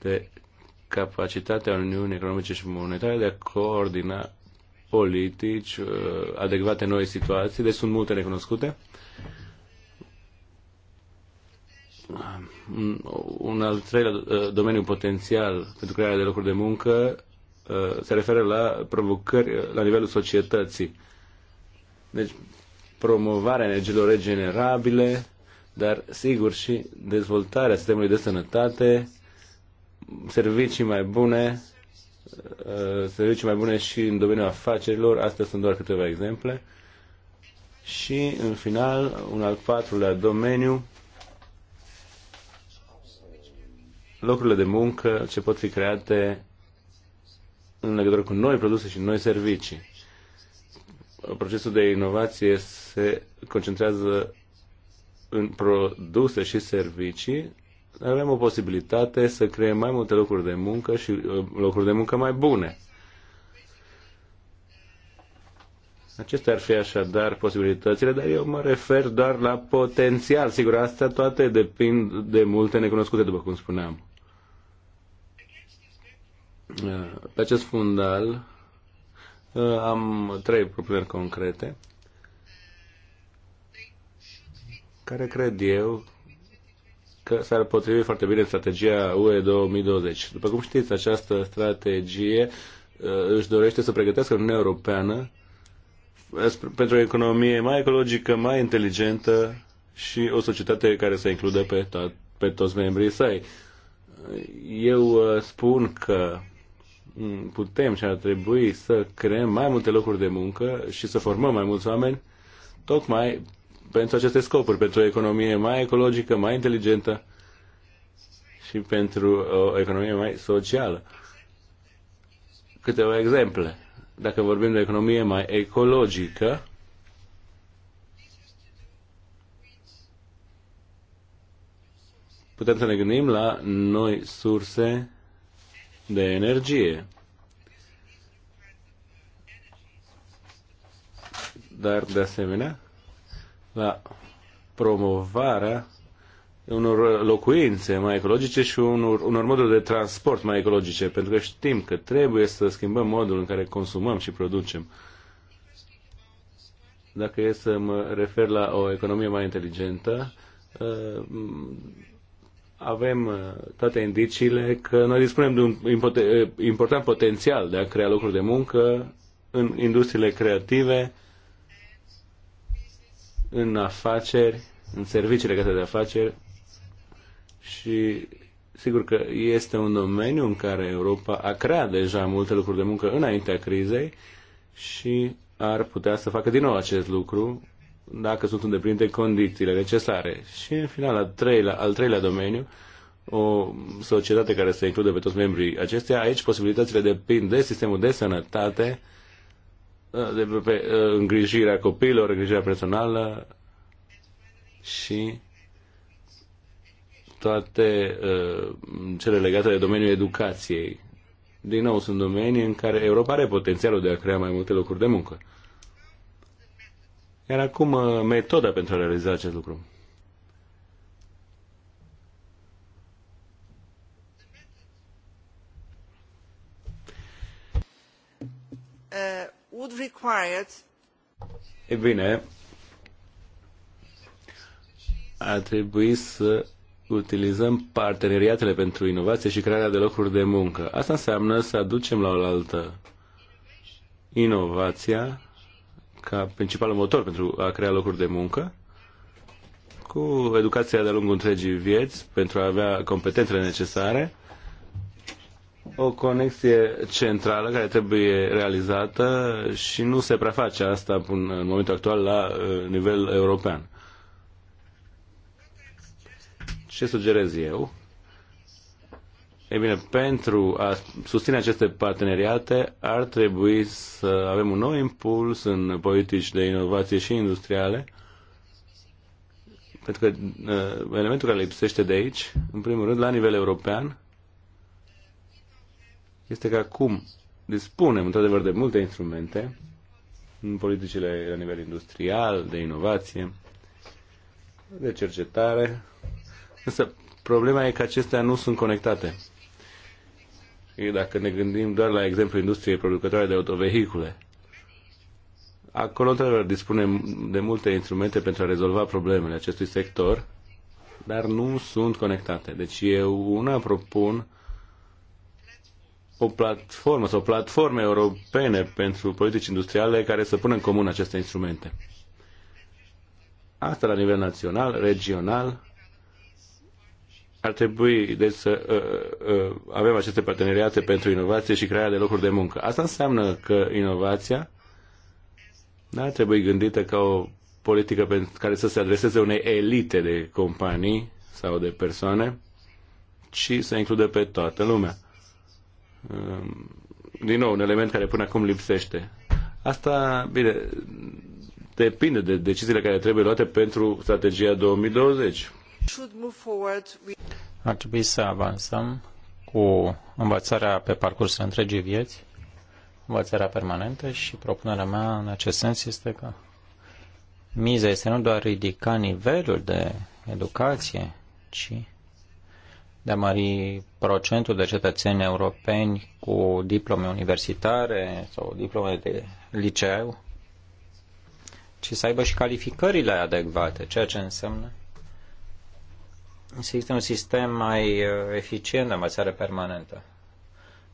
S2: de capacitatea Uniunii Economice și Monetare de a coordina politici uh, adecvate noi situații, deci sunt multe recunoscute. Un al treilea uh, domeniu potențial pentru crearea de locuri de muncă Uh, se referă la provocări uh, la nivelul societății. Deci, promovarea energiilor regenerabile, dar sigur și dezvoltarea sistemului de sănătate, servicii mai bune, uh, servicii mai bune și în domeniul afacerilor, astea sunt doar câteva exemple. Și, în final, un al patrulea domeniu, locurile de muncă ce pot fi create în legătură cu noi produse și noi servicii. Procesul de inovație se concentrează în produse și servicii, avem o posibilitate să creăm mai multe locuri de muncă și uh, locuri de muncă mai bune. Acestea ar fi așadar posibilitățile, dar eu mă refer doar la potențial. Sigur, astea toate depind de multe necunoscute, după cum spuneam. Pe acest fundal uh, am trei propuneri concrete care cred eu că s-ar potrivi foarte bine strategia UE 2020. După cum știți, această strategie uh, își dorește să pregătească Uniunea Europeană uh, pentru o economie mai ecologică, mai inteligentă și o societate care să includă pe, to- pe toți membrii săi. Eu spun că putem și ar trebui să creăm mai multe locuri de muncă și să formăm mai mulți oameni tocmai pentru aceste scopuri, pentru o economie mai ecologică, mai inteligentă și pentru o economie mai socială. Câteva exemple. Dacă vorbim de economie mai ecologică, putem să ne gândim la noi surse de energie. Dar, de asemenea, la promovarea unor locuințe mai ecologice și unor, unor moduri de transport mai ecologice, pentru că știm că trebuie să schimbăm modul în care consumăm și producem. Dacă e să mă refer la o economie mai inteligentă, ă, avem uh, toate indiciile că noi dispunem de un uh, important potențial de a crea locuri de muncă în industriile creative, în afaceri, în servicii legate de afaceri și sigur că este un domeniu în care Europa a creat deja multe lucruri de muncă înaintea crizei și ar putea să facă din nou acest lucru dacă sunt îndeplinite condițiile necesare. Și în final, al treilea, al treilea domeniu, o societate care se include pe toți membrii acesteia. Aici posibilitățile depind de sistemul de sănătate, de pe îngrijirea copiilor, îngrijirea personală și toate uh, cele legate de domeniul educației. Din nou, sunt domenii în care Europa are potențialul de a crea mai multe locuri de muncă. Iar acum uh, metoda pentru a realiza acest lucru.
S1: Uh, would require
S2: E bine, ar trebui să utilizăm parteneriatele pentru inovație și crearea de locuri de muncă. Asta înseamnă să aducem la oaltă inovația ca principalul motor pentru a crea locuri de muncă, cu educația de-a lungul întregii vieți pentru a avea competențele necesare, o conexie centrală care trebuie realizată și nu se prea face asta până în momentul actual la uh, nivel european. Ce sugerez eu? Ei bine, pentru a susține aceste parteneriate ar trebui să avem un nou impuls în politici de inovație și industriale, pentru că uh, elementul care lipsește de aici, în primul rând, la nivel european, este că acum dispunem, într-adevăr, de multe instrumente în politicile la nivel industrial, de inovație, de cercetare, însă problema e că acestea nu sunt conectate. E dacă ne gândim doar la exemplu industriei producătoare de autovehicule. Acolo, într-adevăr, dispunem de multe instrumente pentru a rezolva problemele acestui sector, dar nu sunt conectate. Deci eu una propun o platformă sau platforme europene pentru politici industriale care să pună în comun aceste instrumente. Asta la nivel național, regional ar trebui deci, să uh, uh, avem aceste parteneriate pentru inovație și crearea de locuri de muncă. Asta înseamnă că inovația nu ar trebui gândită ca o politică pentru care să se adreseze unei elite de companii sau de persoane, ci să includă pe toată lumea. Uh, din nou, un element care până acum lipsește. Asta, bine, depinde de deciziile care trebuie luate pentru strategia 2020.
S4: Ar trebui să avansăm cu învățarea pe parcursul întregii vieți, învățarea permanentă și propunerea mea în acest sens este că miza este nu doar ridica nivelul de educație, ci de a mări procentul de cetățeni europeni cu diplome universitare sau diplome de liceu, ci să aibă și calificările adecvate, ceea ce înseamnă să existe un sistem mai uh, eficient de învățare permanentă.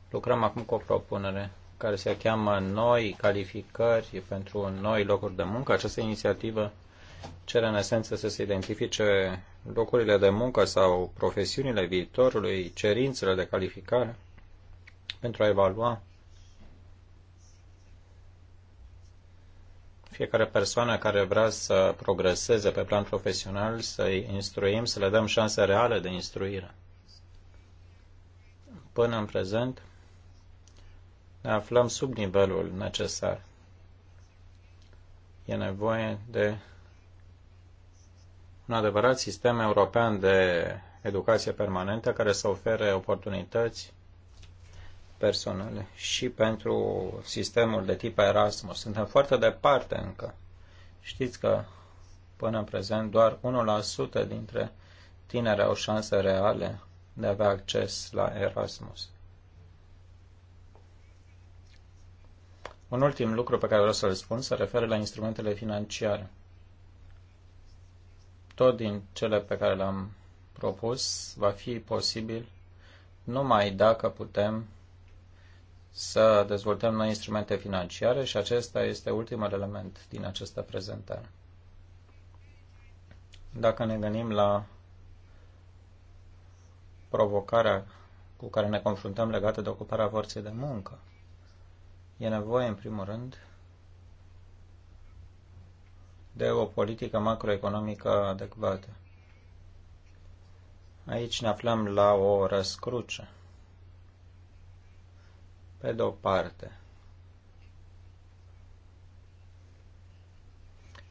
S4: Lucrăm acum cu o propunere care se cheamă Noi calificări pentru noi locuri de muncă. Această inițiativă cere în esență să se identifice locurile de muncă sau profesiunile viitorului, cerințele de calificare pentru a evalua fiecare persoană care vrea să progreseze pe plan profesional, să-i instruim, să le dăm șanse reale de instruire. Până în prezent, ne aflăm sub nivelul necesar. E nevoie de un adevărat sistem european de educație permanentă care să ofere oportunități personale și pentru sistemul de tip Erasmus. Suntem foarte departe încă. Știți că până în prezent doar 1% dintre tineri au șanse reale de a avea acces la Erasmus. Un ultim lucru pe care vreau să-l spun se referă la instrumentele financiare. Tot din cele pe care le-am propus va fi posibil numai dacă putem să dezvoltăm noi instrumente financiare și acesta este ultimul element din această prezentare. Dacă ne gândim la provocarea cu care ne confruntăm legată de ocuparea forței de muncă, e nevoie, în primul rând, de o politică macroeconomică adecvată. Aici ne aflăm la o răscruce. Pe de o parte,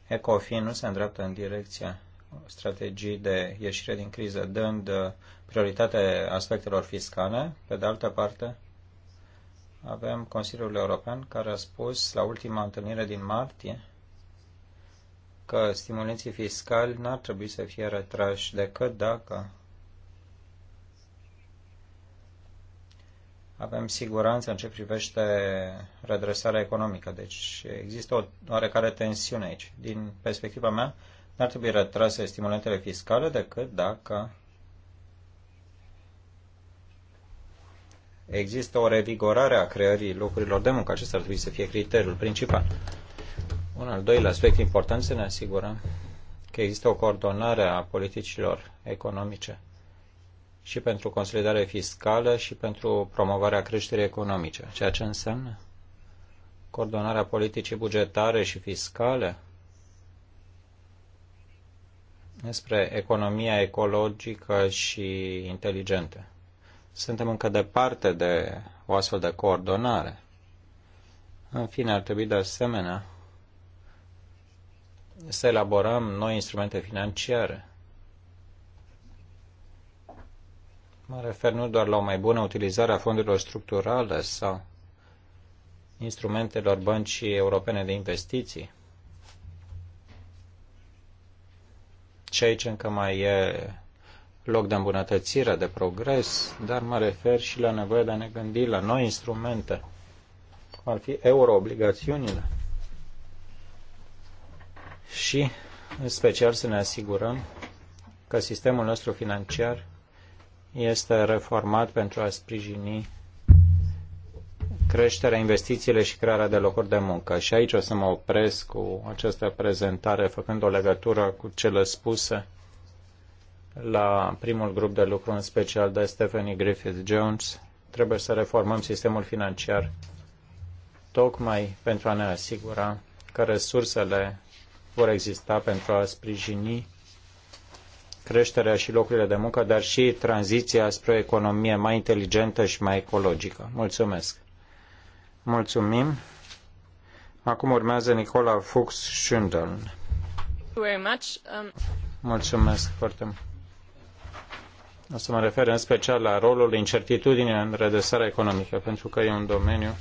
S4: Ecofin nu se îndreaptă în direcția strategii de ieșire din criză, dând uh, prioritate aspectelor fiscale. Pe de altă parte, avem Consiliul European care a spus la ultima întâlnire din martie că stimulenții fiscali n-ar trebui să fie retrași decât dacă avem siguranță în ce privește redresarea economică. Deci există o oarecare tensiune aici. Din perspectiva mea, n-ar trebui retrase stimulentele fiscale decât dacă există o revigorare a creării locurilor de muncă. Acesta ar trebui să fie criteriul principal. Un al doilea aspect important să ne asigurăm că există o coordonare a politicilor economice și pentru consolidare fiscală și pentru promovarea creșterii economice, ceea ce înseamnă coordonarea politicii bugetare și fiscale despre economia ecologică și inteligentă. Suntem încă departe de o astfel de coordonare. În fine, ar trebui de asemenea să elaborăm noi instrumente financiare Mă refer nu doar la o mai bună utilizare a fondurilor structurale sau instrumentelor băncii europene de investiții. Și aici încă mai e loc de îmbunătățire, de progres, dar mă refer și la nevoia de a ne gândi la noi instrumente, cum ar fi euroobligațiunile. Și, în special, să ne asigurăm că sistemul nostru financiar este reformat pentru a sprijini creșterea investițiile și crearea de locuri de muncă. Și aici o să mă opresc cu această prezentare, făcând o legătură cu cele spuse la primul grup de lucru, în special de Stephanie Griffith-Jones. Trebuie să reformăm sistemul financiar tocmai pentru a ne asigura că resursele vor exista pentru a sprijini creșterea și locurile de muncă, dar și tranziția spre o economie mai inteligentă și mai ecologică. Mulțumesc! Mulțumim! Acum urmează Nicola Fuchs Schündel. Mulțumesc foarte mult! O să mă refer în special la rolul incertitudinii în redresarea economică, pentru că e un domeniu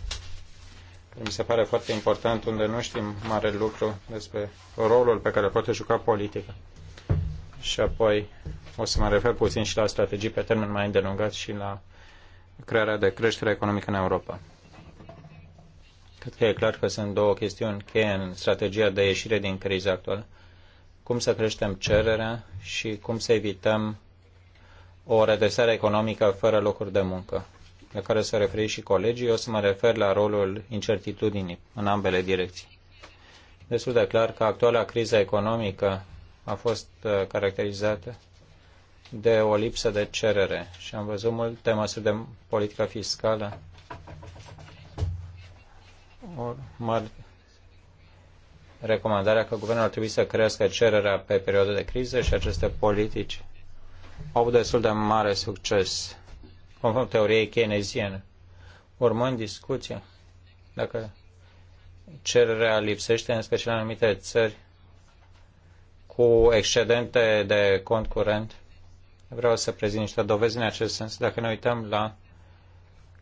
S4: care mi se pare foarte important, unde nu știm mare lucru despre rolul pe care îl poate juca politica și apoi o să mă refer puțin și la strategii pe termen mai îndelungat și la crearea de creștere economică în Europa. Cred că e clar că sunt două chestiuni cheie în strategia de ieșire din criza actuală. Cum să creștem cererea și cum să evităm o redresare economică fără locuri de muncă, la care să referi și colegii. Eu o să mă refer la rolul incertitudinii în ambele direcții. Destul de clar că actuala criză economică a fost uh, caracterizată de o lipsă de cerere și am văzut multe măsuri de politică fiscală urmări recomandarea că guvernul ar trebui să crească cererea pe perioada de criză și aceste politici au destul de mare succes, conform teoriei keynesiene. Urmând discuția, dacă cererea lipsește, în special în anumite țări, cu excedente de cont curent. Vreau să prezint niște dovezi în acest sens. Dacă ne uităm la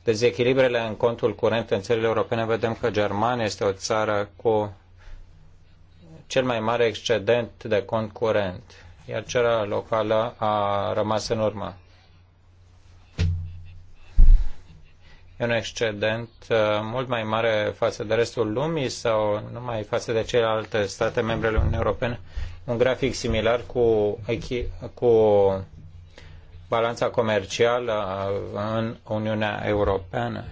S4: dezechilibrele în contul curent în țările europene, vedem că Germania este o țară cu cel mai mare excedent de cont curent, iar cea locală a rămas în urmă. E un excedent uh, mult mai mare față de restul lumii sau numai față de celelalte state membre ale Uniunii Europene un grafic similar cu, cu balanța comercială în Uniunea Europeană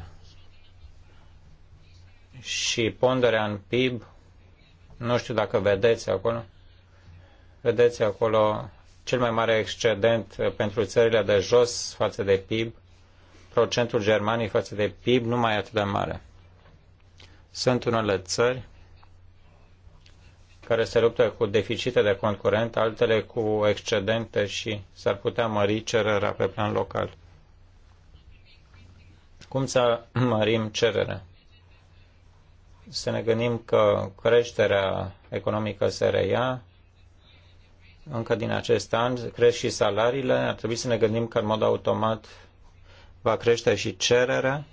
S4: și ponderea în PIB, nu știu dacă vedeți acolo, vedeți acolo cel mai mare excedent pentru țările de jos față de PIB, procentul Germaniei față de PIB nu mai e atât de mare. Sunt unele țări care se luptă cu deficite de cont curent, altele cu excedente și s-ar putea mări cererea pe plan local. Cum să mărim cererea? Să ne gândim că creșterea economică se reia, încă din acest an cresc și salariile, ar trebui să ne gândim că în mod automat va crește și cererea.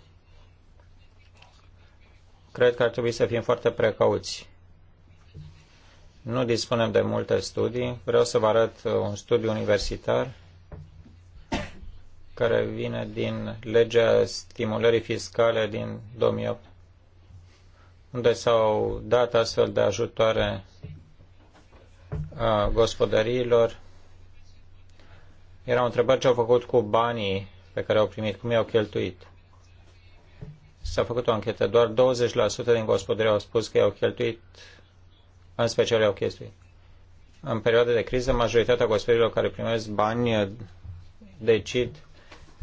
S4: Cred că ar trebui să fim foarte precauți nu dispunem de multe studii. Vreau să vă arăt un studiu universitar care vine din legea stimulării fiscale din 2008, unde s-au dat astfel de ajutoare a gospodăriilor. Erau întrebări ce au făcut cu banii pe care au primit, cum i-au cheltuit. S-a făcut o anchetă. Doar 20% din gospodării au spus că i-au cheltuit în special au chestii. În perioade de criză, majoritatea gospodilor care primesc bani eh, decid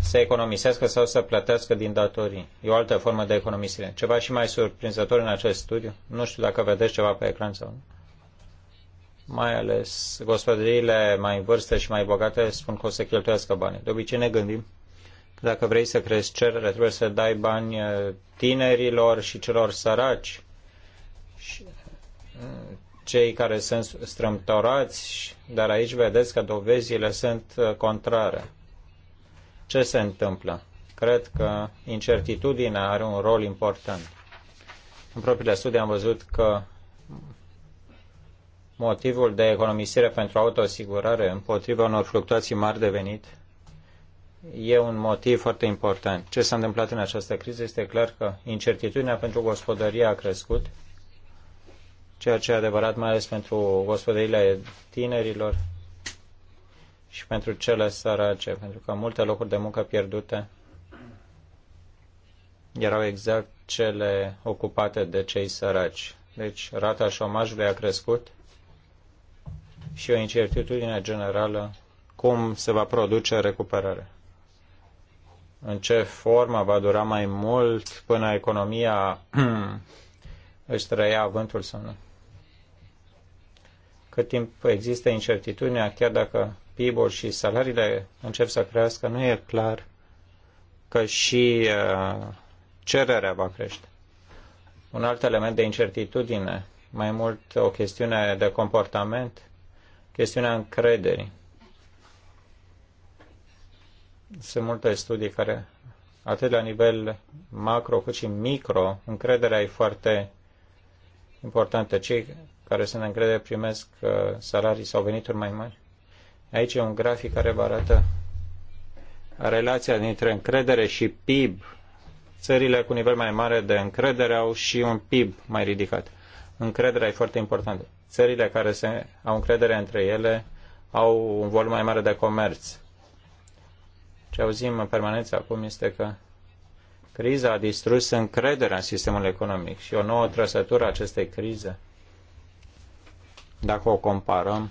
S4: să economisească sau să plătească din datorii. E o altă formă de economisire. Ceva și mai surprinzător în acest studiu, nu știu dacă vedeți ceva pe ecran sau nu, mai ales gospodăriile mai în vârstă și mai bogate spun că o să cheltuiască bani. De obicei ne gândim că dacă vrei să crești cerere, trebuie să dai bani eh, tinerilor și celor săraci. Și mm, cei care sunt strâmtorați, dar aici vedeți că dovezile sunt uh, contrare. Ce se întâmplă? Cred că incertitudinea are un rol important. În propriile studii am văzut că motivul de economisire pentru autoasigurare împotriva unor fluctuații mari de venit e un motiv foarte important. Ce s-a întâmplat în această criză este clar că incertitudinea pentru gospodărie a crescut, ceea ce e adevărat mai ales pentru gospodăriile tinerilor și pentru cele sărace, pentru că multe locuri de muncă pierdute erau exact cele ocupate de cei săraci. Deci rata șomajului a crescut și o incertitudine generală cum se va produce recuperarea. În ce formă va dura mai mult până economia își trăia vântul sau nu. Cât timp există incertitudinea, chiar dacă PIB-ul și salariile încep să crească, nu e clar că și uh, cererea va crește. Un alt element de incertitudine, mai mult o chestiune de comportament, chestiunea încrederii. Sunt multe studii care, atât la nivel macro cât și micro, încrederea e foarte importantă. Cei care sunt în credere primesc uh, salarii sau venituri mai mari. Aici e un grafic care vă arată relația dintre încredere și PIB. Țările cu nivel mai mare de încredere au și un PIB mai ridicat. Încrederea e foarte importantă. Țările care se, au încredere între ele au un volum mai mare de comerț. Ce auzim în permanență acum este că criza a distrus încrederea în sistemul economic și o nouă trăsătură a acestei crize dacă o comparăm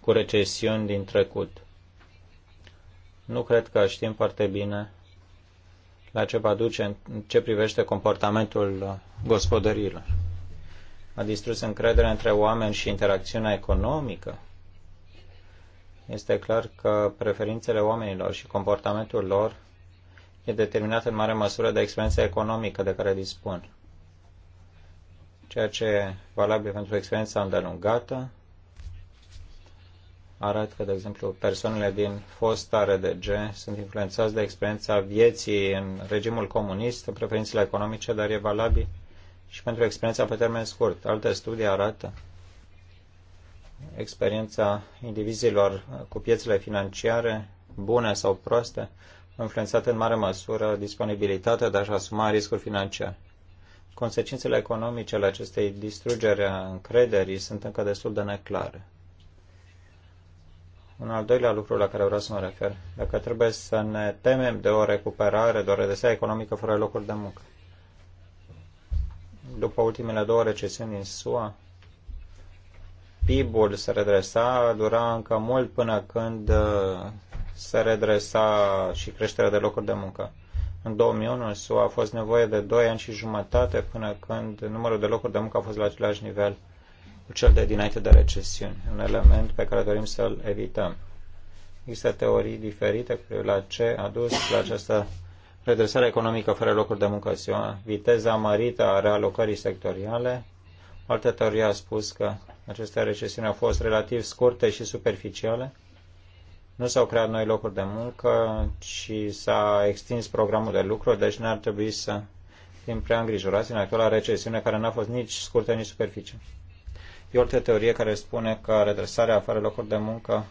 S4: cu recesiuni din trecut. Nu cred că știm foarte bine la ce va duce în ce privește comportamentul gospodărilor. A distrus încrederea între oameni și interacțiunea economică. Este clar că preferințele oamenilor și comportamentul lor e determinat în mare măsură de experiența economică de care dispun ceea ce e valabil pentru experiența îndelungată. Arată că, de exemplu, persoanele din fosta RDG sunt influențați de experiența vieții în regimul comunist, în preferințele economice, dar e valabil și pentru experiența pe termen scurt. Alte studii arată experiența indivizilor cu piețele financiare, bune sau proaste, influențate în mare măsură disponibilitatea de a-și asuma riscuri financiare. Consecințele economice ale acestei distrugeri a încrederii sunt încă destul de neclare. Un al doilea lucru la care vreau să mă refer, dacă trebuie să ne temem de o recuperare, de o redesea economică fără locuri de muncă. După ultimele două recesiuni în SUA, PIB-ul se redresa, dura încă mult până când uh, se redresa și creșterea de locuri de muncă. În 2001 în SUA a fost nevoie de 2 ani și jumătate până când numărul de locuri de muncă a fost la același nivel cu cel de dinainte de recesiune, un element pe care dorim să-l evităm. Există teorii diferite cu la ce a dus la această redresare economică fără locuri de muncă SUA, viteza mărită a realocării sectoriale, Altă teorie a spus că aceste recesiuni au fost relativ scurte și superficiale, nu s-au creat noi locuri de muncă, ci s-a extins programul de lucru, deci n-ar trebui să fim prea îngrijorați în actuala recesiune care n-a fost nici scurtă, nici superficială. E o altă teorie care spune că redresarea afară locuri de muncă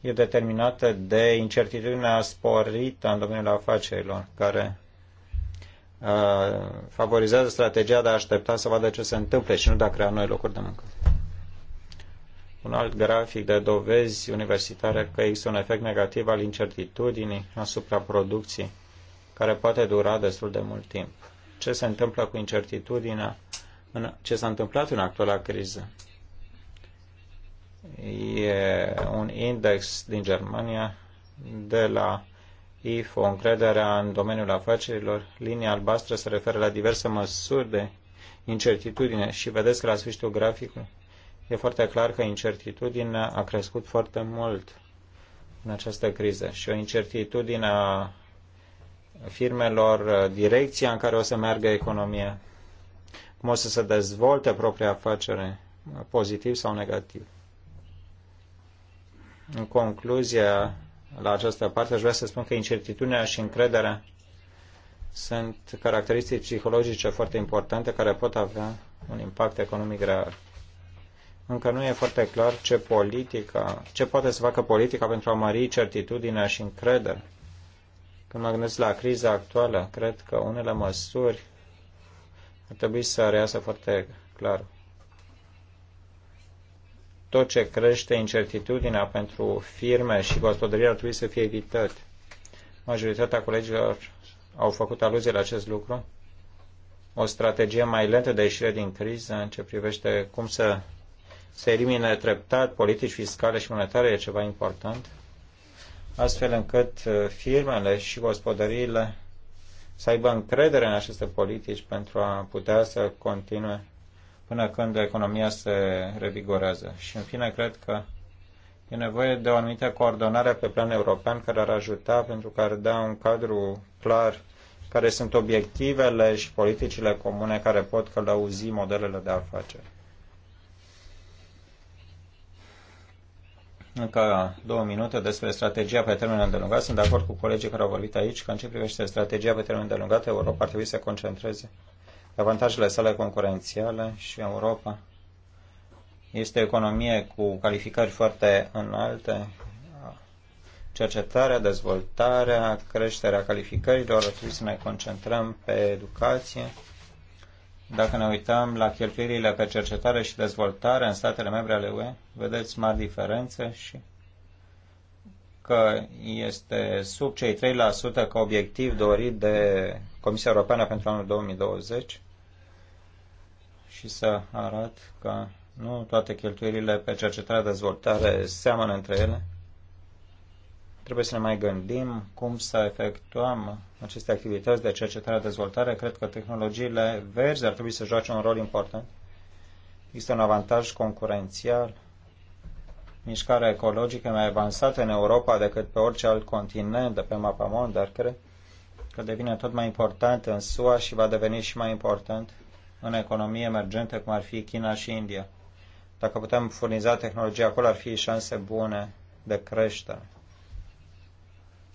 S4: e determinată de incertitudinea sporită în domeniul afacerilor, care uh, favorizează strategia de a aștepta să vadă ce se întâmple și nu de a crea noi locuri de muncă un alt grafic de dovezi universitare că există un efect negativ al incertitudinii asupra producției, care poate dura destul de mult timp. Ce se întâmplă cu incertitudinea? În ce s-a întâmplat în actuala criză? E un index din Germania de la IFO, încrederea în domeniul afacerilor. Linia albastră se referă la diverse măsuri de incertitudine și vedeți că la sfârșitul graficului e foarte clar că incertitudinea a crescut foarte mult în această criză și o incertitudine a firmelor, direcția în care o să meargă economia, cum o să se dezvolte propria afacere, pozitiv sau negativ. În concluzie, la această parte, aș vrea să spun că incertitudinea și încrederea sunt caracteristici psihologice foarte importante care pot avea un impact economic real încă nu e foarte clar ce, politica, ce poate să facă politica pentru a mări certitudinea și încrederea. Când mă gândesc la criza actuală, cred că unele măsuri ar trebui să reiasă foarte clar. Tot ce crește incertitudinea pentru firme și gospodării ar trebui să fie evitat. Majoritatea colegilor au făcut aluzie la acest lucru. O strategie mai lentă de ieșire din criză în ce privește cum să se elimine treptat politici fiscale și monetare, e ceva important, astfel încât uh, firmele și gospodăriile să aibă încredere în aceste politici pentru a putea să continue până când economia se revigorează. Și în fine, cred că e nevoie de o anumită coordonare pe plan european care ar ajuta pentru că ar da un cadru clar care sunt obiectivele și politicile comune care pot călăuzi modelele de afaceri. Încă două minute despre strategia pe termen îndelungat. Sunt de acord cu colegii care au vorbit aici că în ce privește strategia pe termen îndelungat, Europa ar trebui să concentreze pe avantajele sale concurențiale și Europa este o economie cu calificări foarte înalte. Cercetarea, dezvoltarea, creșterea calificărilor, ar trebui să ne concentrăm pe educație dacă ne uităm la cheltuielile pe cercetare și dezvoltare în statele membre ale UE, vedeți mari diferențe și că este sub cei 3% ca obiectiv dorit de Comisia Europeană pentru anul 2020 și să arăt că nu toate cheltuielile pe cercetare dezvoltare seamănă între ele Trebuie să ne mai gândim cum să efectuăm aceste activități de cercetare-dezvoltare. Cred că tehnologiile verzi ar trebui să joace un rol important. Există un avantaj concurențial. Mișcarea ecologică e mai avansată în Europa decât pe orice alt continent de pe mapa mondă, dar cred că devine tot mai important în SUA și va deveni și mai important în economii emergente, cum ar fi China și India. Dacă putem furniza tehnologia acolo, ar fi șanse bune de creștere.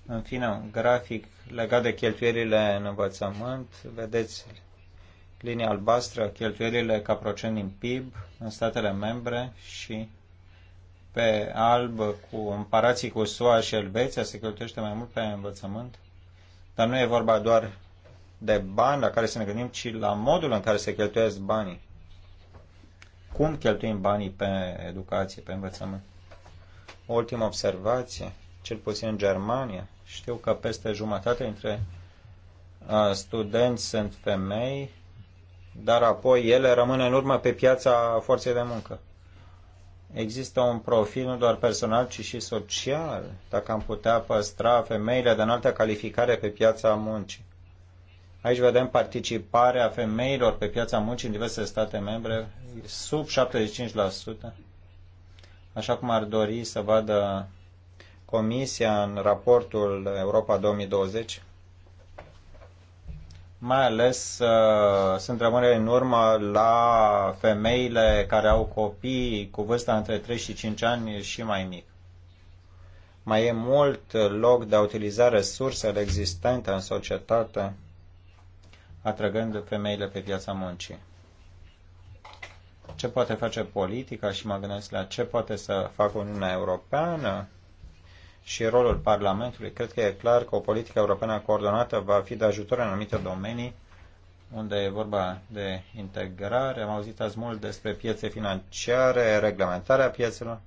S4: În fine, un grafic legat de cheltuielile în învățământ. Vedeți linia albastră, cheltuielile ca procent din PIB în statele membre și pe alb, cu comparații cu SUA și Elveția, se cheltuiește mai mult pe învățământ. Dar nu e vorba doar de bani la care să ne gândim, ci la modul în care se cheltuiesc banii. Cum cheltuim banii pe educație, pe învățământ? O ultimă observație, cel puțin în Germania, știu că peste jumătate dintre studenți sunt femei, dar apoi ele rămân în urmă pe piața forței de muncă. Există un profil nu doar personal, ci și social, dacă am putea păstra femeile de înaltă calificare pe piața muncii. Aici vedem participarea femeilor pe piața muncii în diverse state membre, sub 75%, așa cum ar dori să vadă Comisia în raportul Europa 2020, mai ales uh, sunt rămâne în urmă la femeile care au copii cu vârsta între 3 și 5 ani și mai mic. Mai e mult loc de a utiliza resursele existente în societate, atrăgând femeile pe piața muncii. Ce poate face politica și mă gândesc la ce poate să facă Uniunea Europeană și rolul Parlamentului, cred că e clar că o politică europeană coordonată va fi de ajutor în anumite domenii unde e vorba de integrare. Am auzit azi mult despre piețe financiare, reglementarea piețelor.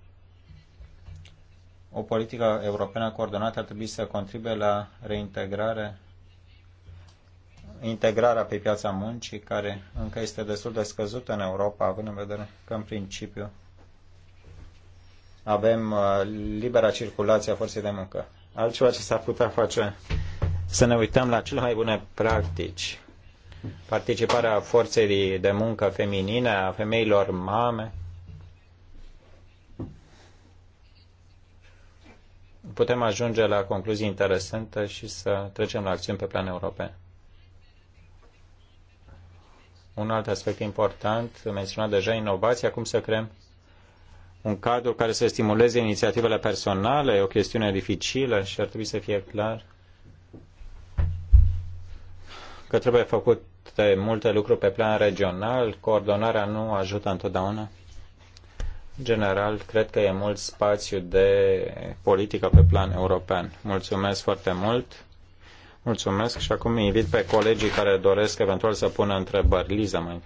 S4: O politică europeană coordonată ar trebui să contribuie la reintegrare integrarea pe piața muncii, care încă este destul de scăzută în Europa, având în vedere că, în principiu, avem uh, libera circulație a forței de muncă. Altceva ce s-ar putea face, să ne uităm la cele mai bune practici. Participarea forței de muncă feminine, a femeilor mame. Putem ajunge la concluzii interesante și să trecem la acțiuni pe plan european. Un alt aspect important menționat deja, inovația, cum să creăm un cadru care să stimuleze inițiativele personale, e o chestiune dificilă și ar trebui să fie clar că trebuie făcut multe lucruri pe plan regional, coordonarea nu ajută întotdeauna. În general, cred că e mult spațiu de politică pe plan european. Mulțumesc foarte mult! Mulțumesc și acum invit pe colegii care doresc eventual să pună întrebări. Liza mai.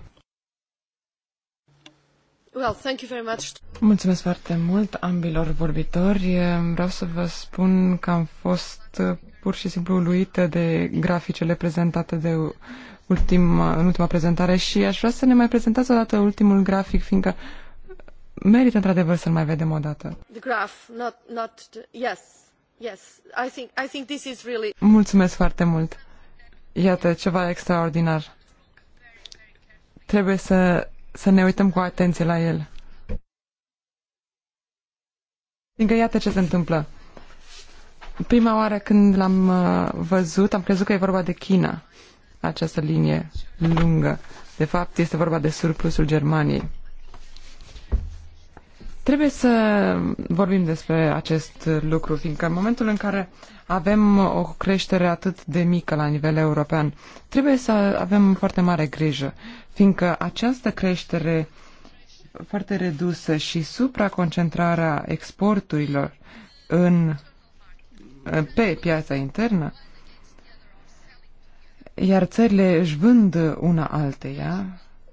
S3: Well, thank you very much.
S5: Mulțumesc foarte mult ambilor vorbitori. Vreau să vă spun că am fost uh, pur și simplu uluită de graficele prezentate de ultima uh, în ultima prezentare și aș vrea să ne mai prezentați o dată ultimul grafic, fiindcă merită într-adevăr să-l mai vedem o dată.
S1: The graph, not, not the, yes, yes. I think, I think this is really...
S5: Mulțumesc foarte mult. Iată, ceva extraordinar. Trebuie să să ne uităm cu atenție la el. Fiindcă iată ce se întâmplă. Prima oară când l-am uh, văzut, am crezut că e vorba de China, această linie lungă. De fapt, este vorba de surplusul Germaniei. Trebuie să vorbim despre acest lucru, fiindcă în momentul în care avem o creștere atât de mică la nivel european, trebuie să avem foarte mare grijă, fiindcă această creștere foarte redusă și supraconcentrarea exporturilor în, pe piața internă, iar țările își vând una alteia,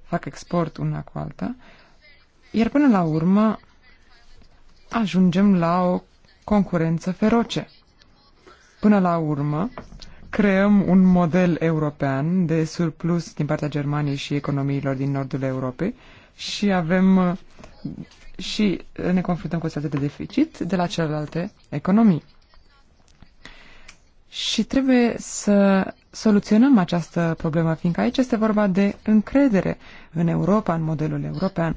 S5: fac export una cu alta, iar până la urmă ajungem la o concurență feroce. Până la urmă, creăm un model european de surplus din partea Germaniei și economiilor din nordul Europei și avem și ne confruntăm cu o de deficit de la celelalte economii. Și trebuie să soluționăm această problemă, fiindcă aici este vorba de încredere în Europa, în modelul european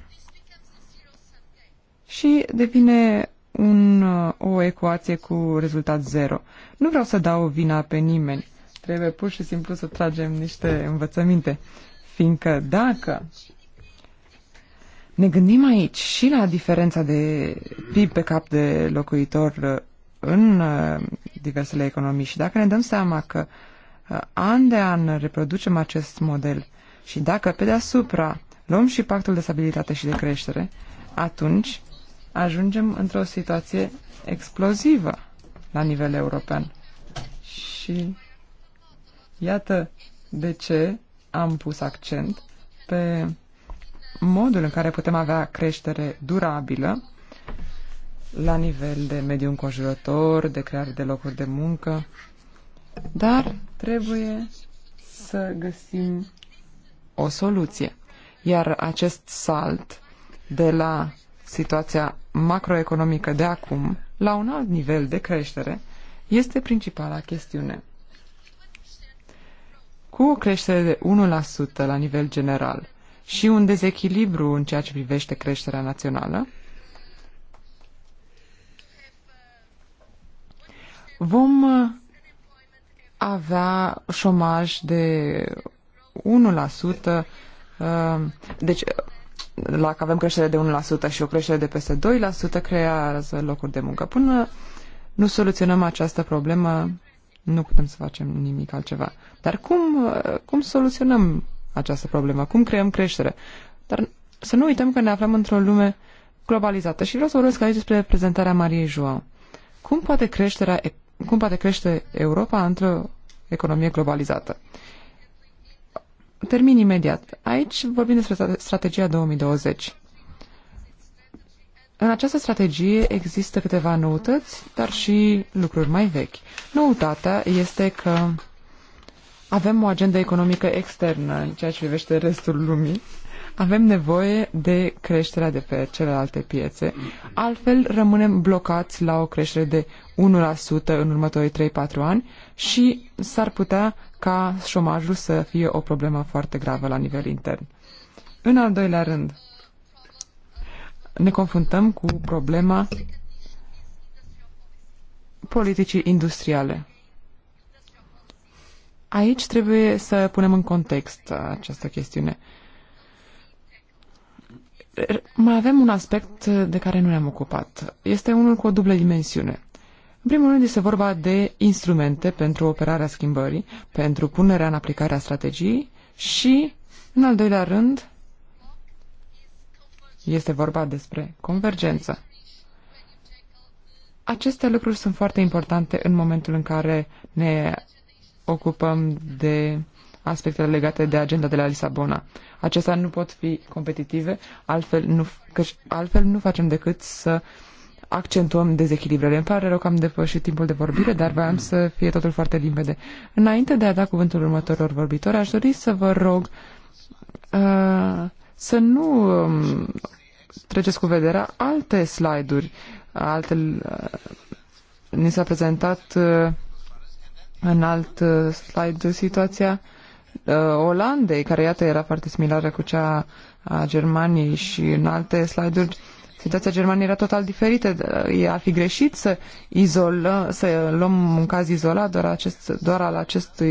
S5: și devine un, o ecuație cu rezultat zero. Nu vreau să dau vina pe nimeni. Trebuie pur și simplu să tragem niște învățăminte. Fiindcă dacă ne gândim aici și la diferența de PIB pe cap de locuitor uh, în uh, diversele economii și dacă ne dăm seama că uh, an de an reproducem acest model și dacă pe deasupra luăm și pactul de stabilitate și de creștere, atunci ajungem într-o situație explozivă la nivel european. Și iată de ce am pus accent pe modul în care putem avea creștere durabilă la nivel de mediu înconjurător, de creare de locuri de muncă, dar trebuie să găsim o soluție. Iar acest salt de la situația macroeconomică de acum la un alt nivel de creștere este principala chestiune. Cu o creștere de 1% la nivel general și un dezechilibru în ceea ce privește creșterea națională, vom avea șomaj de 1%, uh, deci la avem creștere de 1% și o creștere de peste 2% creează locuri de muncă. Până nu soluționăm această problemă, nu putem să facem nimic altceva. Dar cum, cum soluționăm această problemă? Cum creăm creștere? Dar să nu uităm că ne aflăm într-o lume globalizată. Și vreau să vorbesc aici despre prezentarea Mariei Joao. Cum poate, creșterea, cum poate crește Europa într-o economie globalizată? termin imediat. Aici vorbim despre strategia 2020. În această strategie există câteva noutăți, dar și lucruri mai vechi. Noutatea este că avem o agendă economică externă în ceea ce privește restul lumii. Avem nevoie de creșterea de pe celelalte piețe, altfel rămânem blocați la o creștere de 1% în următorii 3-4 ani și s-ar putea ca șomajul să fie o problemă foarte gravă la nivel intern. În al doilea rând, ne confruntăm cu problema politicii industriale. Aici trebuie să punem în context această chestiune. Mai avem un aspect de care nu ne-am ocupat. Este unul cu o dublă dimensiune. În primul rând este vorba de instrumente pentru operarea schimbării, pentru punerea în aplicare a strategiei și, în al doilea rând, este vorba despre convergență. Aceste lucruri sunt foarte importante în momentul în care ne ocupăm de aspectele legate de agenda de la Lisabona. Acestea nu pot fi competitive, altfel nu, că altfel nu facem decât să accentuăm dezechilibrele. Îmi pare rău că am depășit timpul de vorbire, dar voiam să fie totul foarte limpede. Înainte de a da cuvântul următorilor vorbitori, aș dori să vă rog uh, să nu um, treceți cu vederea alte slide-uri. Alte, uh, ni s-a prezentat uh, în alt uh, slide situația uh, Olandei, care iată era foarte similară cu cea a Germaniei și în alte slide-uri uh, Situația Germaniei era total diferită. Ar fi greșit să, izolă, să luăm un caz izolat doar, acest, doar al acestui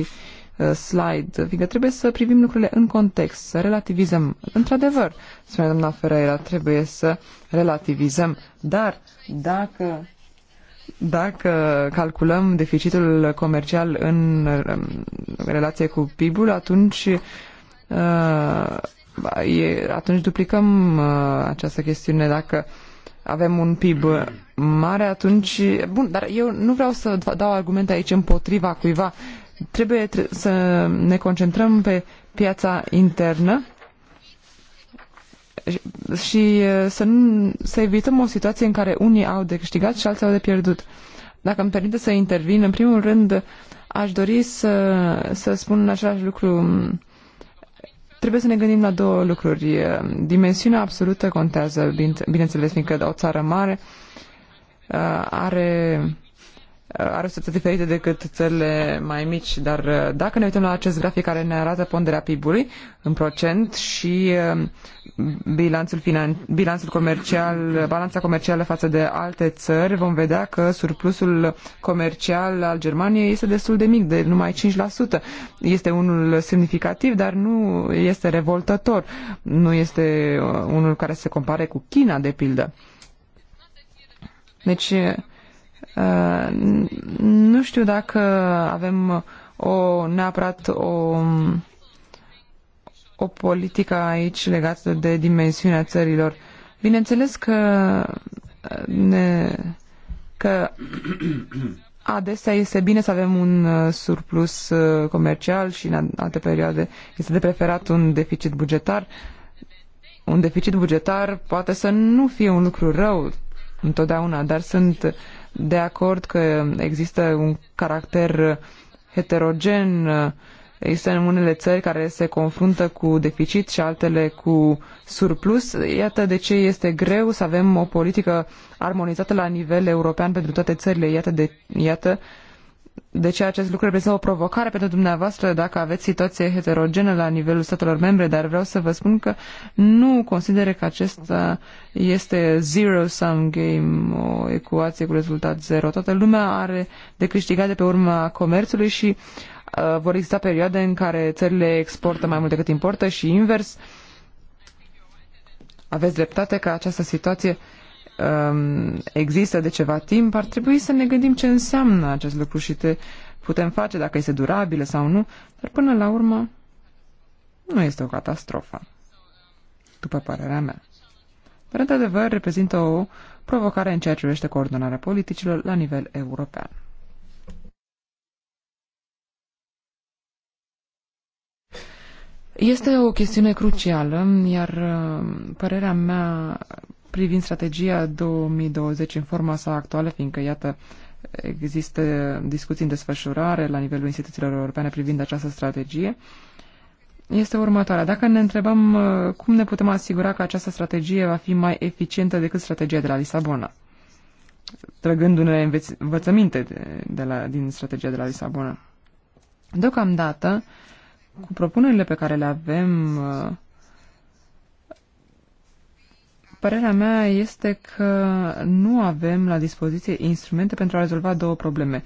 S5: uh, slide, fiindcă trebuie să privim lucrurile în context, să relativizăm. Într-adevăr, spunea doamna Ferreira, trebuie să relativizăm, dar dacă dacă calculăm deficitul comercial în um, relație cu PIB-ul, atunci uh, e, atunci duplicăm uh, această chestiune. Dacă avem un PIB mare, atunci... Bun, dar eu nu vreau să dau argumente aici împotriva cuiva. Trebuie tre- să ne concentrăm pe piața internă și uh, să, nu, să evităm o situație în care unii au de câștigat și alții au de pierdut. Dacă îmi permite să intervin, în primul rând aș dori să, să spun același lucru Trebuie să ne gândim la două lucruri. Dimensiunea absolută contează, bine, bineînțeles, fiindcă o țară mare are Uh, are situații diferite decât țările mai mici, dar uh, dacă ne uităm la acest grafic care ne arată ponderea PIB-ului în procent și uh, bilanțul, finan- bilanțul comercial, balanța comercială față de alte țări, vom vedea că surplusul comercial al Germaniei este destul de mic, de numai 5%. Este unul semnificativ, dar nu este revoltător. Nu este unul care se compare cu China, de pildă. Deci, Uh, nu știu dacă avem o, neapărat o, o politică aici legată de dimensiunea țărilor. Bineînțeles că, uh, ne, că adesea este bine să avem un uh, surplus comercial și în alte perioade este de preferat un deficit bugetar. Un deficit bugetar poate să nu fie un lucru rău întotdeauna, dar sunt uh, de acord că există un caracter heterogen. Există în unele țări care se confruntă cu deficit și altele cu surplus. Iată de ce este greu să avem o politică armonizată la nivel european pentru toate țările. Iată, de, iată deci acest lucru reprezintă o provocare pentru dumneavoastră dacă aveți situație heterogenă la nivelul statelor membre, dar vreau să vă spun că nu consider că acesta este zero-sum game, o ecuație cu rezultat zero. Toată lumea are de câștigat de pe urma comerțului și uh, vor exista perioade în care țările exportă mai mult decât importă și invers. Aveți dreptate că această situație uh, um, există de ceva timp, ar trebui să ne gândim ce înseamnă acest lucru și te putem face, dacă este durabilă sau nu, dar până la urmă nu este o catastrofă, după părerea mea. Dar, într-adevăr, reprezintă o provocare în ceea ce privește coordonarea politicilor la nivel european. Este o chestiune crucială, iar uh, părerea mea privind strategia 2020 în forma sa actuală, fiindcă, iată, există discuții în desfășurare la nivelul instituțiilor europene privind această strategie, este următoarea. Dacă ne întrebăm uh, cum ne putem asigura că această strategie va fi mai eficientă decât strategia de la Lisabona, trăgându-ne învățăminte de, de la, din strategia de la Lisabona. Deocamdată, cu propunerile pe care le avem uh, Părerea mea este că nu avem la dispoziție instrumente pentru a rezolva două probleme.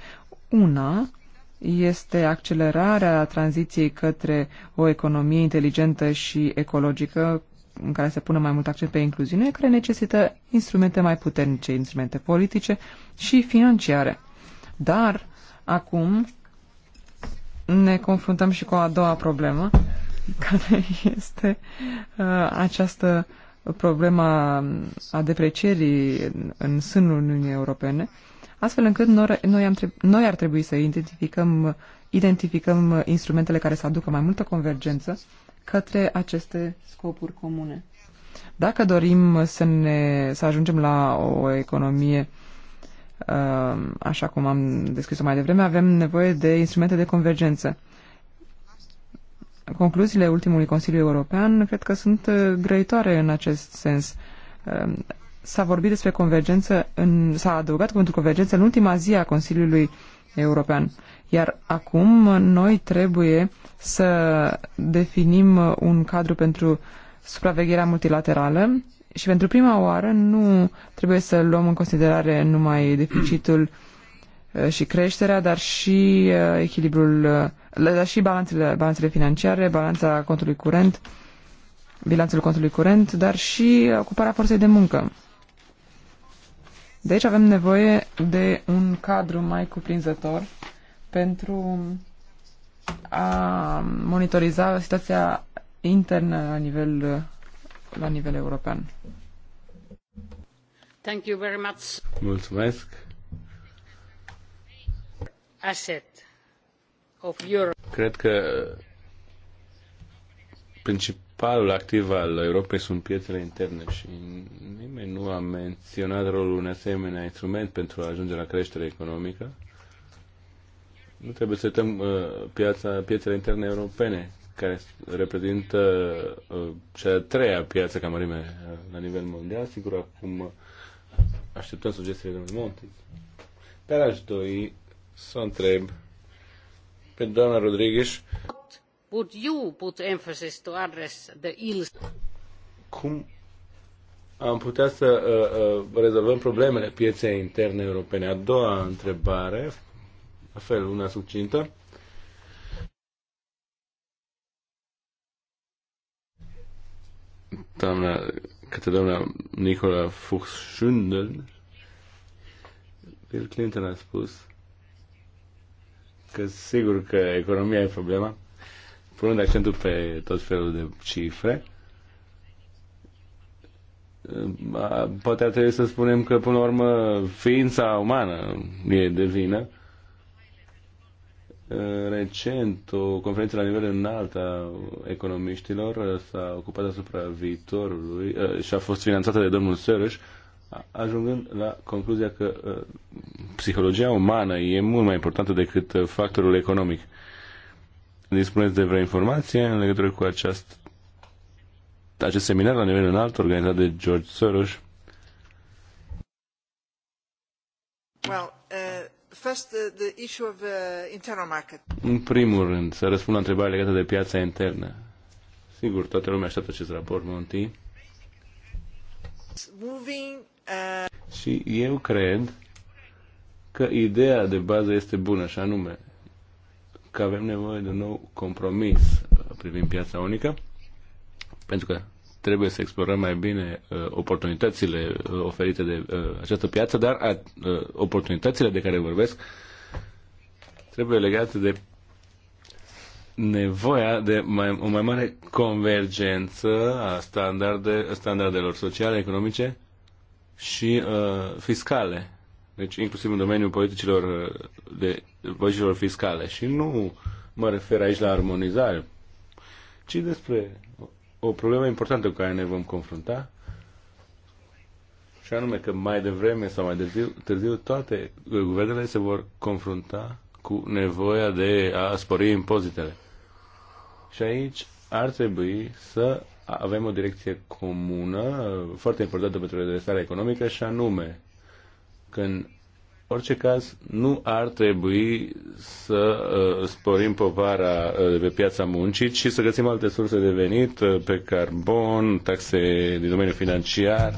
S5: Una este accelerarea tranziției către o economie inteligentă și ecologică în care se pună mai mult accent pe incluziune, care necesită instrumente mai puternice, instrumente politice și financiare. Dar acum ne confruntăm și cu a doua problemă, care este uh, această uh, problema a deprecierii în sânul Uniunii Europene, astfel încât noi, am treb- noi ar trebui să identificăm, identificăm instrumentele care să aducă mai multă convergență către aceste scopuri comune. Dacă dorim să, ne, să ajungem la o economie uh, așa cum am descris-o mai devreme, avem nevoie de instrumente de convergență concluziile ultimului Consiliu European cred că sunt uh, grăitoare în acest sens. Um, s-a vorbit despre convergență, s-a adăugat cuvântul convergență în ultima zi a Consiliului European. Iar acum noi trebuie să definim uh, un cadru pentru supravegherea multilaterală și pentru prima oară nu trebuie să luăm în considerare numai deficitul Uh, și creșterea, dar și uh, echilibrul, uh, dar și balanțele, balanțele financiare, balanța contului curent, bilanțul contului curent, dar și ocuparea forței de muncă. Deci avem nevoie de un cadru mai cuprinzător pentru a monitoriza situația internă la nivel, la nivel european.
S1: Thank you very much.
S2: Mulțumesc. Cred că principalul activ al Europei sunt piețele interne și nimeni nu a menționat rolul unui asemenea instrument pentru a ajunge la creștere economică. Nu trebuie să uităm uh, piața, piețele interne europene, care reprezintă uh, cea a treia piață ca mărime uh, la nivel mondial. Sigur, acum uh, așteptăm sugestiile domnului Monti. Dar aș dori să întreb pe doamna Rodriguez
S1: Would you put emphasis to address the ills? Cum
S2: am putea să uh, uh, rezolvăm problemele pieței interne europene? A doua întrebare, la fel, una succintă. Doamna, către doamna Nicola fuchs Schündel? Bill Clinton a spus că sigur că economia e problema, punând accentul pe tot felul de cifre, poate ar trebui să spunem că, până la urmă, ființa umană e de vină. Recent, o conferință la nivel înalt a economiștilor s-a ocupat asupra viitorului eh, și a fost finanțată de domnul Sărăș ajungând la concluzia că uh, psihologia umană e mult mai importantă decât uh, factorul economic. Dispuneți de vreo informație în legătură cu aceast, acest seminar la nivel înalt organizat de George Soros?
S5: Well, uh... First, the issue of uh, internal market.
S2: În primul rând, să răspund la întrebarea legată de piața internă. Sigur, toată lumea așteaptă acest raport, Monti. Moving și eu cred că ideea de bază este bună, și anume că avem nevoie de un nou compromis uh, privind piața unică, pentru că trebuie să explorăm mai bine uh, oportunitățile uh, oferite de uh, această piață, dar uh, oportunitățile de care vorbesc trebuie legate de nevoia de mai, o mai mare convergență a standarde, standardelor sociale, economice și uh, fiscale, deci inclusiv în domeniul politicilor, uh, de, politicilor fiscale. Și nu mă refer aici la armonizare, ci despre o problemă importantă cu care ne vom confrunta, și anume că mai devreme sau mai târziu, târziu toate guvernele se vor confrunta cu nevoia de a spori impozitele. Și aici ar trebui să avem o direcție comună foarte importantă pentru redresarea economică și anume că în orice caz nu ar trebui să uh, sporim povara uh, pe piața muncii, ci să găsim alte surse de venit uh, pe carbon, taxe din domeniul financiar,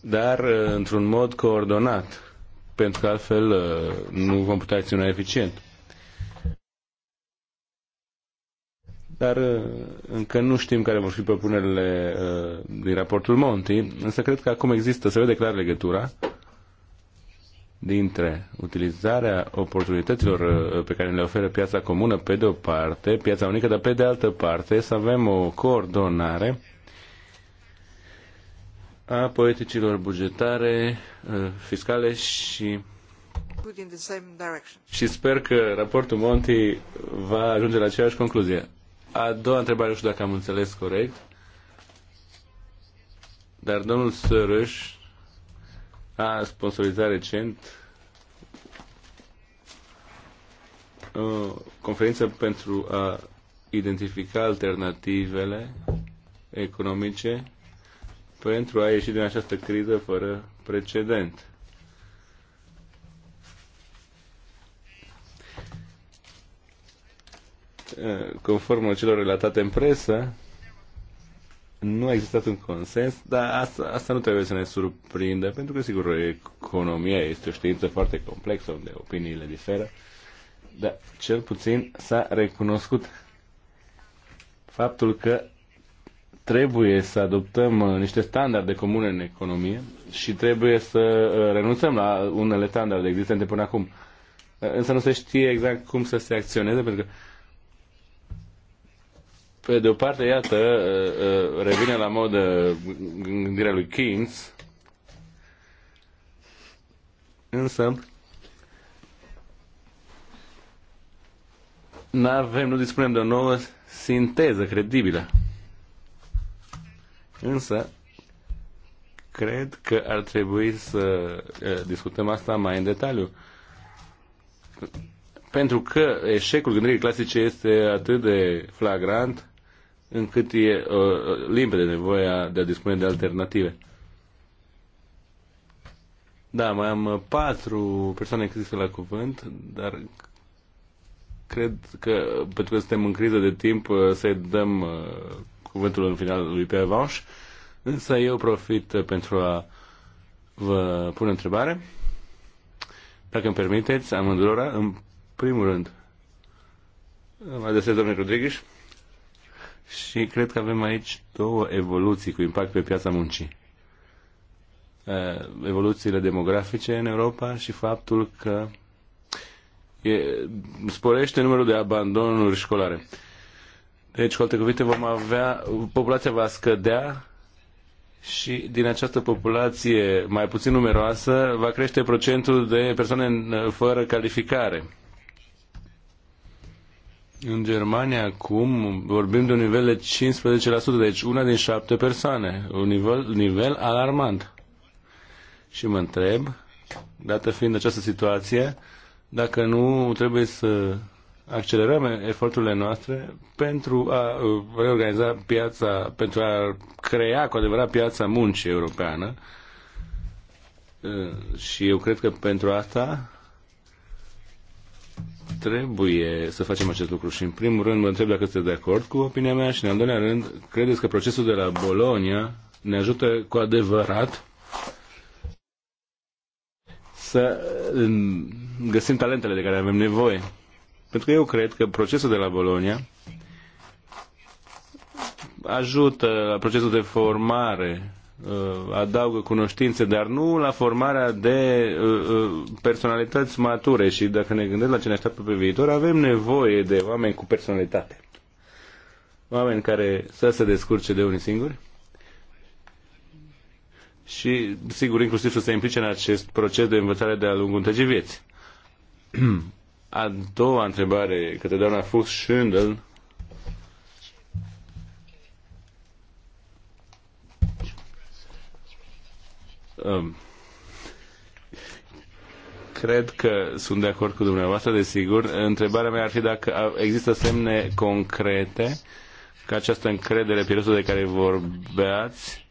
S2: dar uh, într-un mod coordonat, pentru că altfel uh, nu vom putea acționa eficient. Dar uh, încă nu știm care vor fi propunerile uh, din raportul Monti, însă cred că acum există, se vede clar legătura dintre utilizarea oportunităților uh, pe care le oferă piața comună, pe de o parte, piața unică, dar pe de altă parte să avem o coordonare a politicilor bugetare, fiscale și și sper că raportul Monti va ajunge la aceeași concluzie. A doua întrebare, nu știu dacă am înțeles corect, dar domnul Sărâș a sponsorizat recent o uh, conferință pentru a identifica alternativele economice pentru a ieși din această criză fără precedent. Eh, conform celor relatate în presă, nu a existat un consens, dar asta, asta nu trebuie să ne surprindă, pentru că, sigur, economia este o știință foarte complexă, unde opiniile diferă, dar cel puțin s-a recunoscut faptul că trebuie să adoptăm uh, niște standarde comune în economie și trebuie să uh, renunțăm la unele standarde existente până acum. Uh, însă nu se știe exact cum să se acționeze, pentru că pe de o parte, iată, uh, uh, revine la modă gândirea lui Keynes, însă nu avem, nu dispunem de o nouă sinteză credibilă. Însă, cred că ar trebui să uh, discutăm asta mai în detaliu. Pentru că eșecul gândirii clasice este atât de flagrant încât e uh, uh, limpede nevoia de a dispune de alternative. Da, mai am uh, patru persoane scrise la cuvânt, dar cred că, pentru că suntem în criză de timp, uh, să-i dăm uh, cuvântul în final lui Pervanș, însă eu profit pentru a vă pune întrebare. Dacă îmi permiteți, am în primul rând, mă adresez domnului Rodriguez și cred că avem aici două evoluții cu impact pe piața muncii. Evoluțiile demografice în Europa și faptul că e, sporește numărul de abandonuri școlare. Deci, cu alte cuvinte, vom avea, populația va scădea și din această populație mai puțin numeroasă va crește procentul de persoane fără calificare în Germania acum vorbim de un nivel de 15%, deci una din șapte persoane, un nivel, nivel alarmant. Și mă întreb, dată fiind această situație, dacă nu trebuie să accelerăm eforturile noastre pentru a uh, reorganiza piața, pentru a crea cu adevărat piața muncii europeană. Uh, și eu cred că pentru asta trebuie să facem acest lucru și în primul rând mă întreb dacă sunteți de acord cu opinia mea și în al doilea rând, credeți că procesul de la Bologna ne ajută cu adevărat să găsim talentele de care avem nevoie. Pentru că eu cred că procesul de la Bologna ajută la procesul de formare Uh, adaugă cunoștințe, dar nu la formarea de uh, uh, personalități mature și dacă ne gândim la ce ne așteaptă pe viitor, avem nevoie de oameni cu personalitate. Oameni care să se descurce de unii singuri și, sigur, inclusiv să se implice în acest proces de învățare de-a lungul întregii vieți. A doua întrebare către doamna Fuchs-Schindel Um, cred că sunt de acord cu dumneavoastră, desigur. Întrebarea mea ar fi dacă există semne concrete că această încredere pierdută de care vorbeați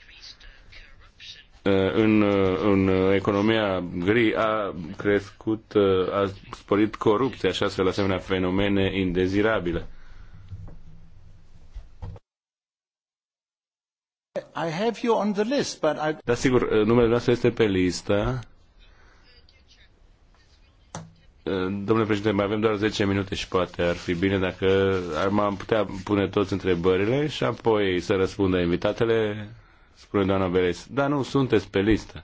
S2: uh, în, uh, în economia gri a crescut, uh, a sporit corupția și astfel asemenea fenomene indezirabile. I have you on the list, but I... Da, sigur, uh, numele noastră este pe listă. Uh, domnule președinte, mai avem doar 10 minute și poate ar fi bine dacă am putea pune toți întrebările și apoi să răspundă invitatele, spune doamna Beres. Da, nu, sunteți pe listă,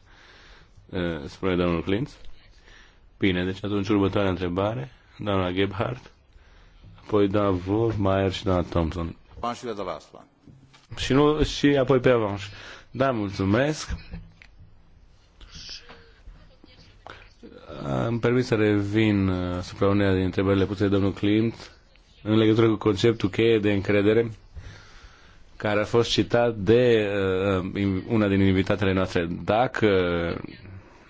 S2: uh, spune domnul Clint. Bine, deci atunci următoarea întrebare, doamna Gebhardt, apoi doamna Wolf, Mayer și doamna Thompson.
S4: One și de la asta
S2: și, nu, și apoi pe avans. Da, mulțumesc. Am permis să revin uh, asupra uneia din întrebările puse de domnul Klimt în legătură cu conceptul cheie de încredere care a fost citat de uh, una din invitatele noastre. Dacă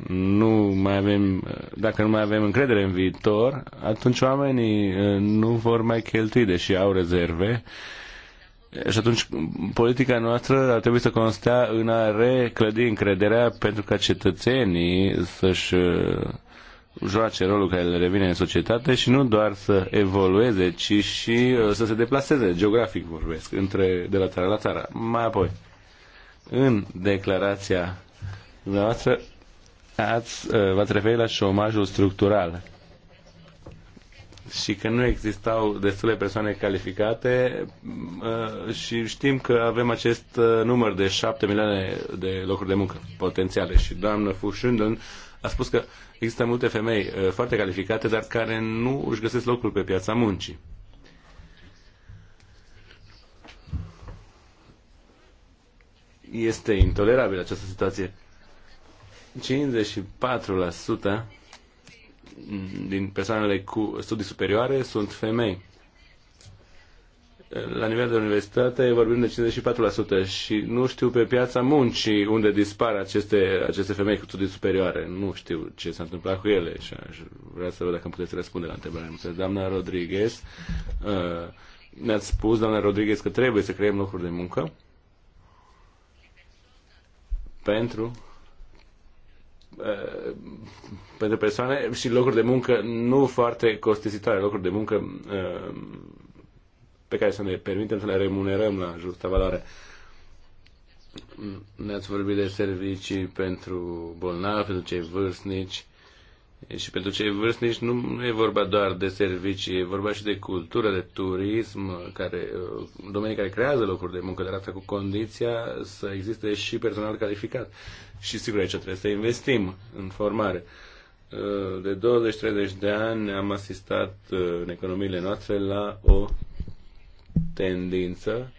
S2: nu mai avem, uh, dacă nu mai avem încredere în viitor, atunci oamenii uh, nu vor mai cheltui, deși au rezerve, și atunci, politica noastră ar trebui să constea în a reclădi încrederea pentru ca cetățenii să-și uh, joace rolul care le revine în societate și nu doar să evolueze, ci și uh, să se deplaseze, geografic vorbesc, între, de la țară la țară. Mai apoi, în declarația dumneavoastră, ați, uh, v-ați referit la șomajul structural și că nu existau destule persoane calificate uh, și știm că avem acest uh, număr de 7 milioane de locuri de muncă potențiale și doamna Fushundon a spus că există multe femei uh, foarte calificate, dar care nu își găsesc locul pe piața muncii. Este intolerabilă această situație. 54% din persoanele cu studii superioare sunt femei. La nivel de universitate vorbim de 54% și nu știu pe piața muncii unde dispar aceste, aceste femei cu studii superioare. Nu știu ce s-a întâmplat cu ele și aș vrea să văd dacă îmi puteți răspunde la întrebarea. Mulțumesc, doamna Rodriguez. Uh, ne-ați spus, doamna Rodriguez, că trebuie să creăm locuri de muncă pentru Uh, pentru persoane și locuri de muncă nu foarte costisitoare, locuri de muncă uh, pe care să ne permitem să le remunerăm la justa valoare. Ne-ați vorbit de servicii pentru bolnavi, pentru cei vârstnici, și pentru cei vârstnici nu, nu e vorba doar de servicii, e vorba și de cultură, de turism, care, uh, domenii care creează locuri de muncă, dar asta cu condiția să existe și personal calificat. Și sigur aici trebuie să investim în formare. Uh, de 20-30 de ani am asistat uh, în economiile noastre la o tendință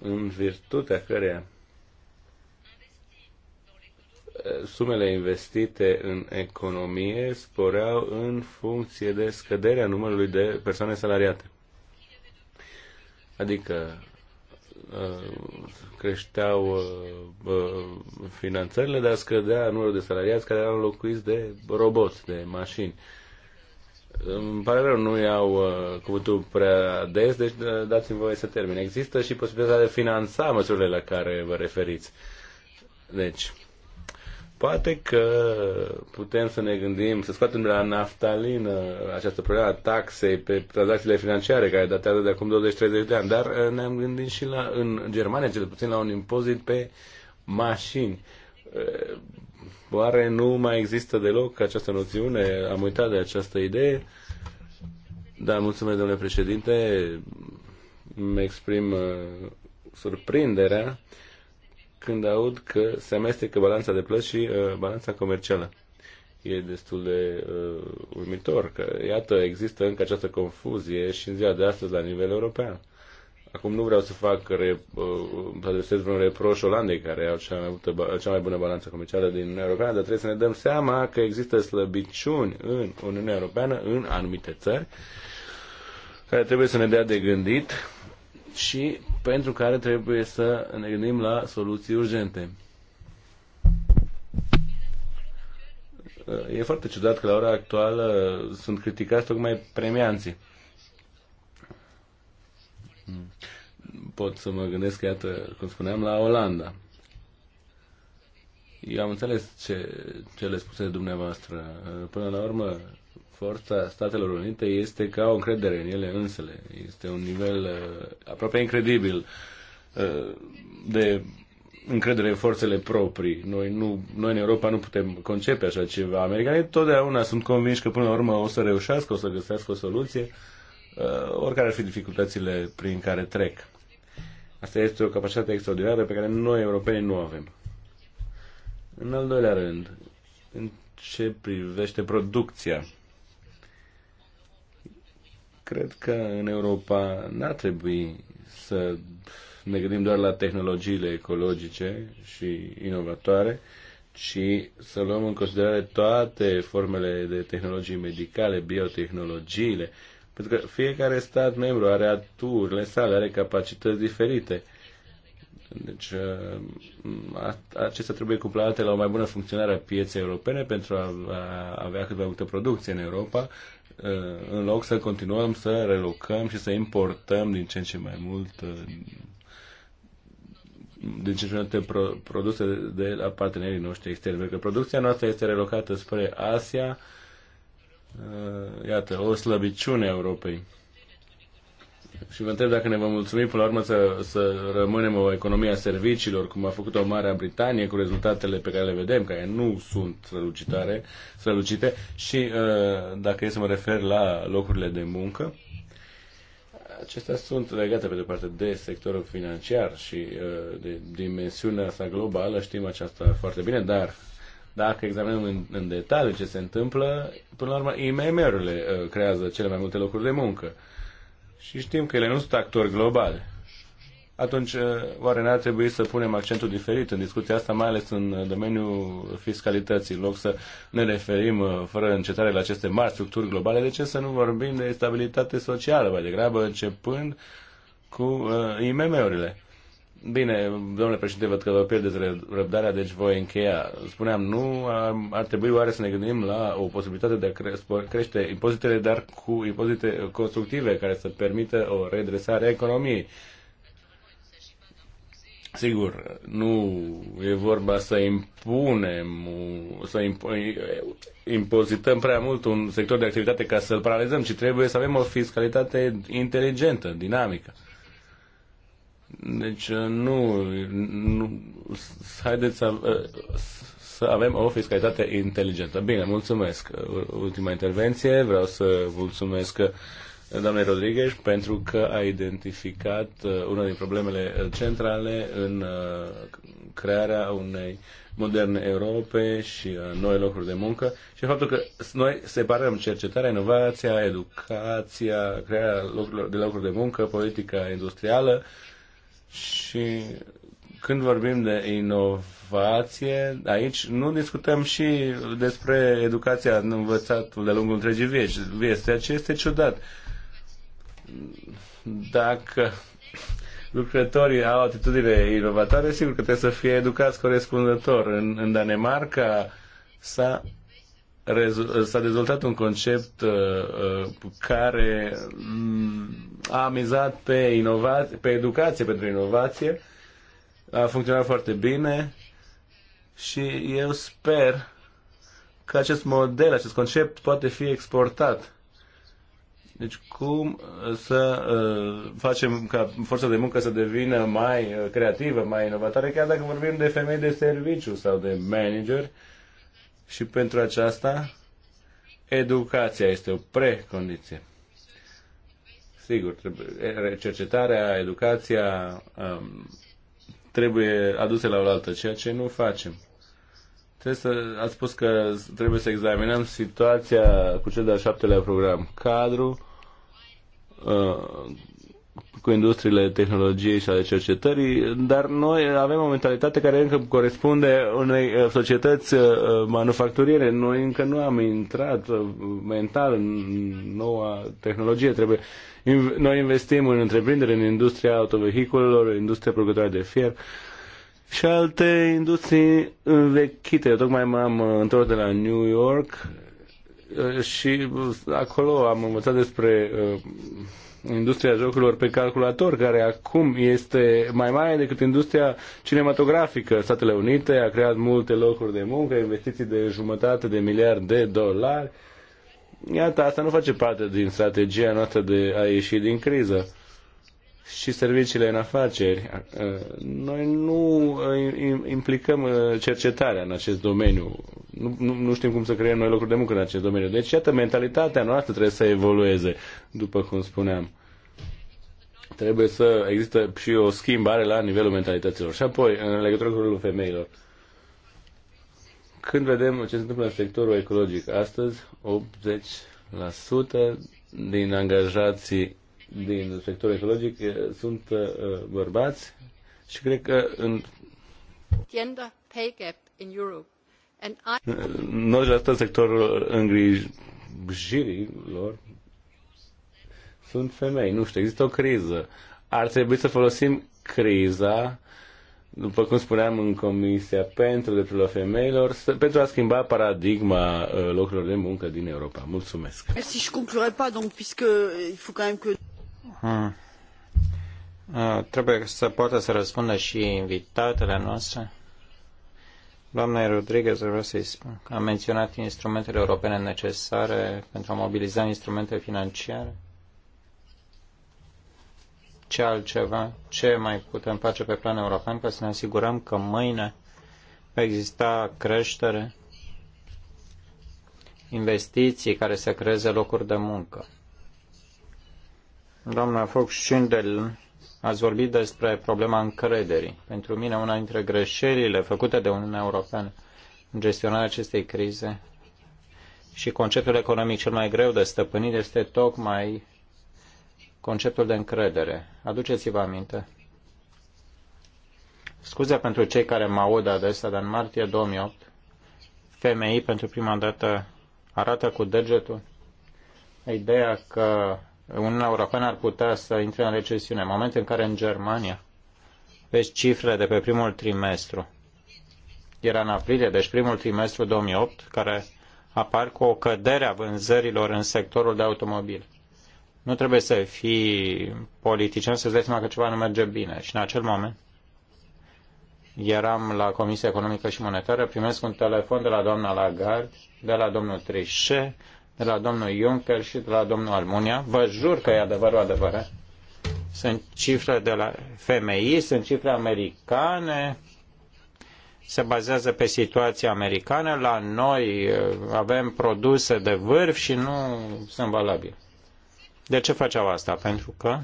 S2: în virtutea căreia sumele investite în economie sporeau în funcție de scăderea numărului de persoane salariate. Adică uh, creșteau uh, uh, finanțările, dar scădea numărul de salariați care erau locuiți de roboți, de mașini. Îmi pare rău, nu iau cuvântul prea des, deci dați-mi voie să termin. Există și posibilitatea de a finanța măsurile la care vă referiți. Deci, Poate că putem să ne gândim, să scoatem de la naftalină această problemă a taxei pe tranzacțiile financiare care datează de acum 20-30 de ani, dar uh, ne-am gândit și la, în Germania, cel puțin, la un impozit pe mașini. Uh, oare nu mai există deloc această noțiune? Am uitat de această idee. Da, mulțumesc, domnule președinte. Îmi exprim uh, surprinderea când aud că se amestecă balanța de plăți și uh, balanța comercială. E destul de uh, uimitor că, iată, există încă această confuzie și în ziua de astăzi la nivel european. Acum nu vreau să fac, re, uh, să adresez vreun reproș Olandei, care au cea mai, bută, cea mai bună balanță comercială din Uniunea Europeană, dar trebuie să ne dăm seama că există slăbiciuni în Uniunea Europeană, în anumite țări, care trebuie să ne dea de gândit și pentru care trebuie să ne gândim la soluții urgente. E foarte ciudat că la ora actuală sunt criticați tocmai premianții. Pot să mă gândesc, iată, cum spuneam, la Olanda. Eu am înțeles ce, ce le spuse dumneavoastră. Până la urmă, forța Statelor Unite este că au încredere în ele însele. Este un nivel uh, aproape incredibil uh, de încredere în forțele proprii. Noi, nu, noi în Europa nu putem concepe așa ceva. Americanii totdeauna sunt convinși că până la urmă o să reușească, o să găsească o soluție, uh, oricare ar fi dificultățile prin care trec. Asta este o capacitate extraordinară pe care noi europenii nu o avem. În al doilea rând, în ce privește producția cred că în Europa n-ar trebui să ne gândim doar la tehnologiile ecologice și inovatoare, ci să luăm în considerare toate formele de tehnologii medicale, biotehnologiile, pentru că fiecare stat membru are aturile sale, are capacități diferite. Deci uh, acestea trebuie cuplate la o mai bună funcționare a pieței europene pentru a avea cât mai multă producție în Europa Uh, în loc să continuăm să relocăm și să importăm din ce în ce mai mult uh, din ce în ce mai multe produse de la partenerii noștri externi. Pentru că producția noastră este relocată spre Asia, uh, iată, o slăbiciune a Europei și vă întreb dacă ne vom mulțumi până la urmă să, să rămânem o economie a serviciilor, cum a făcut-o Marea Britanie, cu rezultatele pe care le vedem, care nu sunt strălucitare, strălucite, și uh, dacă e să mă refer la locurile de muncă, acestea sunt legate, pe de parte, de sectorul financiar și uh, de dimensiunea sa globală, știm aceasta foarte bine, dar dacă examinăm în, în detaliu ce se întâmplă, până la urmă IMM-urile uh, creează cele mai multe locuri de muncă și știm că ele nu sunt actori globali. Atunci, uh, oare n-ar trebui să punem accentul diferit în discuția asta, mai ales în uh, domeniul fiscalității, în loc să ne referim uh, fără încetare la aceste mari structuri globale, de ce să nu vorbim de stabilitate socială, mai degrabă începând cu uh, IMM-urile? Bine, domnule președinte, văd că vă pierdeți răbdarea, deci voi încheia. Spuneam, nu ar, ar trebui oare să ne gândim la o posibilitate de a cre- crește impozitele, dar cu impozite constructive care să permită o redresare a economiei. Sigur, nu e vorba să impunem, să impozităm prea mult un sector de activitate ca să-l paralizăm, ci trebuie să avem o fiscalitate inteligentă, dinamică. Deci uh, nu, nu haideți să, uh, să avem o fiscalitate inteligentă. Bine, mulțumesc. Ultima intervenție. Vreau să mulțumesc uh, doamnei Rodriguez pentru că a identificat una din problemele centrale în crearea unei moderne Europe și noi locuri de muncă și faptul că noi separăm cercetarea, inovația, educația, crearea de locuri de muncă, politica industrială și când vorbim de inovație, aici nu discutăm și despre educația în învățatul de lungul întregii vieți. Este ciudat. Dacă lucrătorii au atitudine inovatoare, sigur că trebuie să fie educați corespunzător. În, în Danemarca s-a s-a dezvoltat un concept uh, uh, care mm, a amizat pe, inovație, pe educație pentru inovație, a funcționat foarte bine și eu sper că acest model, acest concept poate fi exportat. Deci cum uh, să uh, facem ca forța de muncă să devină mai creativă, mai inovatoare, chiar dacă vorbim de femei de serviciu sau de manageri, uh, și pentru aceasta, educația este o precondiție. Sigur, trebuie, cercetarea, educația um, trebuie aduse la oaltă, ceea ce nu facem. Trebuie să, ați spus că trebuie să examinăm situația cu cel de-al șaptelea program cadru, uh, cu industriile tehnologiei și ale cercetării, dar noi avem o mentalitate care încă corespunde unei uh, societăți uh, uh, manufacturiere. Noi încă nu am intrat mental în noua tehnologie. Trebuie, noi investim în întreprindere, în industria autovehiculelor, industria producătoare de fier și alte industrii învechite. Eu tocmai m-am întors de la New York și acolo am învățat despre industria jocurilor pe calculator, care acum este mai mare decât industria cinematografică. Statele Unite a creat multe locuri de muncă, investiții de jumătate de miliard de dolari. Iată, asta nu face parte din strategia noastră de a ieși din criză și serviciile în afaceri. Noi nu uh, implicăm uh, cercetarea în acest domeniu. Nu, nu, nu știm cum să creăm noi locuri de muncă în acest domeniu. Deci, iată, mentalitatea noastră trebuie să evolueze, după cum spuneam trebuie să există și o schimbare la nivelul mentalităților. Și apoi, în legătură cu rolul femeilor, când vedem ce se întâmplă în sectorul ecologic, astăzi 80% din angajații din sectorul ecologic eh, sunt eh, bărbați și cred că în
S1: gender pay gap in Europe. And
S2: I... sectorul îngrijirilor sunt femei, nu știu, există o criză. Ar trebui să folosim criza, după cum spuneam în Comisia pentru drepturile femeilor, să, pentru a schimba paradigma uh, locurilor de muncă din Europa. Mulțumesc.
S4: Merci, je conclurai pas, donc, puisque euh, il faut quand même que... Hmm. Uh, trebuie să poată să răspundă și invitatele noastre. Doamna Rodriguez, vreau să-i spun, a menționat instrumentele europene necesare pentru a mobiliza instrumente financiare ce altceva, ce mai putem face pe plan european ca să ne asigurăm că mâine va exista creștere, investiții care să creeze locuri de muncă. Doamna Fox Schindel, ați vorbit despre problema încrederii. Pentru mine, una dintre greșelile făcute de Uniunea Europeană în gestionarea acestei crize și conceptul economic cel mai greu de stăpânit este tocmai Conceptul de încredere. Aduceți-vă aminte. Scuze pentru cei care mă aud adesea, dar în martie 2008, femei pentru prima dată arată cu degetul ideea că Uniunea Europeană ar putea să intre în recesiune. În momentul în care în Germania vezi cifrele de pe primul trimestru, era în aprilie, deci primul trimestru 2008, care apar cu o cădere a vânzărilor în sectorul de automobil. Nu trebuie să fii politician să-ți dai seama că ceva nu merge bine. Și în acel moment eram la Comisia Economică și Monetară, primesc un telefon de la doamna Lagarde, de la domnul Trichet, de la domnul Juncker și de la domnul Almunia. Vă jur că e adevărul adevărat. Sunt cifre de la FMI, sunt cifre americane, se bazează pe situația americană, la noi eh, avem produse de vârf și nu sunt valabile. De ce făceau asta? Pentru că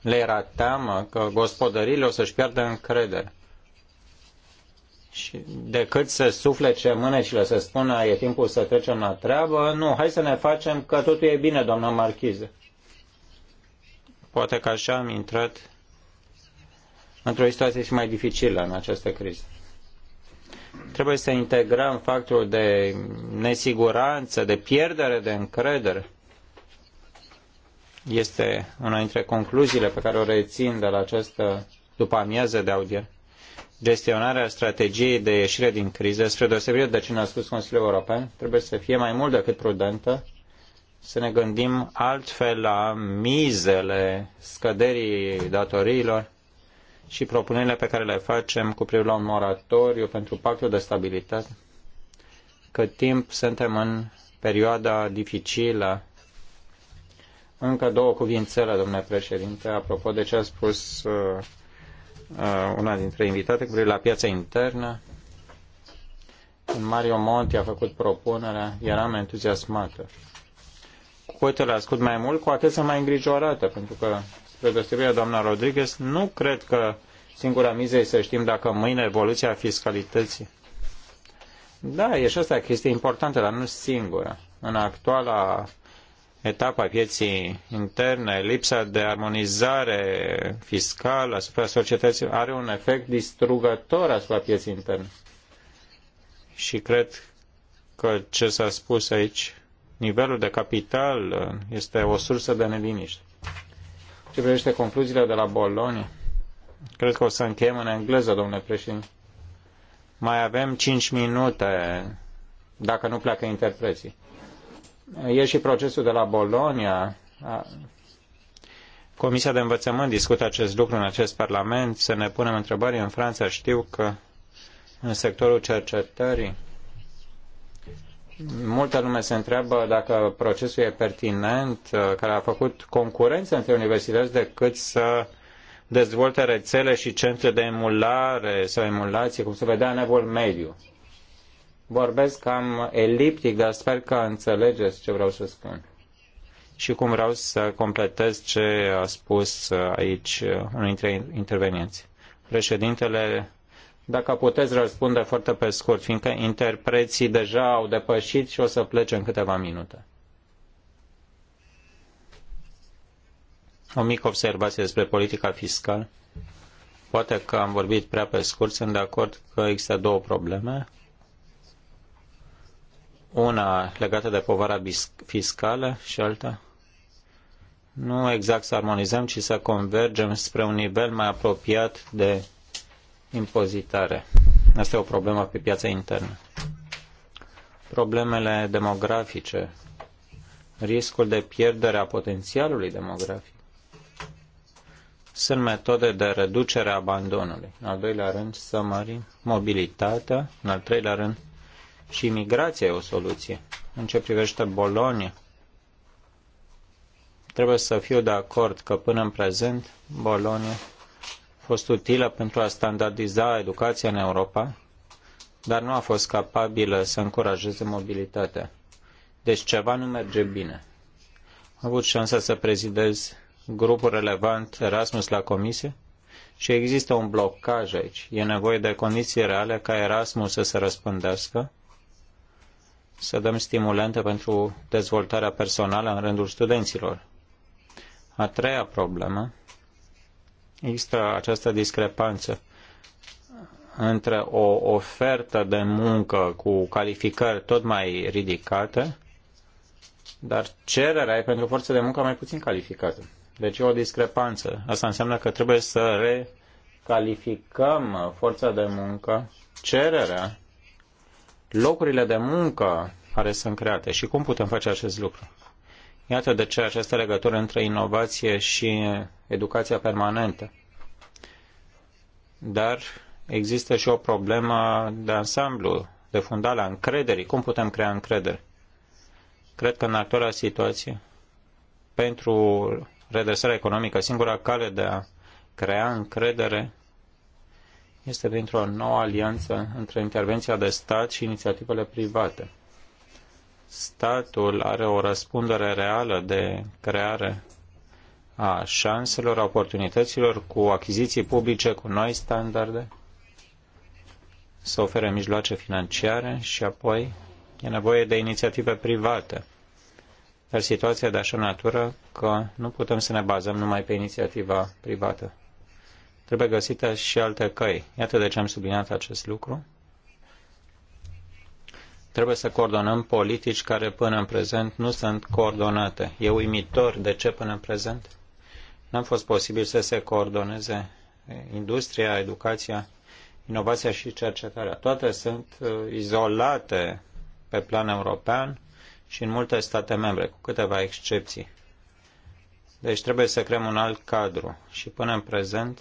S4: le era teamă că gospodăriile o să-și piardă încredere. Și decât să suflece mânecile, să spună e timpul să trecem la treabă, nu, hai să ne facem că totul e bine, doamna marchiză. Poate că așa am intrat într-o situație și mai dificilă în această criză. Trebuie să integrăm factorul de nesiguranță, de pierdere de încredere este una dintre concluziile pe care o rețin de la această după amiază de audier. Gestionarea strategiei de ieșire din criză, spre deosebire de ce ne-a spus Consiliul European, trebuie să fie mai mult decât prudentă, să ne gândim altfel la mizele scăderii datoriilor și propunerile pe care le facem cu privire la un moratoriu pentru pactul de stabilitate, cât timp suntem în perioada dificilă încă două cuvințele, domnule președinte, apropo de ce a spus uh, uh una dintre invitate cu la piața internă. Când Mario Monti a făcut propunerea, eram entuziasmată. Cu cât îl ascult mai mult, cu atât sunt mai îngrijorată, pentru că, spre deosebire doamna Rodriguez, nu cred că singura miză este să știm dacă mâine evoluția fiscalității. Da, e și asta chestie importantă, dar nu singura. În actuala etapă a pieții interne, lipsa de armonizare fiscală asupra societății are un efect distrugător asupra pieții interne. Și cred că ce s-a spus aici, nivelul de capital uh, este o sursă de neliniște. Ce privește concluziile de la Bologna, cred că o să încheiem în engleză, domnule președinte. Mai avem 5 minute dacă nu pleacă interpreții. E și procesul de la Bologna. Comisia de Învățământ discută acest lucru în acest Parlament. Să ne punem întrebări în Franța. Știu că în sectorul cercetării multă lume se întreabă dacă procesul e pertinent, uh, care a făcut concurență între universități decât să dezvolte rețele și centre de emulare sau emulație, cum se vedea în evul mediu vorbesc cam eliptic, dar sper că înțelegeți ce vreau să spun. Și cum vreau să completez ce a spus aici unul dintre intervenienți. Președintele, dacă puteți răspunde foarte pe scurt, fiindcă interpreții deja au depășit și o să plece în câteva minute. O mică observație despre politica fiscală. Poate că am vorbit prea pe scurt, sunt de acord că există două probleme una legată de povara fiscală și alta? Nu exact să armonizăm, ci să convergem spre un nivel mai apropiat de impozitare. Asta e o problemă pe piața internă. Problemele demografice, riscul de pierdere a potențialului demografic, sunt metode de reducere a abandonului. În al doilea rând, să mărim mobilitatea. În al treilea rând, și imigrația e o soluție. În ce privește Bolonia, trebuie să fiu de acord că până în prezent Bolonia a fost utilă pentru a standardiza educația în Europa, dar nu a fost capabilă să încurajeze mobilitatea. Deci ceva nu merge bine. Am avut șansa să prezidez grupul relevant Erasmus la comisie și există un blocaj aici. E nevoie de condiții reale ca Erasmus să se răspândească să dăm stimulente pentru dezvoltarea personală în rândul studenților. A treia problemă există această discrepanță între o ofertă de muncă cu calificări tot mai ridicate, dar cererea e pentru forță de muncă mai puțin calificată. Deci e o discrepanță. Asta înseamnă că trebuie să recalificăm forța de muncă, cererea locurile de muncă care sunt create și cum putem face acest lucru. Iată de ce această legătură între inovație și educația permanentă. Dar există și o problemă de ansamblu, de fundală a încrederii. Cum putem crea încredere? Cred că în actuala situație, pentru redresarea economică, singura cale de a crea încredere este printr o nouă alianță între intervenția de stat și inițiativele private. Statul are o răspundere reală de creare a șanselor, a oportunităților cu achiziții publice, cu noi standarde, să ofere mijloace financiare și apoi e nevoie de inițiative private. Dar situația de așa natură că nu putem să ne bazăm numai pe inițiativa privată trebuie găsite și alte căi. Iată de ce am subliniat acest lucru. Trebuie să coordonăm politici care până în prezent nu sunt coordonate. E uimitor de ce până în prezent n-a fost posibil să se coordoneze industria, educația, inovația și cercetarea. Toate sunt uh, izolate pe plan european și în multe state membre, cu câteva excepții. Deci trebuie să creăm un alt cadru și până în prezent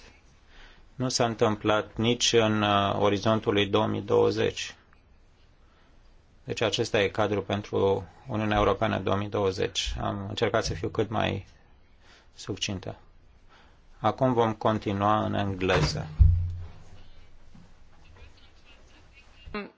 S4: nu s-a întâmplat nici în uh, orizontul lui 2020. Deci acesta e cadrul pentru Uniunea Europeană 2020. Am încercat să fiu cât mai succintă. Acum vom continua în engleză.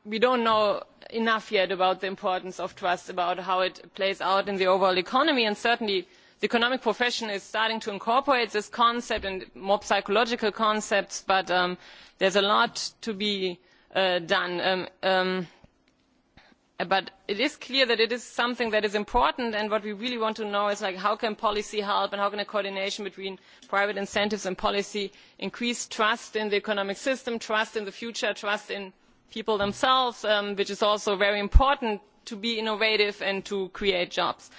S3: We don't know enough yet about the importance of trust, about how it plays out in the overall economy, and certainly the economic profession is starting to incorporate this concept and more psychological concepts but um, there is a lot to be uh, done. Um, um, but it is clear that it is something that is important and what we really want to know is like, how can policy help and how can a coordination between private incentives and policy increase trust in the economic system trust in the future trust in people themselves which is also very important to be innovative and to create jobs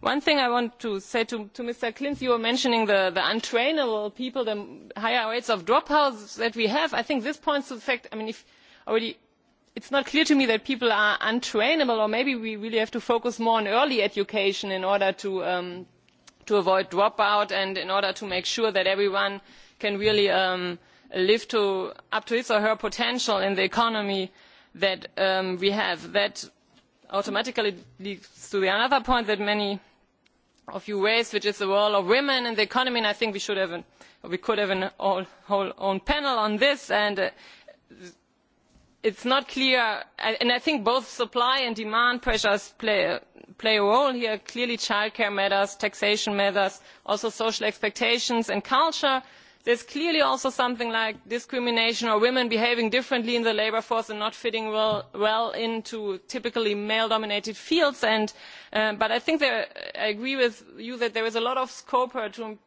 S3: one thing i want to say to, mr klinz you were mentioning the, untrainable people the higher rates of dropouts that we have i think this points to the fact i mean it is not clear to me that people are untrainable or maybe we really have to focus more on early education in order to, um, avoid dropout and in order to make sure that everyone can really um, live up to his or her potential in the economy that um, we have. that automatically leads to another point that many of you raised which is the role of women in the economy and i think we should have or we could have a whole own panel on this and uh, it's not clear and i think both supply and demand pressures play, play a role here clearly childcare matters taxation matters also social expectations and culture there is clearly also something like discrimination or women behaving differently in the labour force and not fitting well, into typically male dominated fields uh, but i think i agree with you that there is a lot of scope to